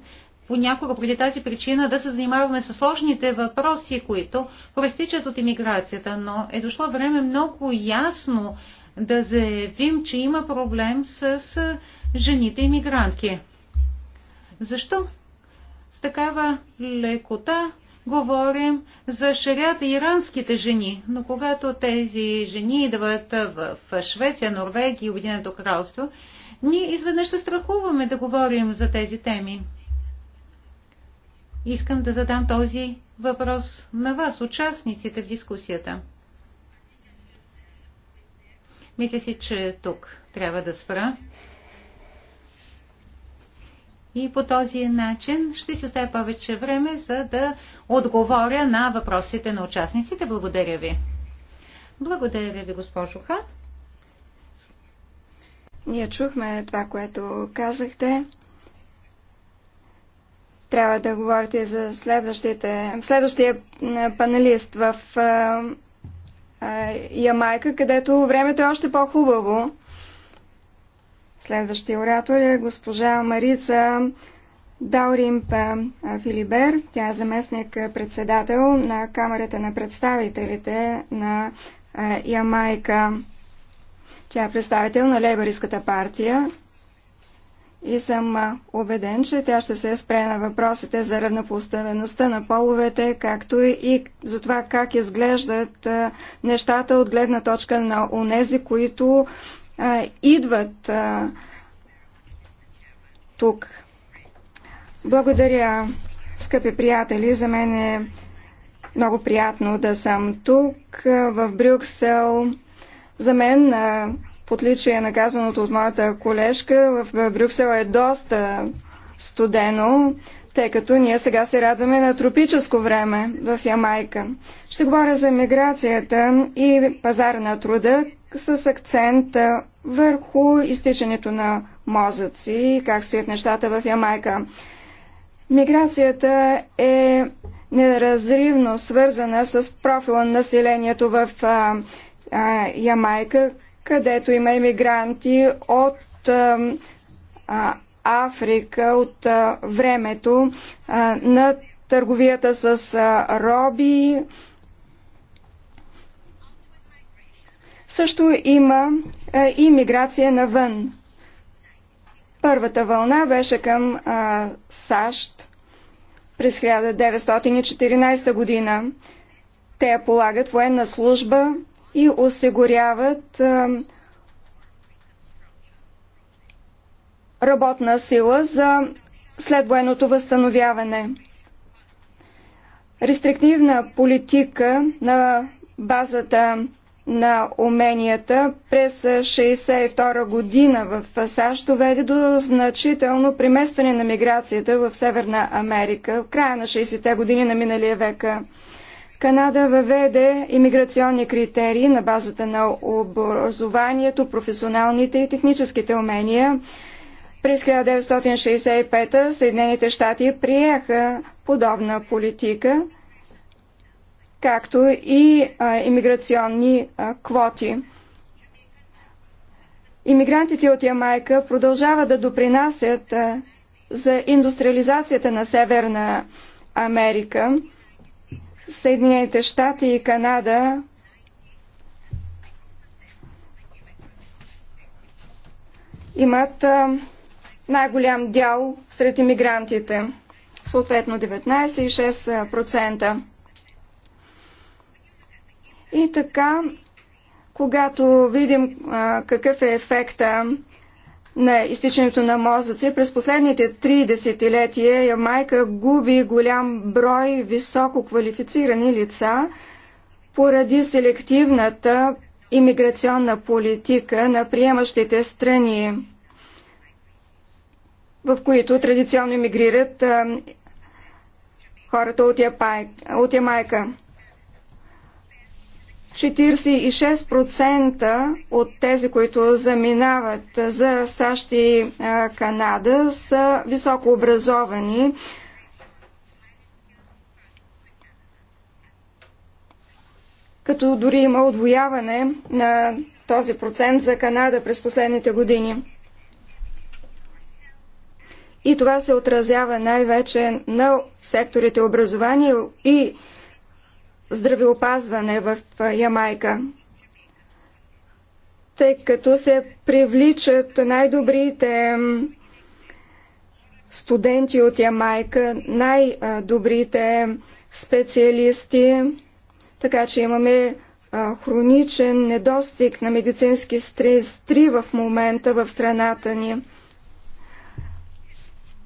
понякога преди тази причина да се занимаваме с сложните въпроси, които проистичат от иммиграцията, но е дошло време много ясно да заявим, че има проблем с жените иммигрантки. Защо с такава лекота говорим за шарят иранските жени, но когато тези жени идват в Швеция, Норвегия и Обединеното кралство, ние изведнъж се страхуваме да говорим за тези теми. Искам да задам този въпрос на вас, участниците в дискусията. Мисля си, че тук трябва да спра. И по този начин ще си оставя повече време, за да отговоря на въпросите на участниците. Благодаря ви. Благодаря ви, госпожо Ха. Ние чухме това, което казахте. Трябва да говорите за следващите, следващия панелист в а, а, Ямайка, където времето е още по-хубаво. Следващия оратор е госпожа Марица Дауримпа Филибер. Тя е заместник председател на Камерата на представителите на е, Ямайка. Тя е представител на Лейбористската партия и съм е, убеден, че тя ще се спре на въпросите за равнопоставеността на половете, както и за това как изглеждат е, нещата от гледна точка на онези, които идват тук. Благодаря, скъпи приятели. За мен е много приятно да съм тук, в Брюксел. За мен, в отличие на казаното от моята колежка, в Брюксел е доста студено, тъй като ние сега се радваме на тропическо време в Ямайка. Ще говоря за миграцията и пазар на труда, с акцент върху изтичането на мозъци и как стоят нещата в Ямайка. Миграцията е неразривно свързана с профила на населението в а, а, Ямайка, където има иммигранти от а, а, Африка, от а, времето а, на търговията с а, роби, Също има е, и миграция навън. Първата вълна беше към а, САЩ през 1914 година. Те полагат военна служба и осигуряват а, работна сила за следвоенното възстановяване. Рестриктивна политика на базата на уменията през 1962 година в САЩ доведе до значително преместване на миграцията в Северна Америка в края на 60-те години на миналия век. Канада въведе имиграционни критерии на базата на образованието, професионалните и техническите умения. През 1965 Съединените щати приеха подобна политика както и иммиграционни квоти. Имигрантите от Ямайка продължават да допринасят за индустриализацията на Северна Америка. Съединените щати и Канада имат най-голям дял сред иммигрантите, съответно 19,6%. И така, когато видим а, какъв е ефекта на изтичането на мозъци, през последните три десетилетия Ямайка губи голям брой високо квалифицирани лица поради селективната иммиграционна политика на приемащите страни, в които традиционно иммигрират а, хората от Ямайка. 46% от тези, които заминават за САЩ и Канада, са високообразовани. Като дори има отвояване на този процент за Канада през последните години. И това се отразява най-вече на секторите образование и здравеопазване в Ямайка, тъй като се привличат най-добрите студенти от Ямайка, най-добрите специалисти, така че имаме хроничен недостиг на медицински стри в момента в страната ни.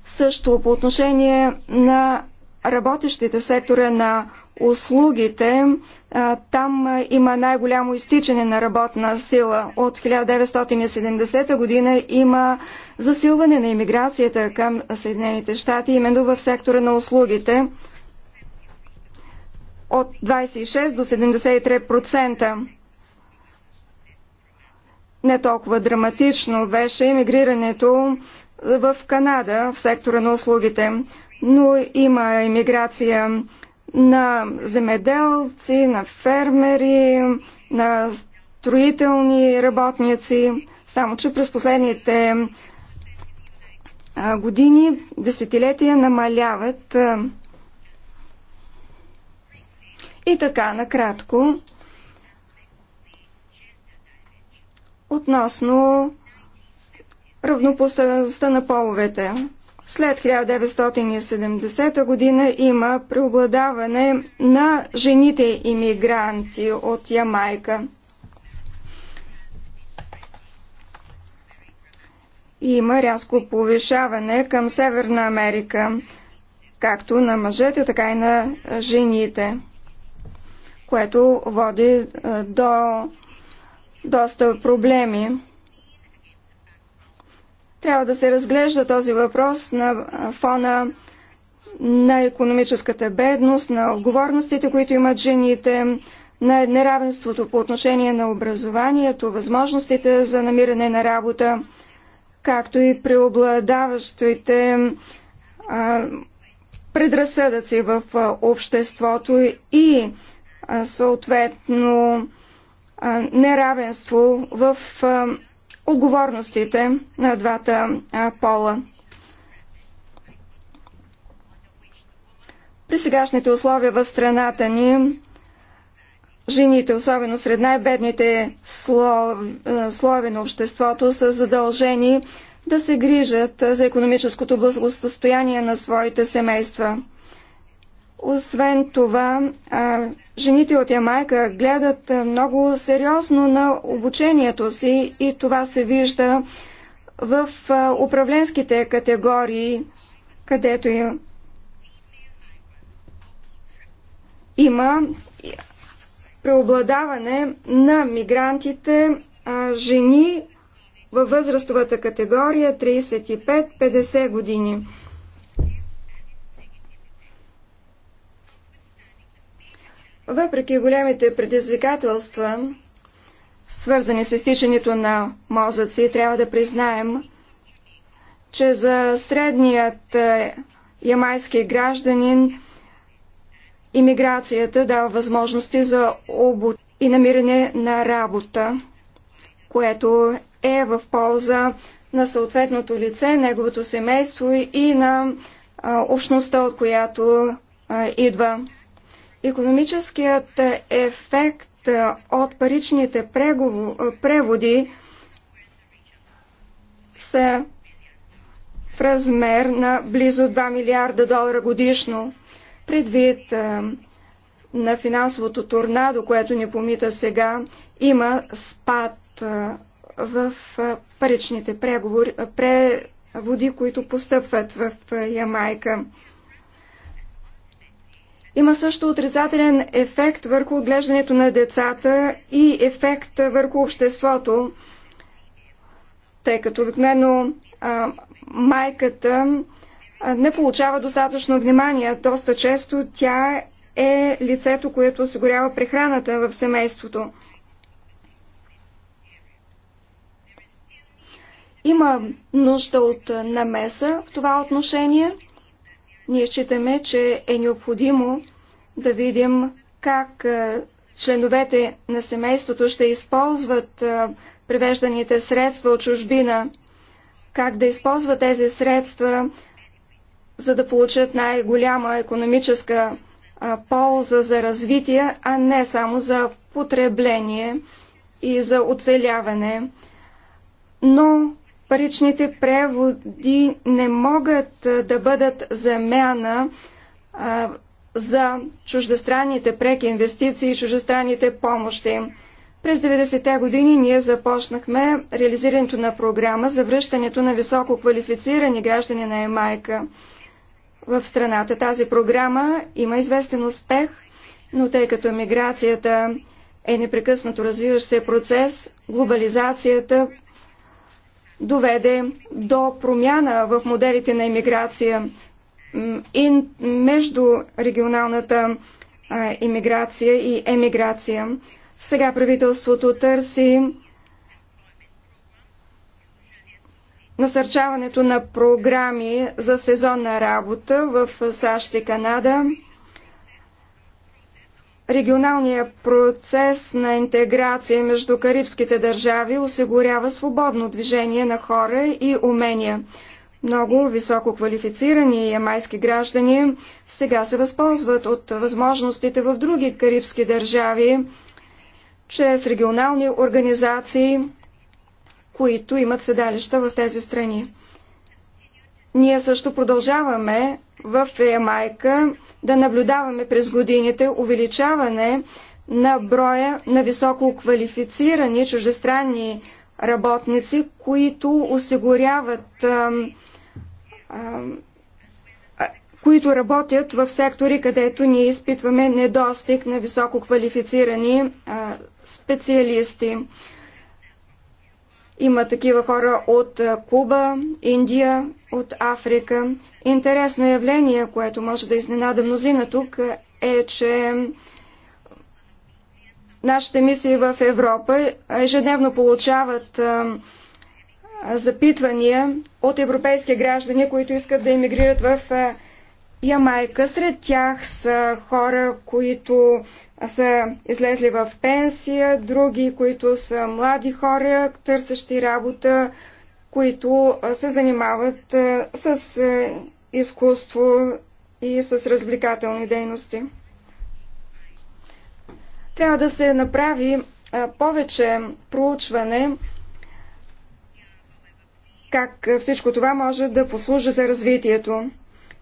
Също по отношение на работещите сектора на услугите, там има най-голямо изтичане на работна сила. От 1970 година има засилване на иммиграцията към Съединените щати, именно в сектора на услугите от 26 до 73%. Не толкова драматично беше иммигрирането в Канада в сектора на услугите, но има иммиграция на земеделци, на фермери, на строителни работници. Само, че през последните години, десетилетия намаляват. И така, накратко, относно равнопоставеността на половете. След 1970 година има преобладаване на жените иммигранти от Ямайка. Има рязко повишаване към Северна Америка, както на мъжете, така и на жените, което води до доста проблеми. Трябва да се разглежда този въпрос на фона на економическата бедност, на отговорностите, които имат жените, на неравенството по отношение на образованието, възможностите за намиране на работа, както и преобладаващите предразсъдъци в обществото и съответно неравенство в отговорностите на двата пола. При сегашните условия в страната ни жените, особено сред най-бедните слови на обществото, са задължени да се грижат за економическото благосостояние на своите семейства. Освен това, жените от Ямайка гледат много сериозно на обучението си и това се вижда в управленските категории, където има преобладаване на мигрантите, жени във възрастовата категория 35-50 години. Въпреки големите предизвикателства, свързани с изтичането на мозъци, трябва да признаем, че за средният е, ямайски гражданин имиграцията дава възможности за обут и намиране на работа, което е в полза на съответното лице, неговото семейство и на общността, от която идва. Економическият ефект от паричните преводи са в размер на близо 2 милиарда долара годишно, предвид на финансовото торнадо, което ни помита сега, има спад в паричните преводи, които постъпват в Ямайка. Има също отрицателен ефект върху отглеждането на децата и ефект върху обществото, тъй като обикновено майката не получава достатъчно внимание. Доста често тя е лицето, което осигурява прехраната в семейството. Има нужда от намеса в това отношение – ние считаме, че е необходимо да видим как членовете на семейството ще използват превежданите средства от чужбина, как да използват тези средства, за да получат най-голяма економическа полза за развитие, а не само за потребление и за оцеляване. Но паричните преводи не могат да бъдат замяна за чуждестранните преки инвестиции и чуждестранните помощи. През 90-те години ние започнахме реализирането на програма за връщането на високо квалифицирани граждани на Ямайка в страната. Тази програма има известен успех, но тъй като миграцията е непрекъснато развиващ се процес, глобализацията доведе до промяна в моделите на иммиграция и между регионалната иммиграция и емиграция. Сега правителството търси насърчаването на програми за сезонна работа в САЩ и Канада – Регионалният процес на интеграция между карибските държави осигурява свободно движение на хора и умения. Много високо квалифицирани ямайски граждани сега се възползват от възможностите в други карибски държави чрез регионални организации, които имат седалища в тези страни. Ние също продължаваме в Ямайка да наблюдаваме през годините увеличаване на броя на високо квалифицирани чуждестранни работници, които осигуряват, а, а, които работят в сектори, където ние изпитваме недостиг на високо квалифицирани а, специалисти. Има такива хора от Куба, Индия, от Африка. Интересно явление, което може да изненада мнозина тук, е, че нашите мисии в Европа ежедневно получават запитвания от европейски граждани, които искат да емигрират в Ямайка. Сред тях са хора, които са излезли в пенсия, други, които са млади хора, търсещи работа, които се занимават с изкуство и с развлекателни дейности. Трябва да се направи повече проучване как всичко това може да послужи за развитието.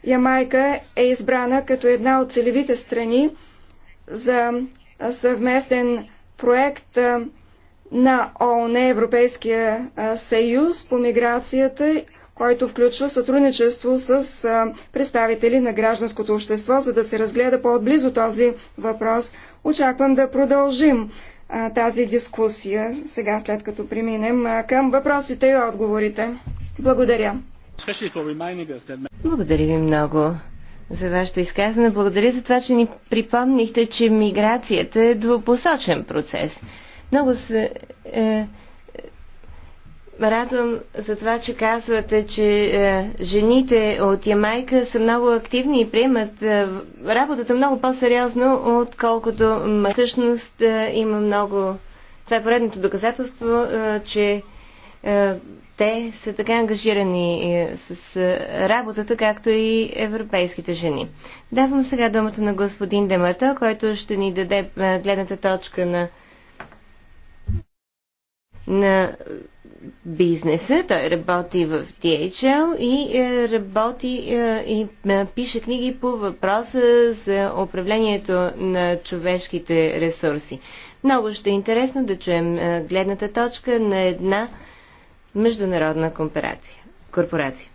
Ямайка е избрана като една от целевите страни за съвместен проект на ООН Европейския съюз по миграцията, който включва сътрудничество с представители на гражданското общество, за да се разгледа по-отблизо този въпрос. Очаквам да продължим тази дискусия сега, след като преминем към въпросите и отговорите. Благодаря. Благодаря ви много за вашето изказване. Благодаря за това, че ни припомнихте, че миграцията е двупосочен процес. Много се е, радвам за това, че казвате, че е, жените от Ямайка са много активни и приемат е, работата много по-сериозно, отколкото всъщност е, има много. Това е поредното доказателство, е, че е, те са така ангажирани е, с е, работата, както и европейските жени. Давам сега думата на господин Демато, който ще ни даде е, гледната точка на, на бизнеса. Той работи в DHL и работи и пише книги по въпроса за управлението на човешките ресурси. Много ще е интересно да чуем гледната точка на една международна корпорация. корпорация.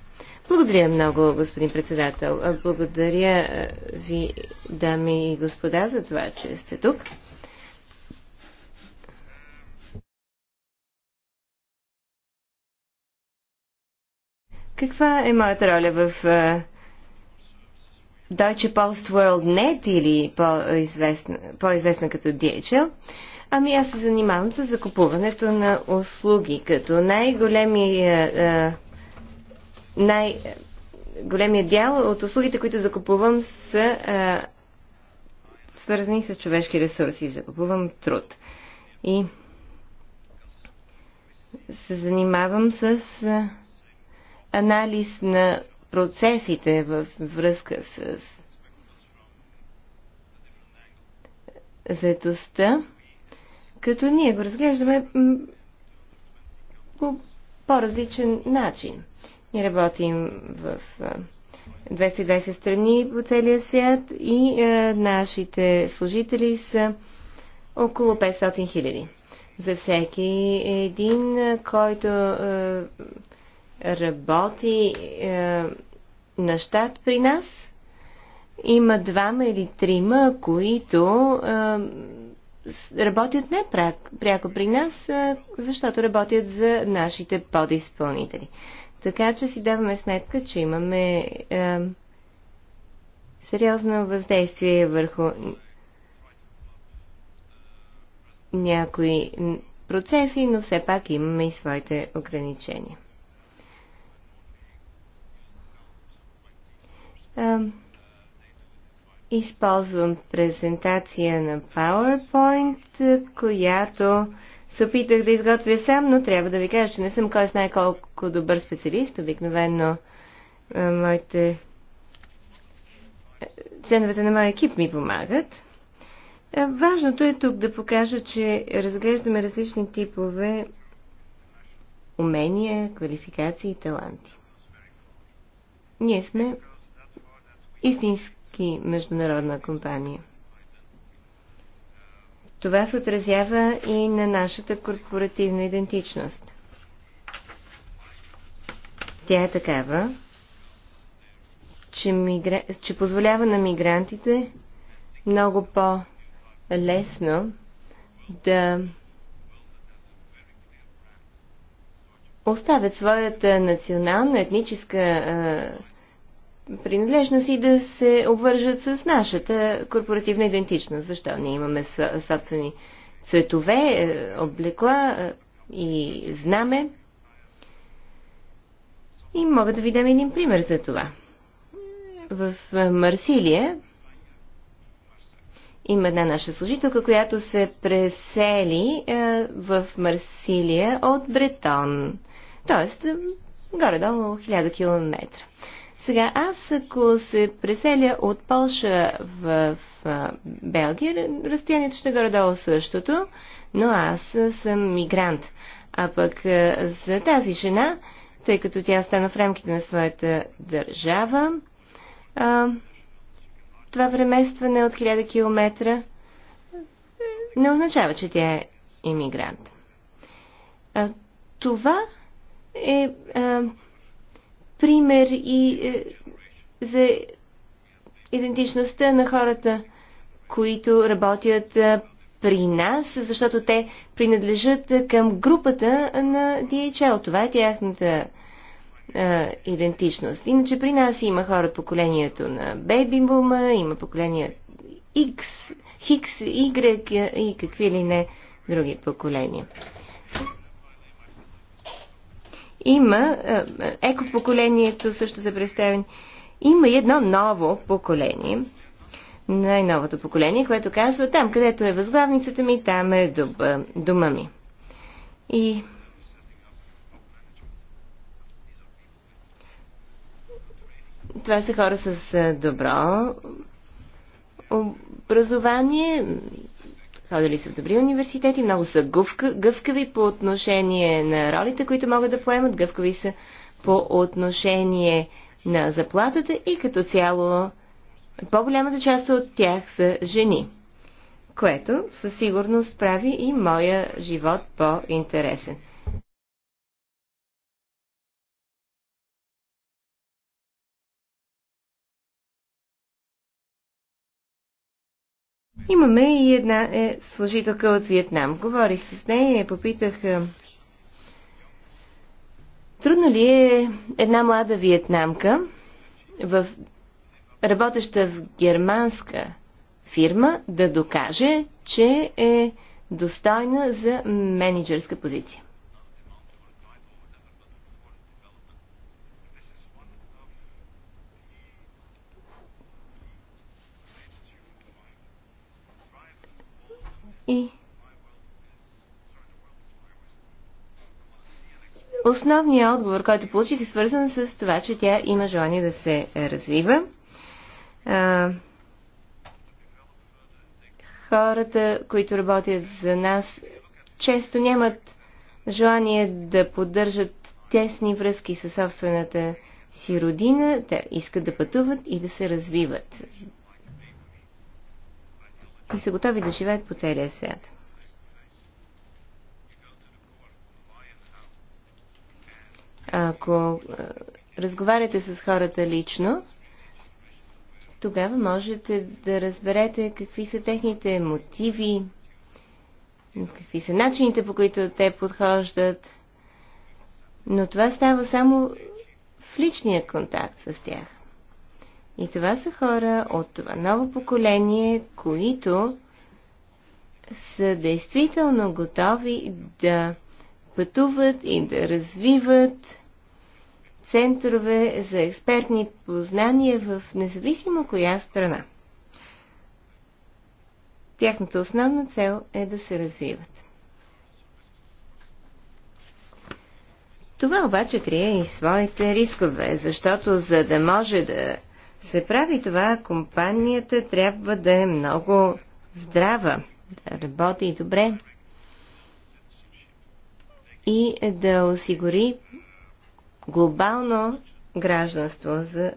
Благодаря много, господин председател. Благодаря ви, дами и господа, за това, че сте тук. Каква е моята роля в Deutsche Post World Net или по-известна, по-известна като DHL? Ами аз се занимавам с закупуването на услуги, като най-големия е, е, най- големия дял от услугите, които закупувам, са а, е, свързани с човешки ресурси. Закупувам труд. И се занимавам с а, анализ на процесите в връзка с заедостта като ние го разглеждаме по по-различен начин. Ние работим в 220 страни по целия свят и нашите служители са около 500 хиляди. За всеки един, който работи на щат при нас, има двама или трима, които работят не пряко при нас, защото работят за нашите подиспълнители. Така че си даваме сметка, че имаме е, сериозно въздействие върху някои процеси, но все пак имаме и своите ограничения. Е, Използвам презентация на PowerPoint, която се опитах да изготвя сам, но трябва да ви кажа, че не съм кой знае колко добър специалист. Обикновено моите е, членовете на моя екип ми помагат. Е, важното е тук да покажа, че разглеждаме различни типове умения, квалификации и таланти. Ние сме истински търговски международна компания. Това се отразява и на нашата корпоративна идентичност. Тя е такава, че, мигра... че позволява на мигрантите много по-лесно да оставят своята национална етническа принадлежност и да се обвържат с нашата корпоративна идентичност. Защо? Ние имаме собствени цветове, е, облекла е, и знаме. И мога да ви дам един пример за това. В е, Марсилия има една наша служителка, която се пресели в Марсилия от Бретон. Тоест, горе-долу 1000 км. Сега аз, ако се преселя от Польша в, в Белгия, разстоянието ще е горе-долу същото, но аз съм мигрант. А пък за тази жена, тъй като тя стана в рамките на своята държава, а, това преместване от 1000 км не означава, че тя е иммигрант. А, това е а, пример и е, за идентичността на хората, които работят е, при нас, защото те принадлежат към групата на DHL. Това е тяхната е, идентичност. Иначе при нас има хора поколението на Бейби Бума, има поколение X, X, Y и какви ли не други поколения. Има, е, екопоколението също са представени. Има едно ново поколение, най-новото поколение, което казва там, където е възглавницата ми, там е дуба, дума ми. И това са хора с добро образование, Ходили са в добри университети, много са гъвка, гъвкави по отношение на ролите, които могат да поемат, гъвкави са по отношение на заплатата и като цяло по-голямата част от тях са жени, което със сигурност прави и моя живот по-интересен. Имаме и една е, служителка от Виетнам. Говорих с нея и попитах е, трудно ли е една млада виетнамка в работеща в германска фирма да докаже, че е достойна за менеджерска позиция. И основният отговор, който получих, е свързан с това, че тя има желание да се развива. А, хората, които работят за нас, често нямат желание да поддържат тесни връзки със собствената си родина, те искат да пътуват и да се развиват и са готови да живеят по целия свят. Ако разговаряте с хората лично, тогава можете да разберете какви са техните мотиви, какви са начините по които те подхождат. Но това става само в личния контакт с тях. И това са хора от това ново поколение, които са действително готови да пътуват и да развиват центрове за експертни познания в независимо коя страна. Тяхната основна цел е да се развиват. Това обаче крие и своите рискове, защото за да може да се прави това, компанията трябва да е много здрава, да работи добре и да осигури глобално гражданство за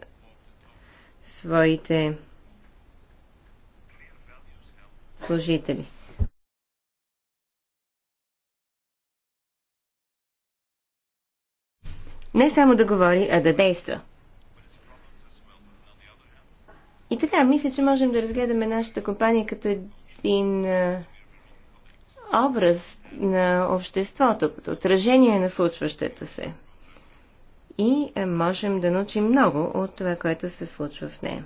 своите служители. Не само да говори, а да действа. И така, мисля, че можем да разгледаме нашата компания като един образ на обществото, като отражение на случващето се. И можем да научим много от това, което се случва в нея.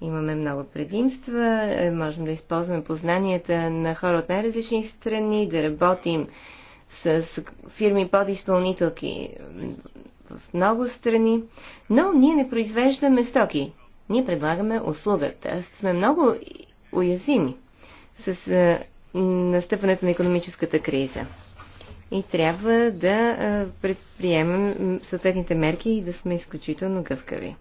Имаме много предимства, е, можем да използваме познанията на хора от най-различни страни, да работим с фирми подизпълнителки в много страни, но ние не произвеждаме стоки. Ние предлагаме услугата. Сме много уязвими с а, настъпването на економическата криза. И трябва да предприемем съответните мерки и да сме изключително гъвкави.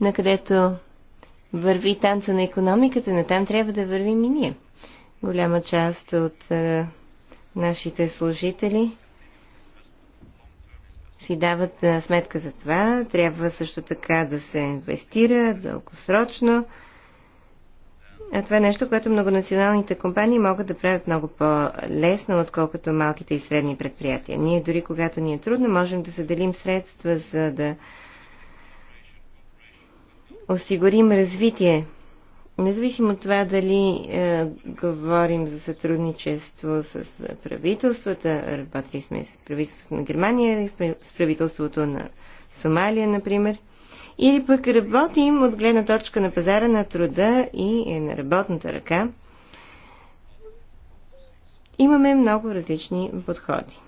на където върви танца на економиката, на там трябва да вървим и ние. Голяма част от е, нашите служители си дават е, сметка за това. Трябва също така да се инвестира дългосрочно. А това е нещо, което многонационалните компании могат да правят много по-лесно, отколкото малките и средни предприятия. Ние дори когато ни е трудно, можем да заделим средства, за да осигурим развитие, независимо от това дали е, говорим за сътрудничество с правителствата, работили сме с правителството на Германия, с правителството на Сомалия, например, или пък работим от гледна точка на пазара на труда и е, на работната ръка, имаме много различни подходи.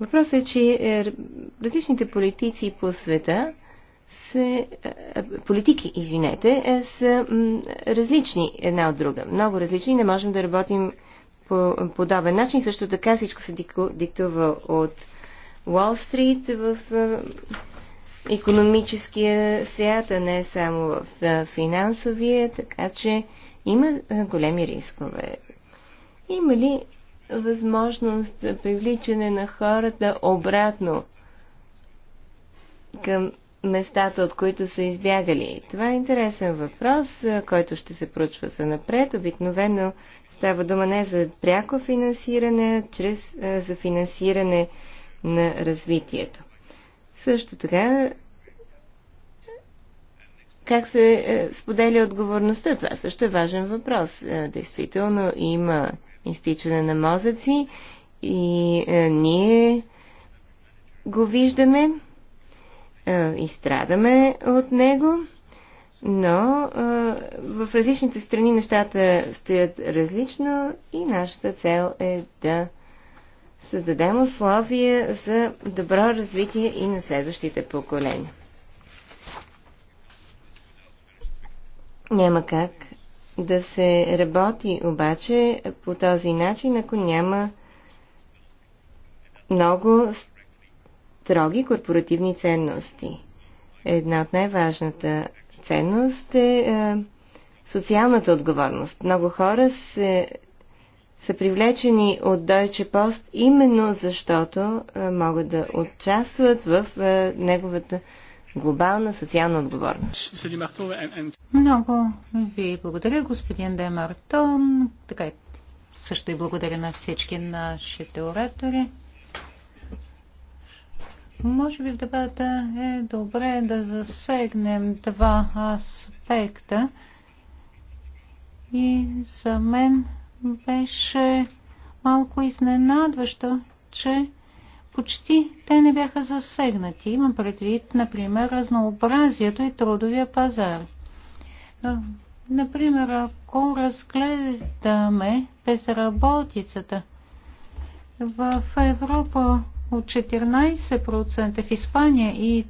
Въпросът е, че е, различните политици по света се, е, политики, извинете, е, са различни една от друга. Много различни. Не можем да работим по подобен начин. Също така всичко се диктува от Уолл Стрит в економическия свят, а не само в финансовия, така че има големи рискове. Има ли възможност за привличане на хората обратно към местата, от които са избягали. Това е интересен въпрос, който ще се проучва за напред. Обикновено става дума не за пряко финансиране, а чрез, за финансиране на развитието. Също така, как се е, споделя отговорността? Това също е важен въпрос. Е, действително има изтичане на мозъци и е, ние го виждаме, е, страдаме от него, но е, в различните страни нещата стоят различно и нашата цел е да създадем условия за добро развитие и на следващите поколения. Няма как да се работи обаче по този начин, ако няма много строги корпоративни ценности. Една от най-важната ценност е, е социалната отговорност. Много хора се, са привлечени от Deutsche Post именно защото е, могат да участват в е, неговата глобална социална отговорност. Много ви благодаря, господин Демартон. Така и също и благодаря на всички нашите оратори. Може би в дебата е добре да засегнем два аспекта. И за мен беше малко изненадващо, че почти те не бяха засегнати. Имам предвид, например, разнообразието и трудовия пазар. Например, ако разгледаме безработицата, в Европа от 14%, в Испания и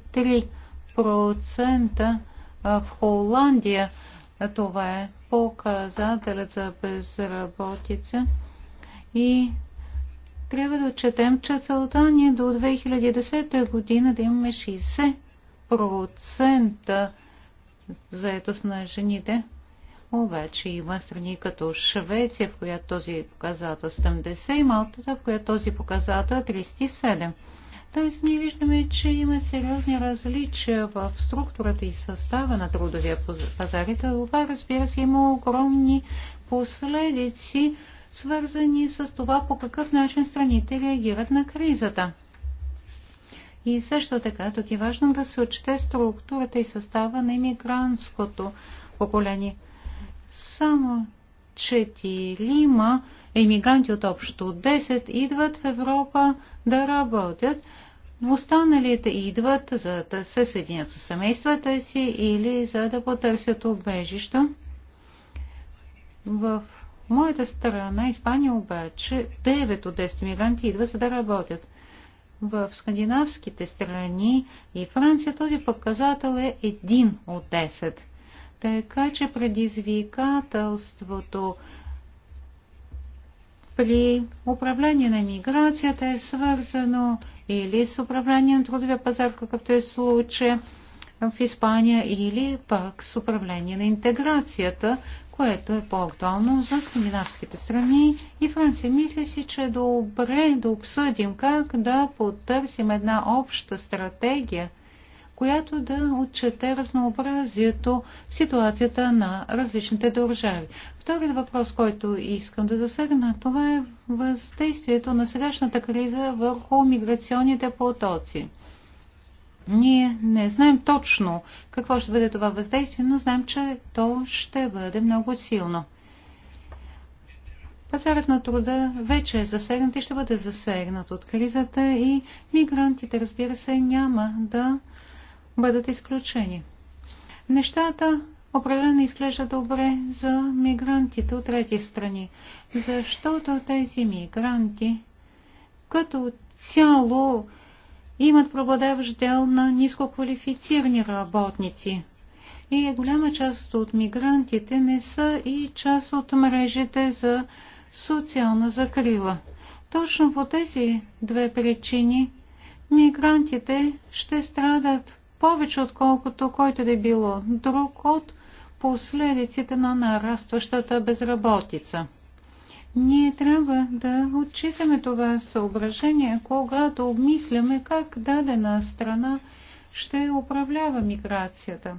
3% в Холандия. Това е показателят за безработица. И трябва да отчетем, че целта ни е до 2010 година да имаме 60% заетост на жените. Обаче има страни като Швеция, в която този показател 70 е и Малтата, в която този показател 37. Е Тоест ние виждаме, че има сериозни различия в структурата и състава на трудовия пазар. И това, разбира се, има огромни последици свързани с това по какъв начин страните реагират на кризата. И също така, тук е важно да се отчете структурата и състава на иммигрантското поколение. Само четирима иммигранти от общо 10 идват в Европа да работят. Останалите идват за да се съединят с семействата си или за да потърсят убежище. В моята страна, Испания обаче, 9 от 10 мигранти идва за да работят. В скандинавските страни и Франция този показател е 1 от 10. Така че предизвикателството при управление на миграцията е свързано или с управление на трудовия пазар, какъвто е случай, в Испания или пък с управление на интеграцията, което е по-актуално за скандинавските страни и Франция. Мисля си, че е добре да обсъдим как да потърсим една обща стратегия, която да отчете разнообразието в ситуацията на различните държави. Вторият въпрос, който искам да засегна, това е въздействието на сегашната криза върху миграционните потоци. Ние не знаем точно какво ще бъде това въздействие, но знаем, че то ще бъде много силно. Пазарът на труда вече е засегнат и ще бъде засегнат от кризата и мигрантите, разбира се, няма да бъдат изключени. Нещата определено изглежда добре за мигрантите от трети страни, защото тези мигранти като цяло имат преобладаващ дел на нискоквалифицирани работници. И голяма част от мигрантите не са и част от мрежите за социална закрила. Точно по тези две причини мигрантите ще страдат повече отколкото който да е било друг от последиците на нарастващата безработица. Ние трябва да отчитаме това съображение, когато обмисляме как дадена страна ще управлява миграцията.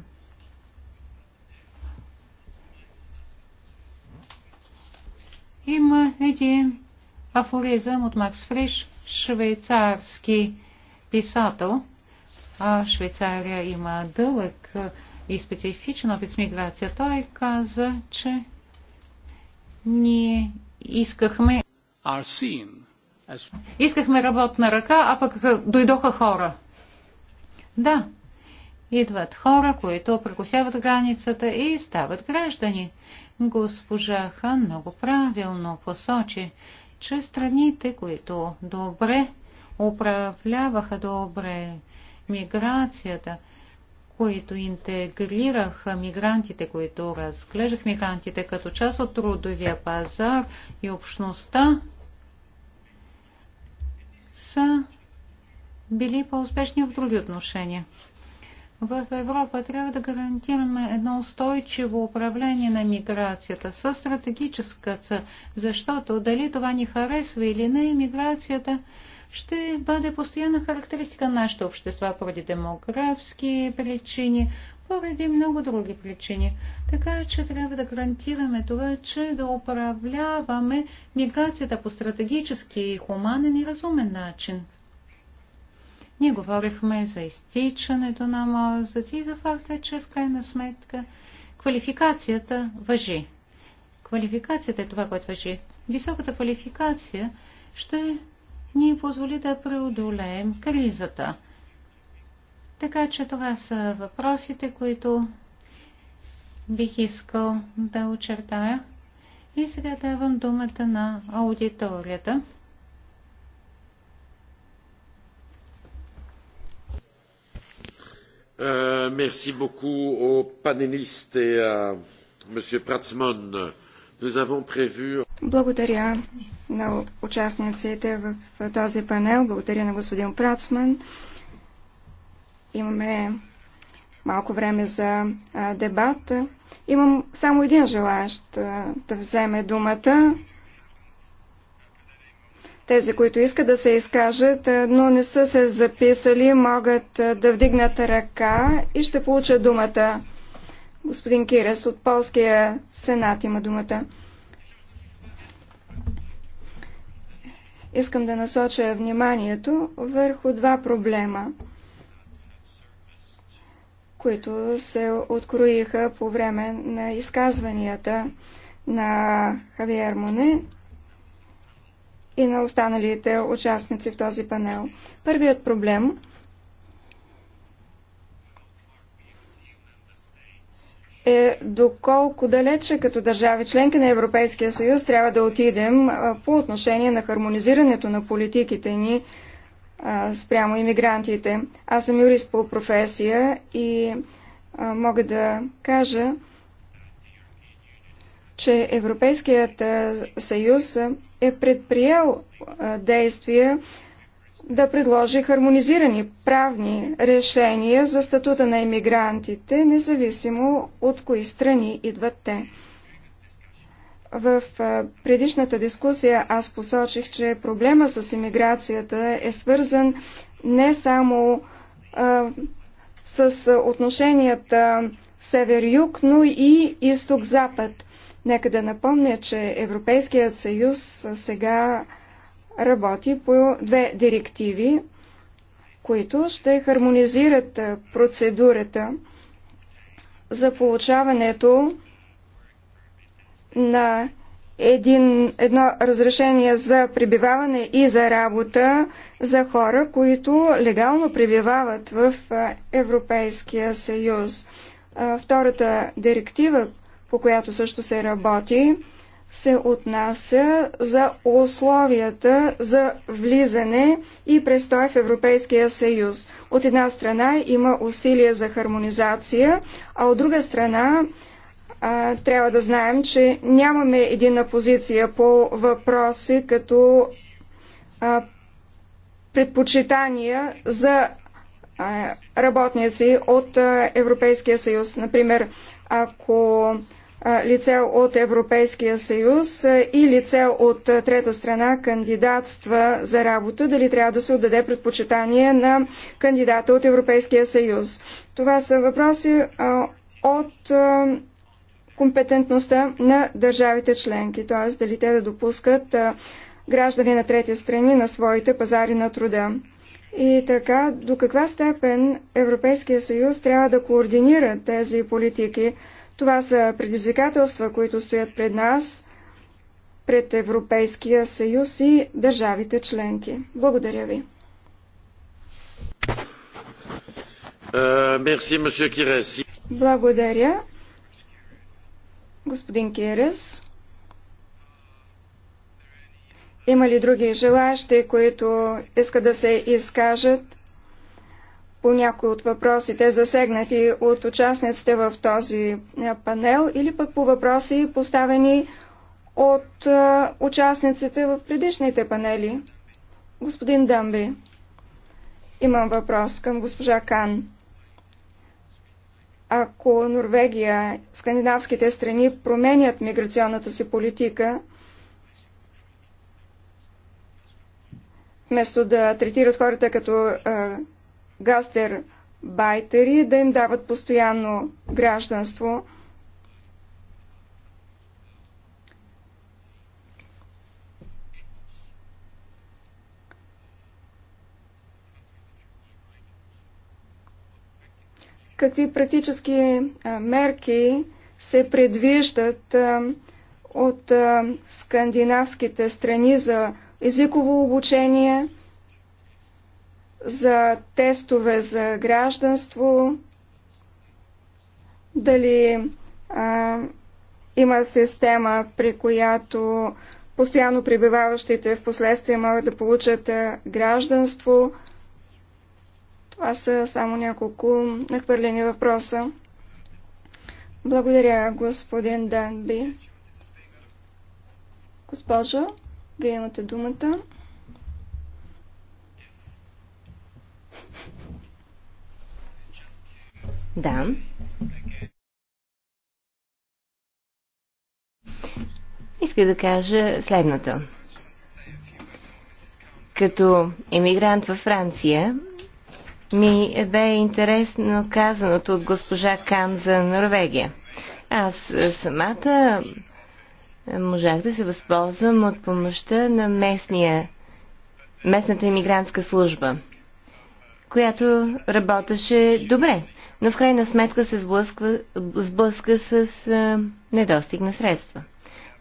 Има един афоризъм от Макс Фриш, швейцарски писател. А Швейцария има дълъг и специфичен опит с миграция. Той каза, че ние искахме Искахме работна ръка, а пък дойдоха хора. Да, идват хора, които прекусяват границата и стават граждани. Госпожа Хан много правилно посочи, че страните, които добре управляваха добре миграцията, които интегрираха мигрантите, които разглеждах мигрантите като част от трудовия пазар и общността, са били по-успешни в други отношения. В Европа трябва да гарантираме едно устойчиво управление на миграцията със стратегическа цел, защото дали това ни харесва или не, миграцията ще бъде постоянна характеристика на нашите общества поради демографски причини, поради много други причини. Така че трябва да гарантираме това, че да управляваме миграцията по стратегически, хуманен и разумен начин. Ние говорихме за изтичането на мозъци и за факта, че в крайна сметка квалификацията въжи. Квалификацията е това, което въжи. Високата квалификация ще ни позволи да преодолеем кризата. Така че това са въпросите, които бих искал да очертая. И сега давам думата на аудиторията. Е, мерси merci о aux panélistes et à M. Nous avons prévu благодаря на участниците в този панел. Благодаря на господин Працман. Имаме малко време за дебат. Имам само един желаящ да вземе думата. Тези, които искат да се изкажат, но не са се записали, могат да вдигнат ръка и ще получат думата. Господин Кирес от Полския сенат има думата. Искам да насоча вниманието върху два проблема, които се откроиха по време на изказванията на Хавиер Моне и на останалите участници в този панел. Първият проблем е доколко далече като държави членка на Европейския съюз трябва да отидем по отношение на хармонизирането на политиките ни спрямо иммигрантите. Аз съм юрист по професия и мога да кажа, че Европейският съюз е предприел действия да предложи хармонизирани правни решения за статута на иммигрантите, независимо от кои страни идват те. В предишната дискусия аз посочих, че проблема с иммиграцията е свързан не само а, с отношенията север-юг, но и изток-запад. Нека да напомня, че Европейският съюз сега работи по две директиви, които ще хармонизират процедурата за получаването на един, едно разрешение за пребиваване и за работа за хора, които легално пребивават в Европейския съюз. Втората директива, по която също се работи, се отнася за условията за влизане и престой в Европейския съюз. От една страна има усилия за хармонизация, а от друга страна а, трябва да знаем, че нямаме едина позиция по въпроси като а, предпочитания за а, работници от а, Европейския съюз. Например, ако а, лице от Европейския съюз и лице от трета страна кандидатства за работа, дали трябва да се отдаде предпочитание на кандидата от Европейския съюз. Това са въпроси от компетентността на държавите членки, т.е. дали те да допускат граждани на трети страни на своите пазари на труда. И така, до каква степен Европейския съюз трябва да координира тези политики? Това са предизвикателства, които стоят пред нас, пред Европейския съюз и държавите членки. Благодаря ви. Е, Благодаря. Господин Кирес. Има ли други желаящи, които искат да се изкажат? по някои от въпросите, засегнати от участниците в този панел, или пък по въпроси, поставени от участниците в предишните панели. Господин Дъмби, имам въпрос към госпожа Кан. Ако Норвегия, скандинавските страни променят миграционната си политика, вместо да третират хората като гастер байтери, да им дават постоянно гражданство. Какви практически мерки се предвиждат от скандинавските страни за езиково обучение? за тестове за гражданство, дали а, има система, при която постоянно пребиваващите в последствие могат да получат гражданство. Това са само няколко нахвърлени въпроса. Благодаря, господин Данби. Госпожо, вие имате думата. Да. Иска да кажа следното. Като емигрант във Франция, ми бе интересно казаното от госпожа Кан за Норвегия. Аз самата можах да се възползвам от помощта на местния, местната емигрантска служба, която работеше добре но в крайна сметка се сблъсква, сблъска с а, недостиг на средства.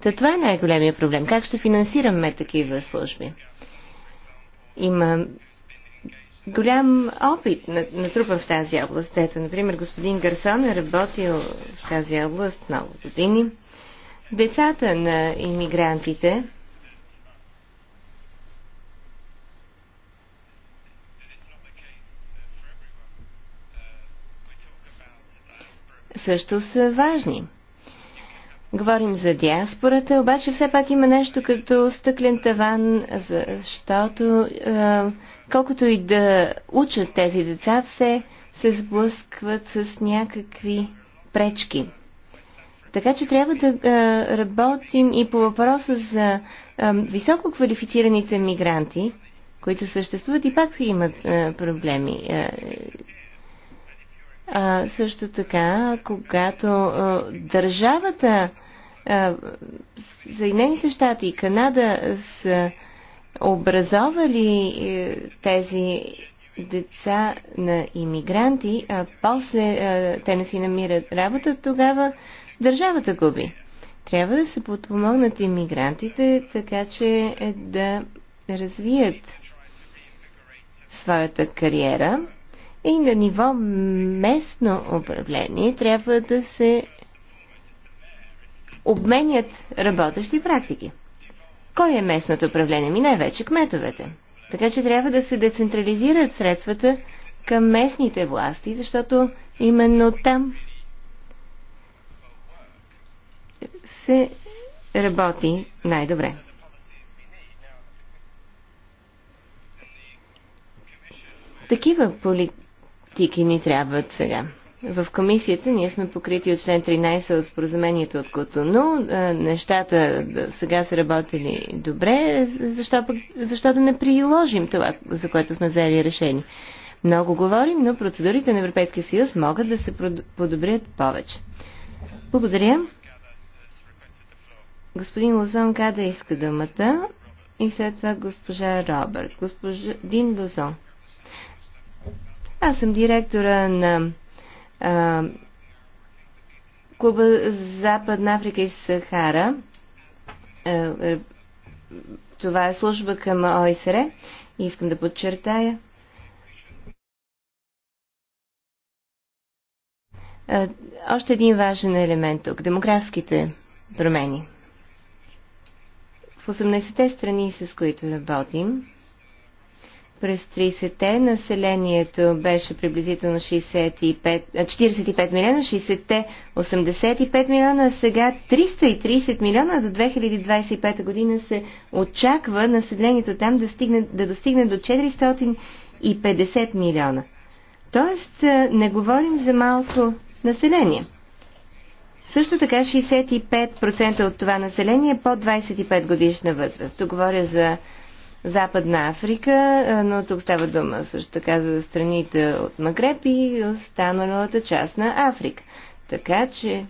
Та това е най-големия проблем. Как ще финансираме такива служби? Има голям опит натрупан в тази област. Ето, например, господин Гарсон е работил в тази област много години. Децата на иммигрантите също са важни. Говорим за диаспората, обаче все пак има нещо като стъклен таван, защото е, колкото и да учат тези деца, все се сблъскват с някакви пречки. Така че трябва да е, работим и по въпроса за е, високо квалифицираните мигранти, които съществуват и пак си имат е, проблеми. Е, а, също така, когато а, държавата а, Съединените щати и Канада са образовали а, е, тези деца на иммигранти, а после а, е, те не си намират работа, тогава държавата губи. Трябва да се подпомогнат иммигрантите, така че е, да развият своята кариера и на ниво местно управление трябва да се обменят работещи практики. Кой е местното управление? Ми най-вече кметовете. Така че трябва да се децентрализират средствата към местните власти, защото именно там се работи най-добре. Такива поли политики ни трябват сега. В комисията ние сме покрити от член 13 от споразумението от Котону. Нещата сега са работили добре, защо, пък, не приложим това, за което сме взели решение. Много говорим, но процедурите на Европейския съюз могат да се подобрят повече. Благодаря. Господин Лозон Када иска думата и след това госпожа Робертс. Господин Лозон. Аз съм директора на а, Клуба Западна Африка и Сахара. А, е, това е служба към ОСР. И искам да подчертая. А, още един важен елемент тук. Демографските промени. В 18-те страни, с които работим, през 30-те населението беше приблизително 65, 45 милиона, 60-те 85 милиона, а сега 330 милиона до 2025 година се очаква населението там да, стигне, да достигне до 450 милиона. Тоест не говорим за малко население. Също така 65% от това население е под 25 годишна възраст. Тук говоря за Западна Африка, но тук става дума също така за страните от Магреб и останалата част на Африка. Така че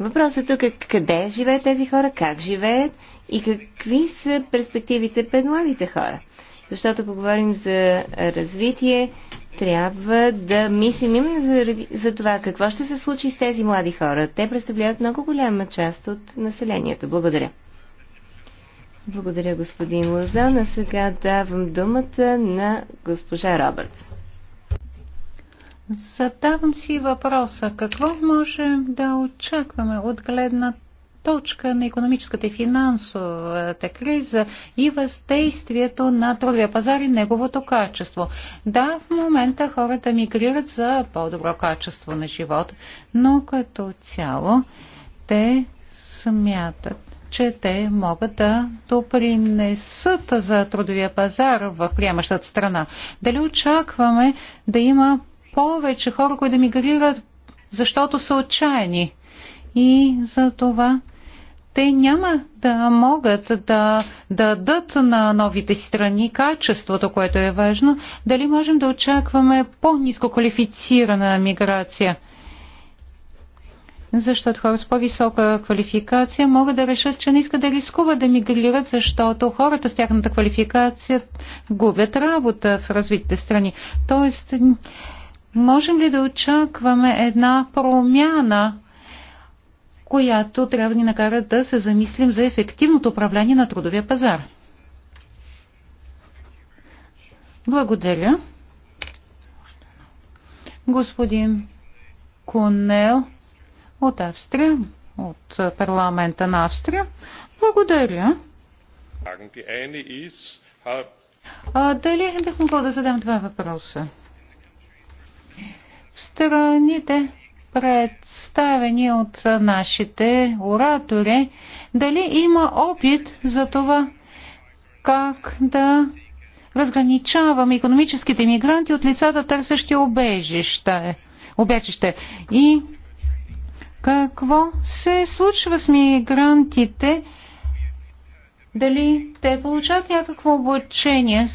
Въпросът тук е къде живеят тези хора, как живеят и какви са перспективите пред младите хора. Защото, ако говорим за развитие, трябва да мислим именно за, за това какво ще се случи с тези млади хора. Те представляват много голяма част от населението. Благодаря. Благодаря, господин Лозан. А сега давам думата на госпожа Робъртс. Задавам си въпроса, какво можем да очакваме от гледна точка на економическата и финансовата криза и въздействието на трудовия пазар и неговото качество. Да, в момента хората мигрират за по-добро качество на живот, но като цяло те смятат, че те могат да допринесат за трудовия пазар в приемащата страна. Дали очакваме да има повече хора, които да мигрират, защото са отчаяни? И за това те няма да могат да, дадат на новите страни качеството, което е важно. Дали можем да очакваме по-низко квалифицирана миграция? Защото хора с по-висока квалификация могат да решат, че не искат да рискуват да мигрират, защото хората с тяхната квалификация губят работа в развитите страни. Тоест, можем ли да очакваме една промяна която трябва да ни накара да се замислим за ефективното управление на трудовия пазар. Благодаря. Господин Конел от Австрия, от парламента на Австрия. Благодаря. А, дали бих могла да задам два въпроса? В страните, представени от нашите оратори, дали има опит за това как да разграничаваме економическите мигранти от лицата, търсещи обежище. обежище. И какво се случва с мигрантите? Дали те получат някакво обучение?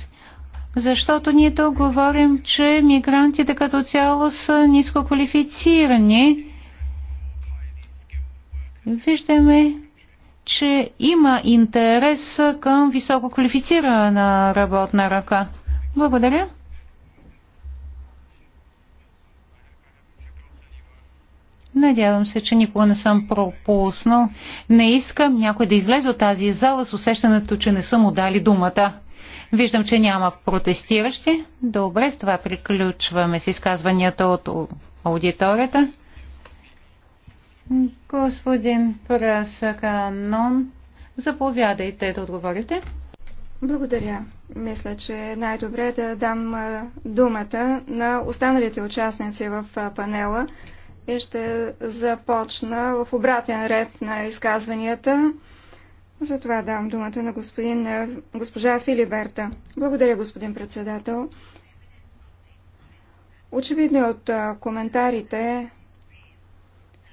защото ние тук говорим, че мигрантите като цяло са ниско квалифицирани. Виждаме, че има интерес към високо квалифицирана работна ръка. Благодаря. Надявам се, че никога не съм пропуснал. Не искам някой да излезе от тази зала с усещането, че не съм му дали думата. Виждам, че няма протестиращи. Добре, с това приключваме с изказванията от аудиторията. Господин Прасаканон, заповядайте да отговорите. Благодаря. Мисля, че най-добре е да дам думата на останалите участници в панела и ще започна в обратен ред на изказванията. Затова давам думата на господин, е, госпожа Филиберта. Благодаря, господин председател. Очевидно е от е, коментарите,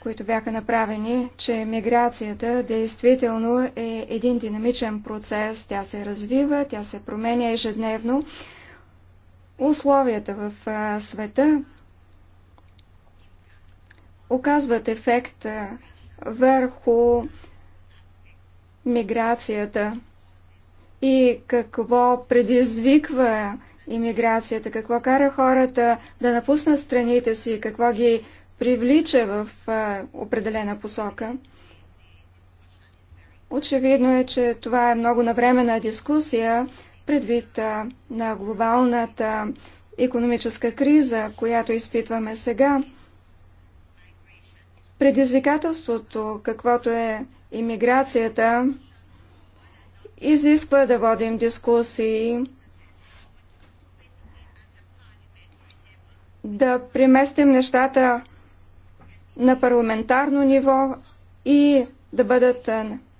които бяха направени, че миграцията действително е един динамичен процес. Тя се развива, тя се променя ежедневно. Условията в света оказват ефект върху миграцията и какво предизвиква иммиграцията, какво кара хората да напуснат страните си, какво ги привлича в определена посока. Очевидно е, че това е много навременна дискусия предвид на глобалната економическа криза, която изпитваме сега. Предизвикателството, каквото е иммиграцията, изисква да водим дискусии, да преместим нещата на парламентарно ниво и да бъдат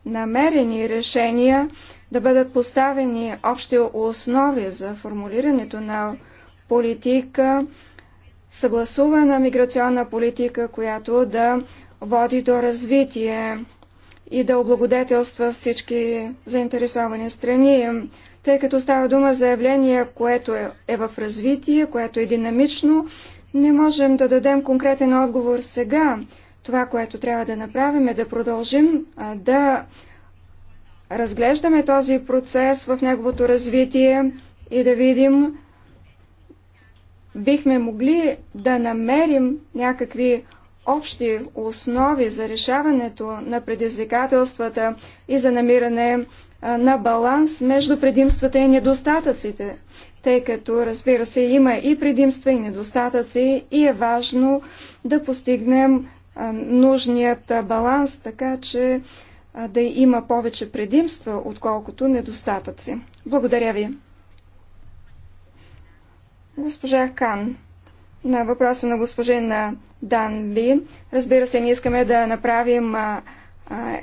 намерени решения, да бъдат поставени общи основи за формулирането на политика, съгласувана миграционна политика, която да води до развитие и да облагодетелства всички заинтересовани страни, тъй като става дума за явление, което е, е в развитие, което е динамично, не можем да дадем конкретен отговор сега. Това, което трябва да направим е да продължим да разглеждаме този процес в неговото развитие и да видим бихме могли да намерим някакви общи основи за решаването на предизвикателствата и за намиране на баланс между предимствата и недостатъците, тъй като, разбира се, има и предимства и недостатъци и е важно да постигнем нужният баланс, така че да има повече предимства, отколкото недостатъци. Благодаря ви! Госпожа Кан, на въпроса на госпожен Дан Ли, разбира се, ние искаме да направим а, а,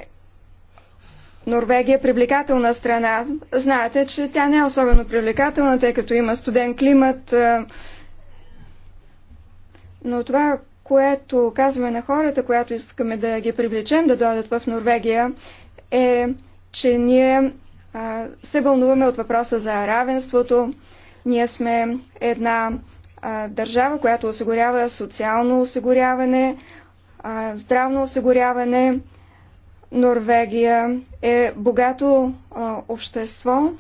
Норвегия привлекателна страна. Знаете, че тя не е особено привлекателна, тъй като има студен климат. А, но това, което казваме на хората, която искаме да ги привлечем да дойдат в Норвегия, е, че ние а, се вълнуваме от въпроса за равенството, ние сме една а, държава, която осигурява социално осигуряване, а, здравно осигуряване. Норвегия е богато а, общество,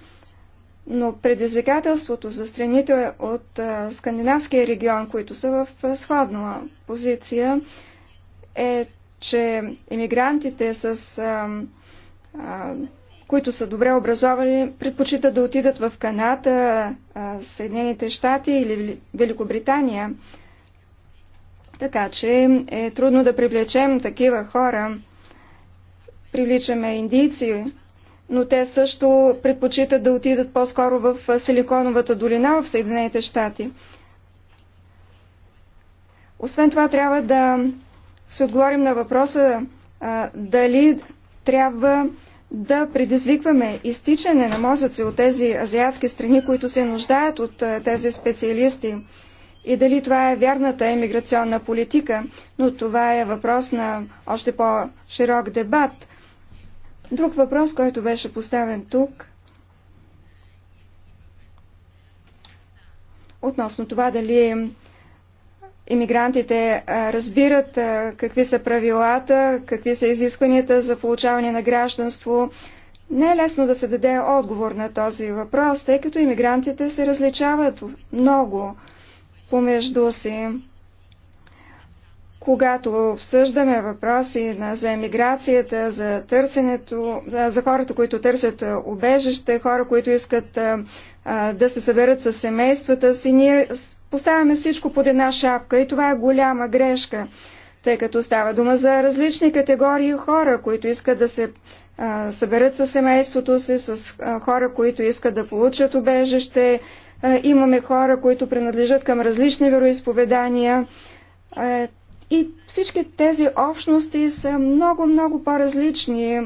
но предизвикателството за страните от а, скандинавския регион, които са в а, сходна позиция, е, че иммигрантите с а, а, които са добре образовани, предпочитат да отидат в Канада, Съединените щати или Великобритания. Така че е трудно да привлечем такива хора. Привличаме индийци, но те също предпочитат да отидат по-скоро в Силиконовата долина в Съединените щати. Освен това, трябва да се отговорим на въпроса а, дали трябва да предизвикваме изтичане на мозъци от тези азиатски страни, които се нуждаят от тези специалисти. И дали това е вярната емиграционна политика, но това е въпрос на още по-широк дебат. Друг въпрос, който беше поставен тук, относно това дали иммигрантите разбират какви са правилата, какви са изискванията за получаване на гражданство. Не е лесно да се даде отговор на този въпрос, тъй като иммигрантите се различават много помежду си. Когато обсъждаме въпроси за емиграцията, за търсенето, за, хората, които търсят убежище, хора, които искат да се съберат с семействата си, ние поставяме всичко под една шапка и това е голяма грешка, тъй като става дума за различни категории хора, които искат да се а, съберат със семейството си, с а, хора, които искат да получат убежище. А, имаме хора, които принадлежат към различни вероисповедания. А, и всички тези общности са много-много по-различни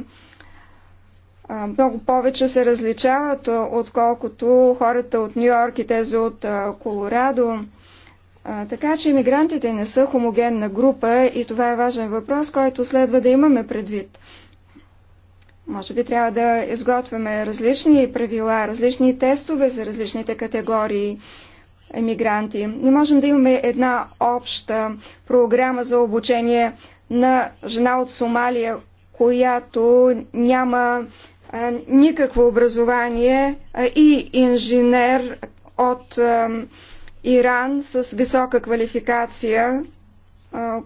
много повече се различават, отколкото хората от Нью Йорк и тези от Колорадо. Така че иммигрантите не са хомогенна група и това е важен въпрос, който следва да имаме предвид. Може би трябва да изготвяме различни правила, различни тестове за различните категории емигранти. Не можем да имаме една обща програма за обучение на жена от Сомалия, която няма никакво образование и инженер от Иран с висока квалификация,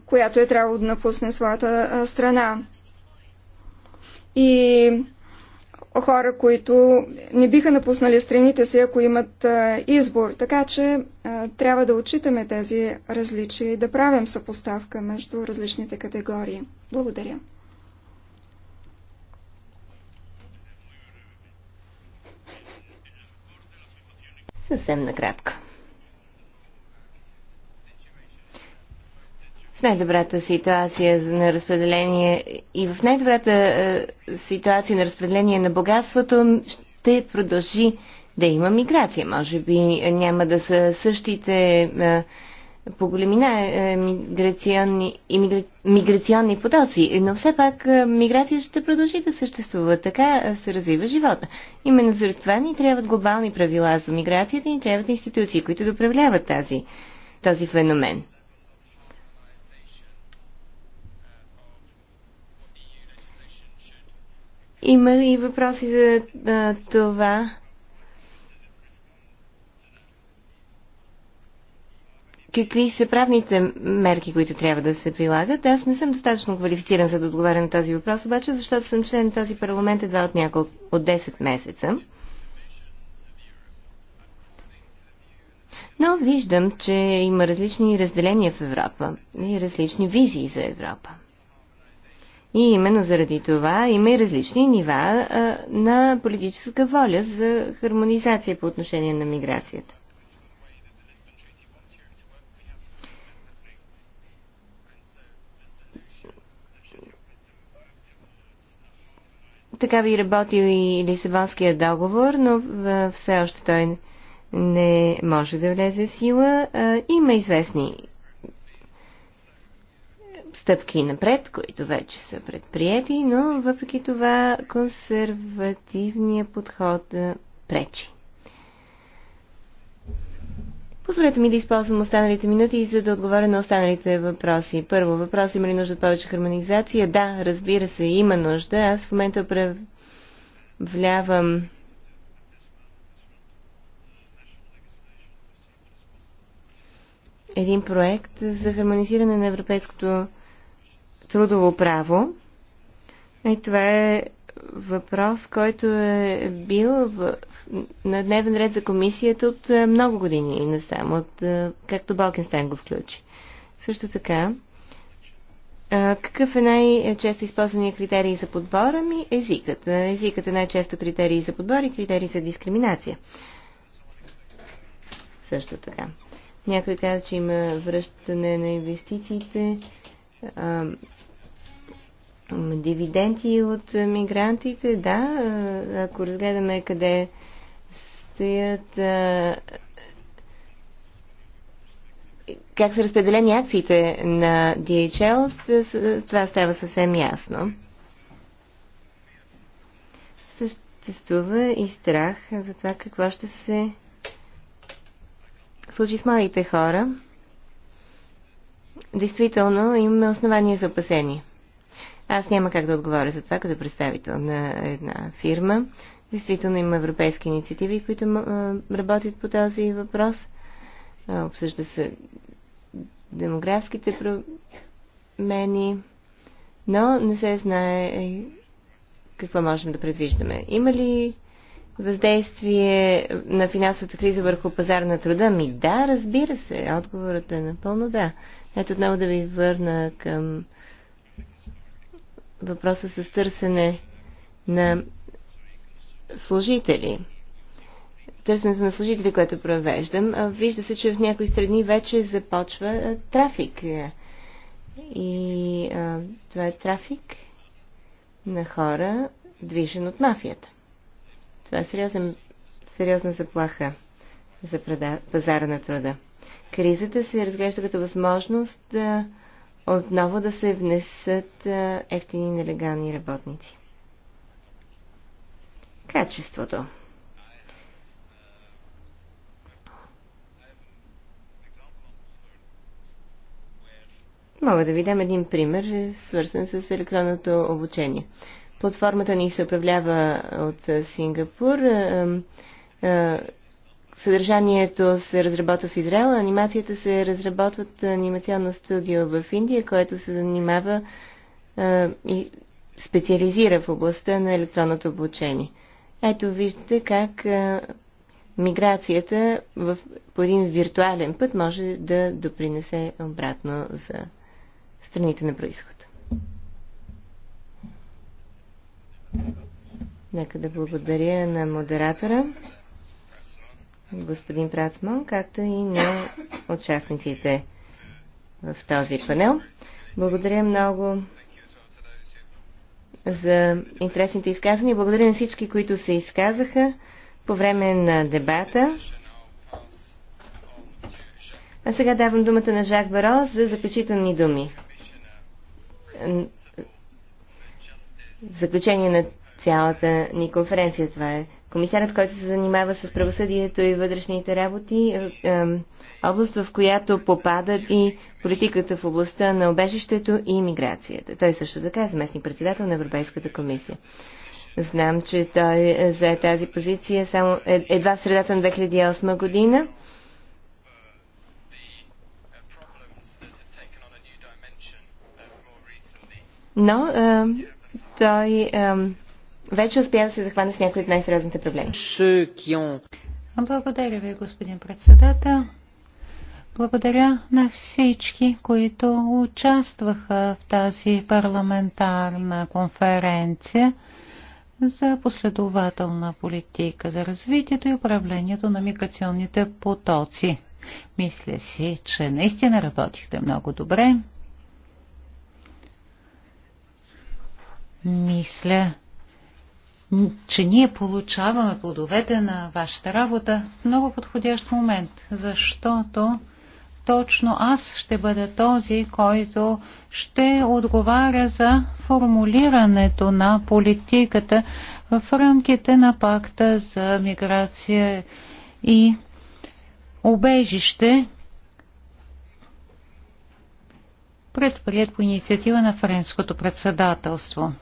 която е трябвало да напусне своята страна. И хора, които не биха напуснали страните си, ако имат избор. Така че трябва да отчитаме тези различия и да правим съпоставка между различните категории. Благодаря. Съвсем накратко. В най-добрата ситуация на разпределение и в най-добрата е, ситуация на разпределение на богатството ще продължи да има миграция. Може би няма да са същите е, по големина е, е, миграционни, имигра... миграционни потоци, но все пак е, миграция ще продължи да съществува. Така се развива живота. Именно заради това ни трябват глобални правила за миграцията, ни трябват институции, които да управляват тази, този феномен. Има и въпроси за това какви са правните мерки, които трябва да се прилагат. Аз не съм достатъчно квалифициран за да отговаря на този въпрос, обаче, защото съм член на този парламент едва от няколко, от 10 месеца. Но виждам, че има различни разделения в Европа и различни визии за Европа. И именно заради това има и различни нива а, на политическа воля за хармонизация по отношение на миграцията. Така би работил и Лисабонския договор, но все още той не може да влезе в сила. Има известни стъпки напред, които вече са предприяти, но въпреки това консервативният подход пречи. Позволете ми да използвам останалите минути, за да отговоря на останалите въпроси. Първо, въпрос има ли нужда от повече хармонизация? Да, разбира се, има нужда. Аз в момента управлявам един проект за хармонизиране на европейското трудово право. И това е въпрос, който е бил в, на дневен ред за комисията от е, много години и насам, от, е, както Балкенстайн го включи. Също така, е, какъв е най-често използвания критерий за подбор? Ами езикът. Езикът е най-често критерий за подбор и критерий за дискриминация. Също така. Някой каза, че има връщане на инвестициите. Дивиденти от е, мигрантите, да, е, ако разгледаме къде стоят е, как са разпределени акциите на DHL, това става съвсем ясно. Съществува и страх за това какво ще се случи с младите хора. Действително имаме основания за опасение. Аз няма как да отговоря за това като представител на една фирма. Действително има европейски инициативи, които работят по този въпрос. Обсъжда се демографските промени, но не се знае какво можем да предвиждаме. Има ли въздействие на финансовата криза върху пазар на труда? Ми да, разбира се. Отговорът е напълно да. Ето отново да ви върна към въпроса с търсене на служители. Търсенето на служители, което провеждам, вижда се, че в някои страни вече започва трафик. И а, това е трафик на хора, движен от мафията. Това е сериозен, сериозна заплаха за пазара на труда. Кризата се разглежда като възможност да отново да се внесат ефтини нелегални работници. Качеството. Мога да ви дам един пример, свързан с електронното обучение. Платформата ни се управлява от Сингапур. Съдържанието се разработва в Израел, анимацията се разработва от анимационно студио в Индия, което се занимава а, и специализира в областта на електронното обучение. Ето виждате как а, миграцията в, по един виртуален път може да допринесе обратно за страните на происход. Нека да благодаря на модератора господин Працман, както и на участниците в този панел. Благодаря много за интересните изказвания. Благодаря на всички, които се изказаха по време на дебата. А сега давам думата на Жак Баро за заключителни думи. В заключение на цялата ни конференция това е комисарът, който се занимава с правосъдието и вътрешните работи, е, е, област, в която попадат и политиката в областта на обежището и миграцията. Той също така е заместник председател на Европейската комисия. Знам, че той е, зае тази позиция само едва в средата на 2008 година. Но той вече успя да се захване с някои от най-сериозните проблеми. Благодаря ви, господин председател. Благодаря на всички, които участваха в тази парламентарна конференция за последователна политика за развитието и управлението на миграционните потоци. Мисля си, че наистина работихте много добре. Мисля, че ние получаваме плодовете на вашата работа в много подходящ момент, защото точно аз ще бъда този, който ще отговаря за формулирането на политиката в рамките на пакта за миграция и обежище, предприят по инициатива на Френското председателство.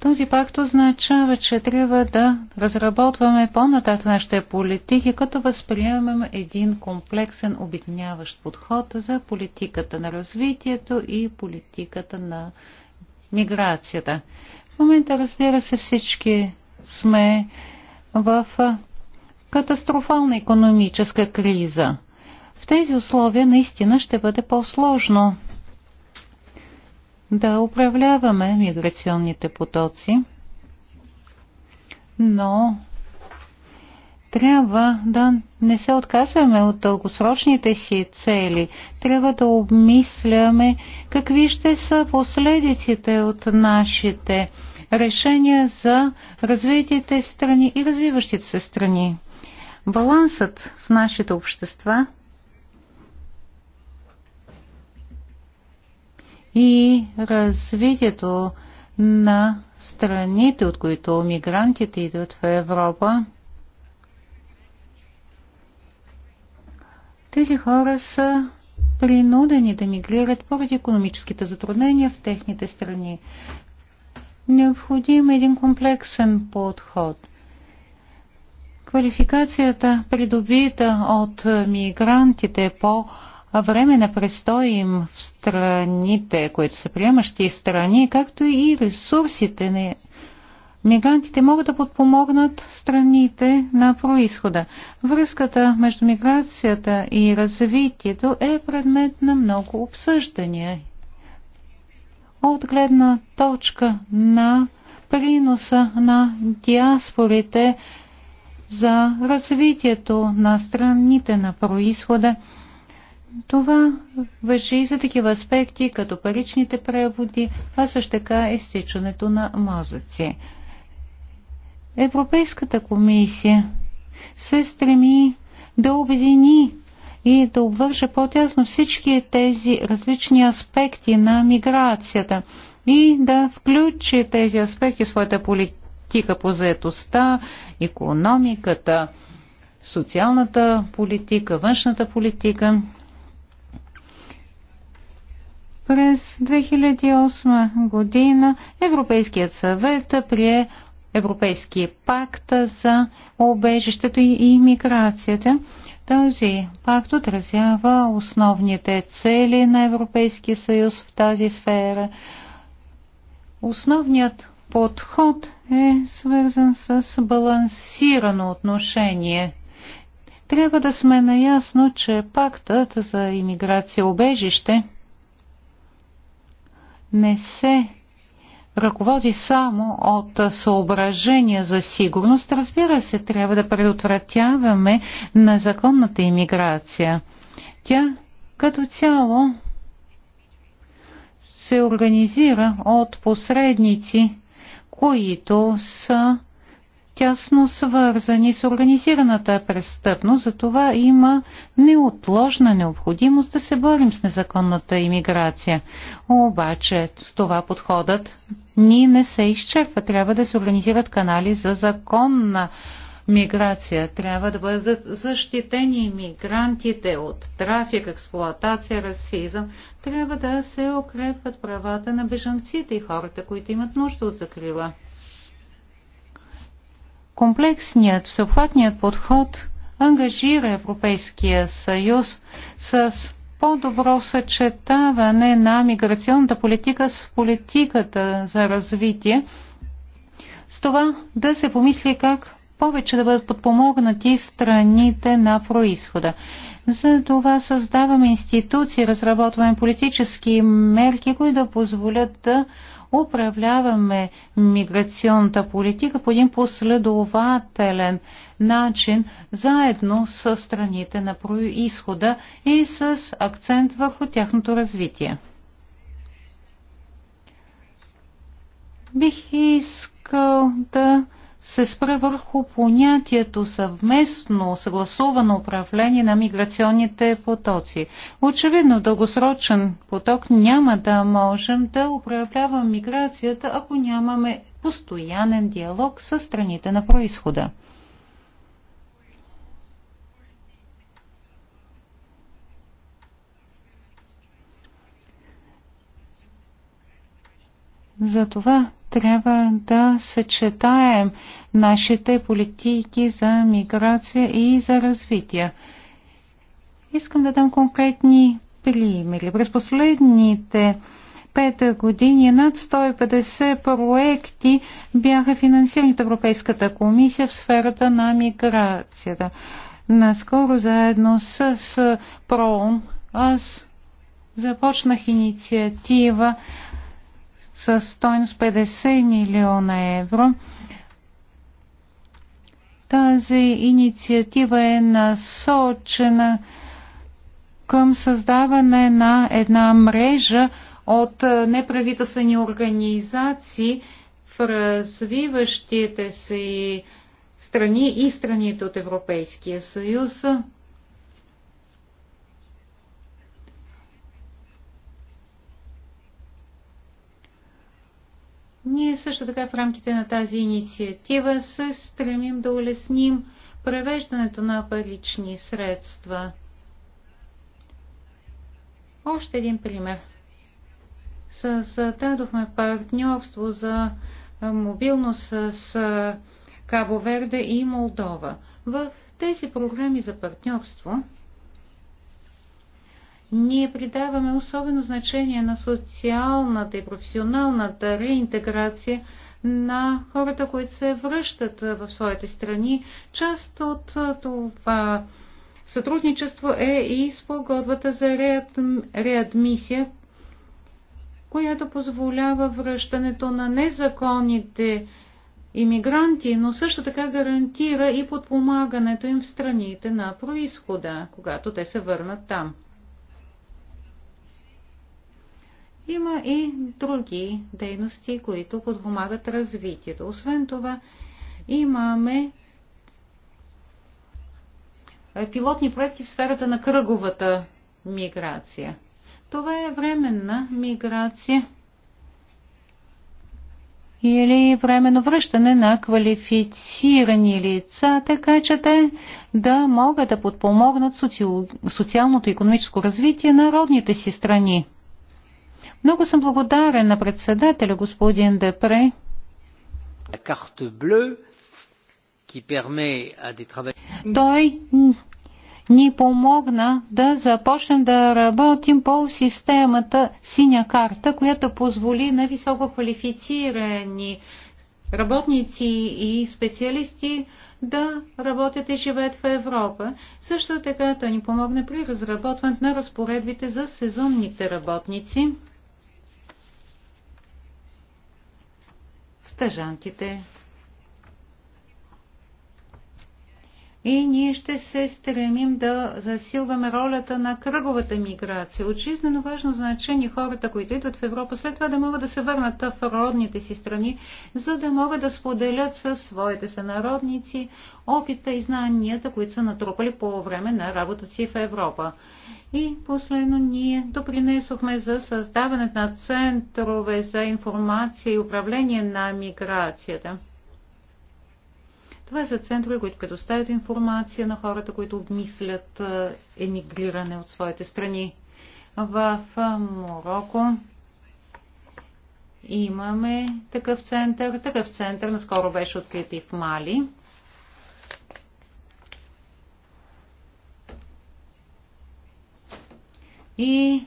Този пакт означава, че трябва да разработваме по-нататък нашите политики, като възприемем един комплексен обединяващ подход за политиката на развитието и политиката на миграцията. В момента, разбира се, всички сме в катастрофална економическа криза. В тези условия наистина ще бъде по-сложно да управляваме миграционните потоци, но трябва да не се отказваме от дългосрочните си цели. Трябва да обмисляме какви ще са последиците от нашите решения за развитите страни и развиващите се страни. Балансът в нашите общества – и развитието на страните, от които мигрантите идват в Европа. Тези хора са принудени да мигрират поради економическите затруднения в техните страни. Необходим е един комплексен подход. Квалификацията, придобита от мигрантите по а време на престой им в страните, които са приемащи страни, както и ресурсите на мигрантите могат да подпомогнат страните на происхода. Връзката между миграцията и развитието е предмет на много обсъждания. От гледна точка на приноса на диаспорите за развитието на страните на происхода, това въжи и за такива аспекти, като паричните преводи, а също така изтичането на мозъци. Европейската комисия се стреми да обедини и да обвърже по-тясно всички тези различни аспекти на миграцията и да включи тези аспекти в своята политика по заетостта, економиката, социалната политика, външната политика – през 2008 година Европейският съвет прие Европейския пакт за обежището и иммиграцията. Този пакт отразява основните цели на Европейския съюз в тази сфера. Основният подход е свързан с балансирано отношение. Трябва да сме наясно, че пактът за иммиграция-обежище – не се ръководи само от съображения за сигурност. Разбира се, трябва да предотвратяваме незаконната иммиграция. Тя като цяло се организира от посредници, които са тясно свързани с организираната престъпност, затова има неотложна необходимост да се борим с незаконната иммиграция. Обаче с това подходът ни не се изчерпва. Трябва да се организират канали за законна миграция. Трябва да бъдат защитени иммигрантите от трафик, експлоатация, расизъм. Трябва да се укрепват правата на бежанците и хората, които имат нужда от закрила. Комплексният, всеобхватният подход ангажира Европейския съюз с по-добро съчетаване на миграционната политика с политиката за развитие, с това да се помисли как повече да бъдат подпомогнати страните на происхода. За това създаваме институции, разработваме политически мерки, които да позволят да управляваме миграционната политика по един последователен начин, заедно с страните на происхода и с акцент върху тяхното развитие. Бих искал да се спра върху понятието съвместно съгласувано управление на миграционните потоци. Очевидно, дългосрочен поток няма да можем да управляваме миграцията, ако нямаме постоянен диалог с страните на происхода. Затова трябва да съчетаем нашите политики за миграция и за развитие. Искам да дам конкретни примери. През последните пет години над 150 проекти бяха финансирани от Европейската комисия в сферата на миграцията. Наскоро заедно с, с аз започнах инициатива с стойност 50 милиона евро. Тази инициатива е насочена към създаване на една мрежа от неправителствени организации в развиващите се страни и страните от Европейския съюз. Ние също така в рамките на тази инициатива се стремим да улесним превеждането на парични средства. Още един пример. Създадохме партньорство за мобилност с Кабо Верде и Молдова. В тези програми за партньорство ние придаваме особено значение на социалната и професионалната реинтеграция на хората, които се връщат в своите страни. Част от това сътрудничество е и спогодбата за реадмисия, която позволява връщането на незаконните иммигранти, но също така гарантира и подпомагането им в страните на происхода, когато те се върнат там. Има и други дейности, които подпомагат развитието. Освен това, имаме пилотни проекти в сферата на кръговата миграция. Това е временна миграция или временно връщане на квалифицирани лица, така че те да могат да подпомогнат социалното и економическо развитие на родните си страни. Много съм благодарен на председателя господин Депре. Той ни помогна да започнем да работим по системата синя карта, която позволи на високо квалифицирани работници и специалисти да работят и живеят в Европа. Също така той ни помогна при разработването на разпоредбите за сезонните работници. стъжантите И ние ще се стремим да засилваме ролята на кръговата миграция. От жизнено важно значение хората, които идват в Европа, след това да могат да се върнат в родните си страни, за да могат да споделят със своите сънародници опита и знанията, които са натрупали по време на работата си в Европа. И последно ние допринесохме за създаването на центрове за информация и управление на миграцията – това са центрове, които предоставят информация на хората, които обмислят емигриране от своите страни. В Мороко имаме такъв център. Такъв център наскоро беше открит и в Мали. И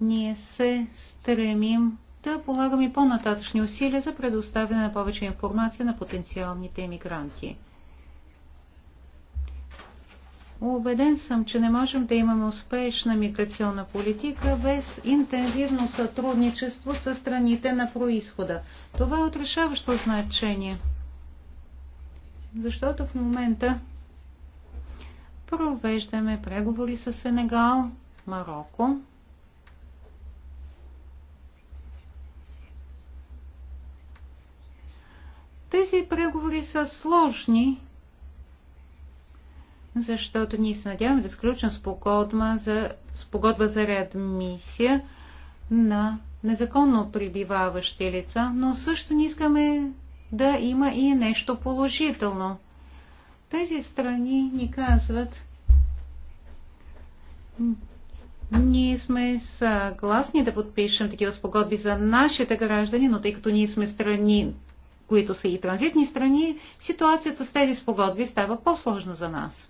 ние се стремим да полагаме по-нататъчни усилия за предоставяне на повече информация на потенциалните емигранти. Убеден съм, че не можем да имаме успешна миграционна политика без интензивно сътрудничество с страните на происхода. Това е отрешаващо значение, защото в момента провеждаме преговори с Сенегал, Марокко, Тези преговори са сложни, защото ние се надяваме да сключим спогодба за, спогодба за реадмисия на незаконно прибиваващи лица, но също не искаме да има и нещо положително. Тези страни ни казват, ние сме съгласни да подпишем такива спогодби за нашите граждани, но тъй като ние сме страни които са и транзитни страни, ситуацията с тези спогодби става по-сложна за нас.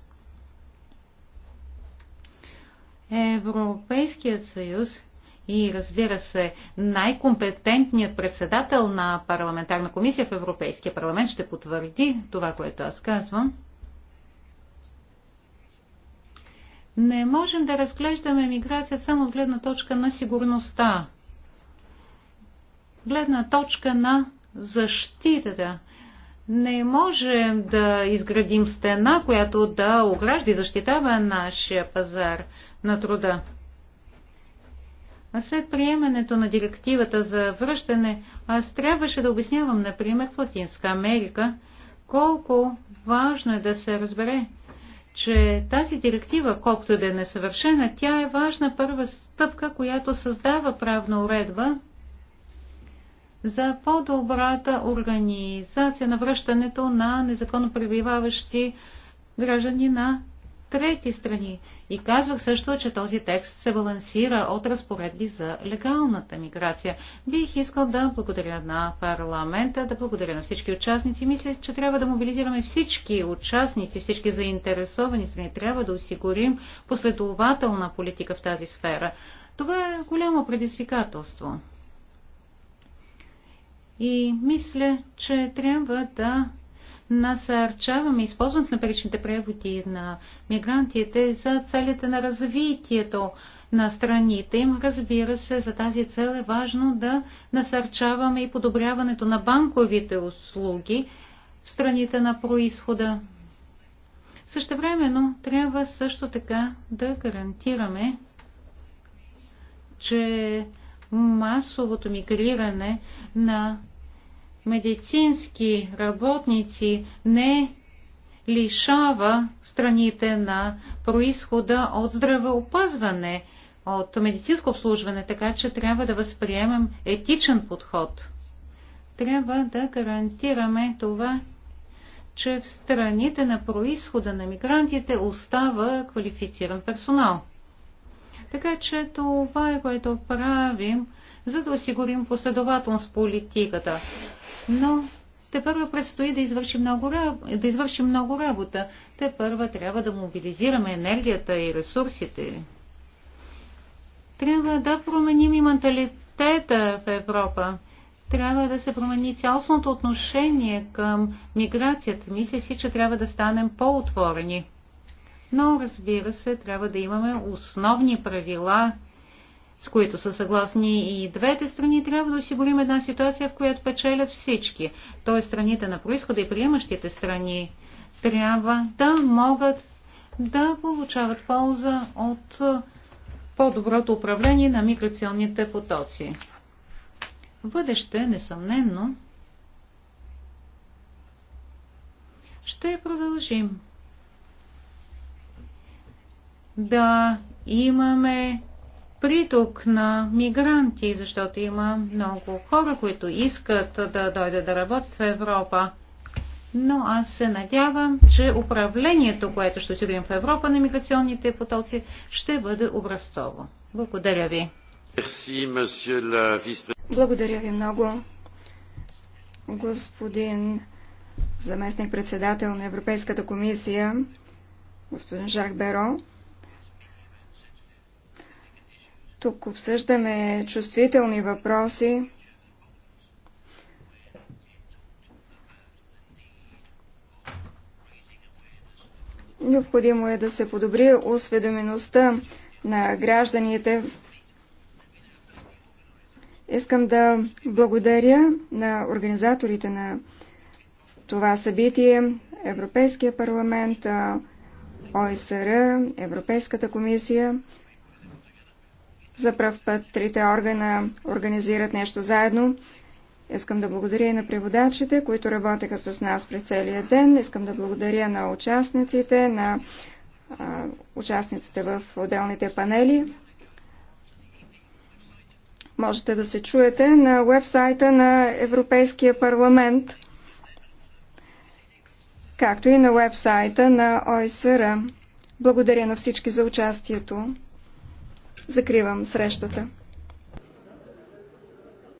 Европейският съюз и разбира се, най-компетентният председател на парламентарна комисия в Европейския парламент ще потвърди това, което аз казвам. Не можем да разглеждаме миграция само от гледна точка на сигурността, гледна точка на защитата. Не можем да изградим стена, която да огражда и защитава нашия пазар на труда. А след приемането на директивата за връщане, аз трябваше да обяснявам, например, в Латинска Америка, колко важно е да се разбере, че тази директива, колкото да е несъвършена, тя е важна първа стъпка, която създава правна уредба – за по-добрата организация на връщането на незаконно пребиваващи граждани на трети страни. И казвах също, че този текст се балансира от разпоредби за легалната миграция. Бих искал да благодаря на парламента, да благодаря на всички участници. Мисля, че трябва да мобилизираме всички участници, всички заинтересовани страни. Трябва да осигурим последователна политика в тази сфера. Това е голямо предизвикателство. И мисля, че трябва да насърчаваме използването на паричните преводи на мигрантите за целите на развитието на страните им. Разбира се, за тази цел е важно да насърчаваме и подобряването на банковите услуги в страните на происхода. времено трябва също така да гарантираме, че масовото мигриране на медицински работници не лишава страните на происхода от здравеопазване, от медицинско обслужване, така че трябва да възприемем етичен подход. Трябва да гарантираме това, че в страните на происхода на мигрантите остава квалифициран персонал. Така че това е което правим, за да осигурим последователност в политиката. Но те първо предстои да извършим много, да извърши много работа. Те първо трябва да мобилизираме енергията и ресурсите. Трябва да променим и менталитета в Европа. Трябва да се промени цялостното отношение към миграцията. Мисля си, че трябва да станем по-отворени но разбира се, трябва да имаме основни правила, с които са съгласни и двете страни, трябва да осигурим една ситуация, в която печелят всички. Т.е. страните на происхода и приемащите страни трябва да могат да получават полза от по-доброто управление на миграционните потоци. Въдеще, несъмненно, ще продължим да имаме приток на мигранти, защото има много хора, които искат да дойдат да работят в Европа. Но аз се надявам, че управлението, което ще отидем в Европа на миграционните потоци, ще бъде образцово. Благодаря ви. Благодаря ви много, господин заместник-председател на Европейската комисия, господин Жак Беро. Тук обсъждаме чувствителни въпроси. Необходимо е да се подобри осведомеността на гражданите. Искам да благодаря на организаторите на това събитие, Европейския парламент, ОСР, Европейската комисия. За пръв път трите органа организират нещо заедно. Искам да благодаря и на преводачите, които работеха с нас през целия ден. Искам да благодаря на участниците, на а, участниците в отделните панели. Можете да се чуете на вебсайта на Европейския парламент, както и на вебсайта на ОСР. Благодаря на всички за участието. Закривам срещата.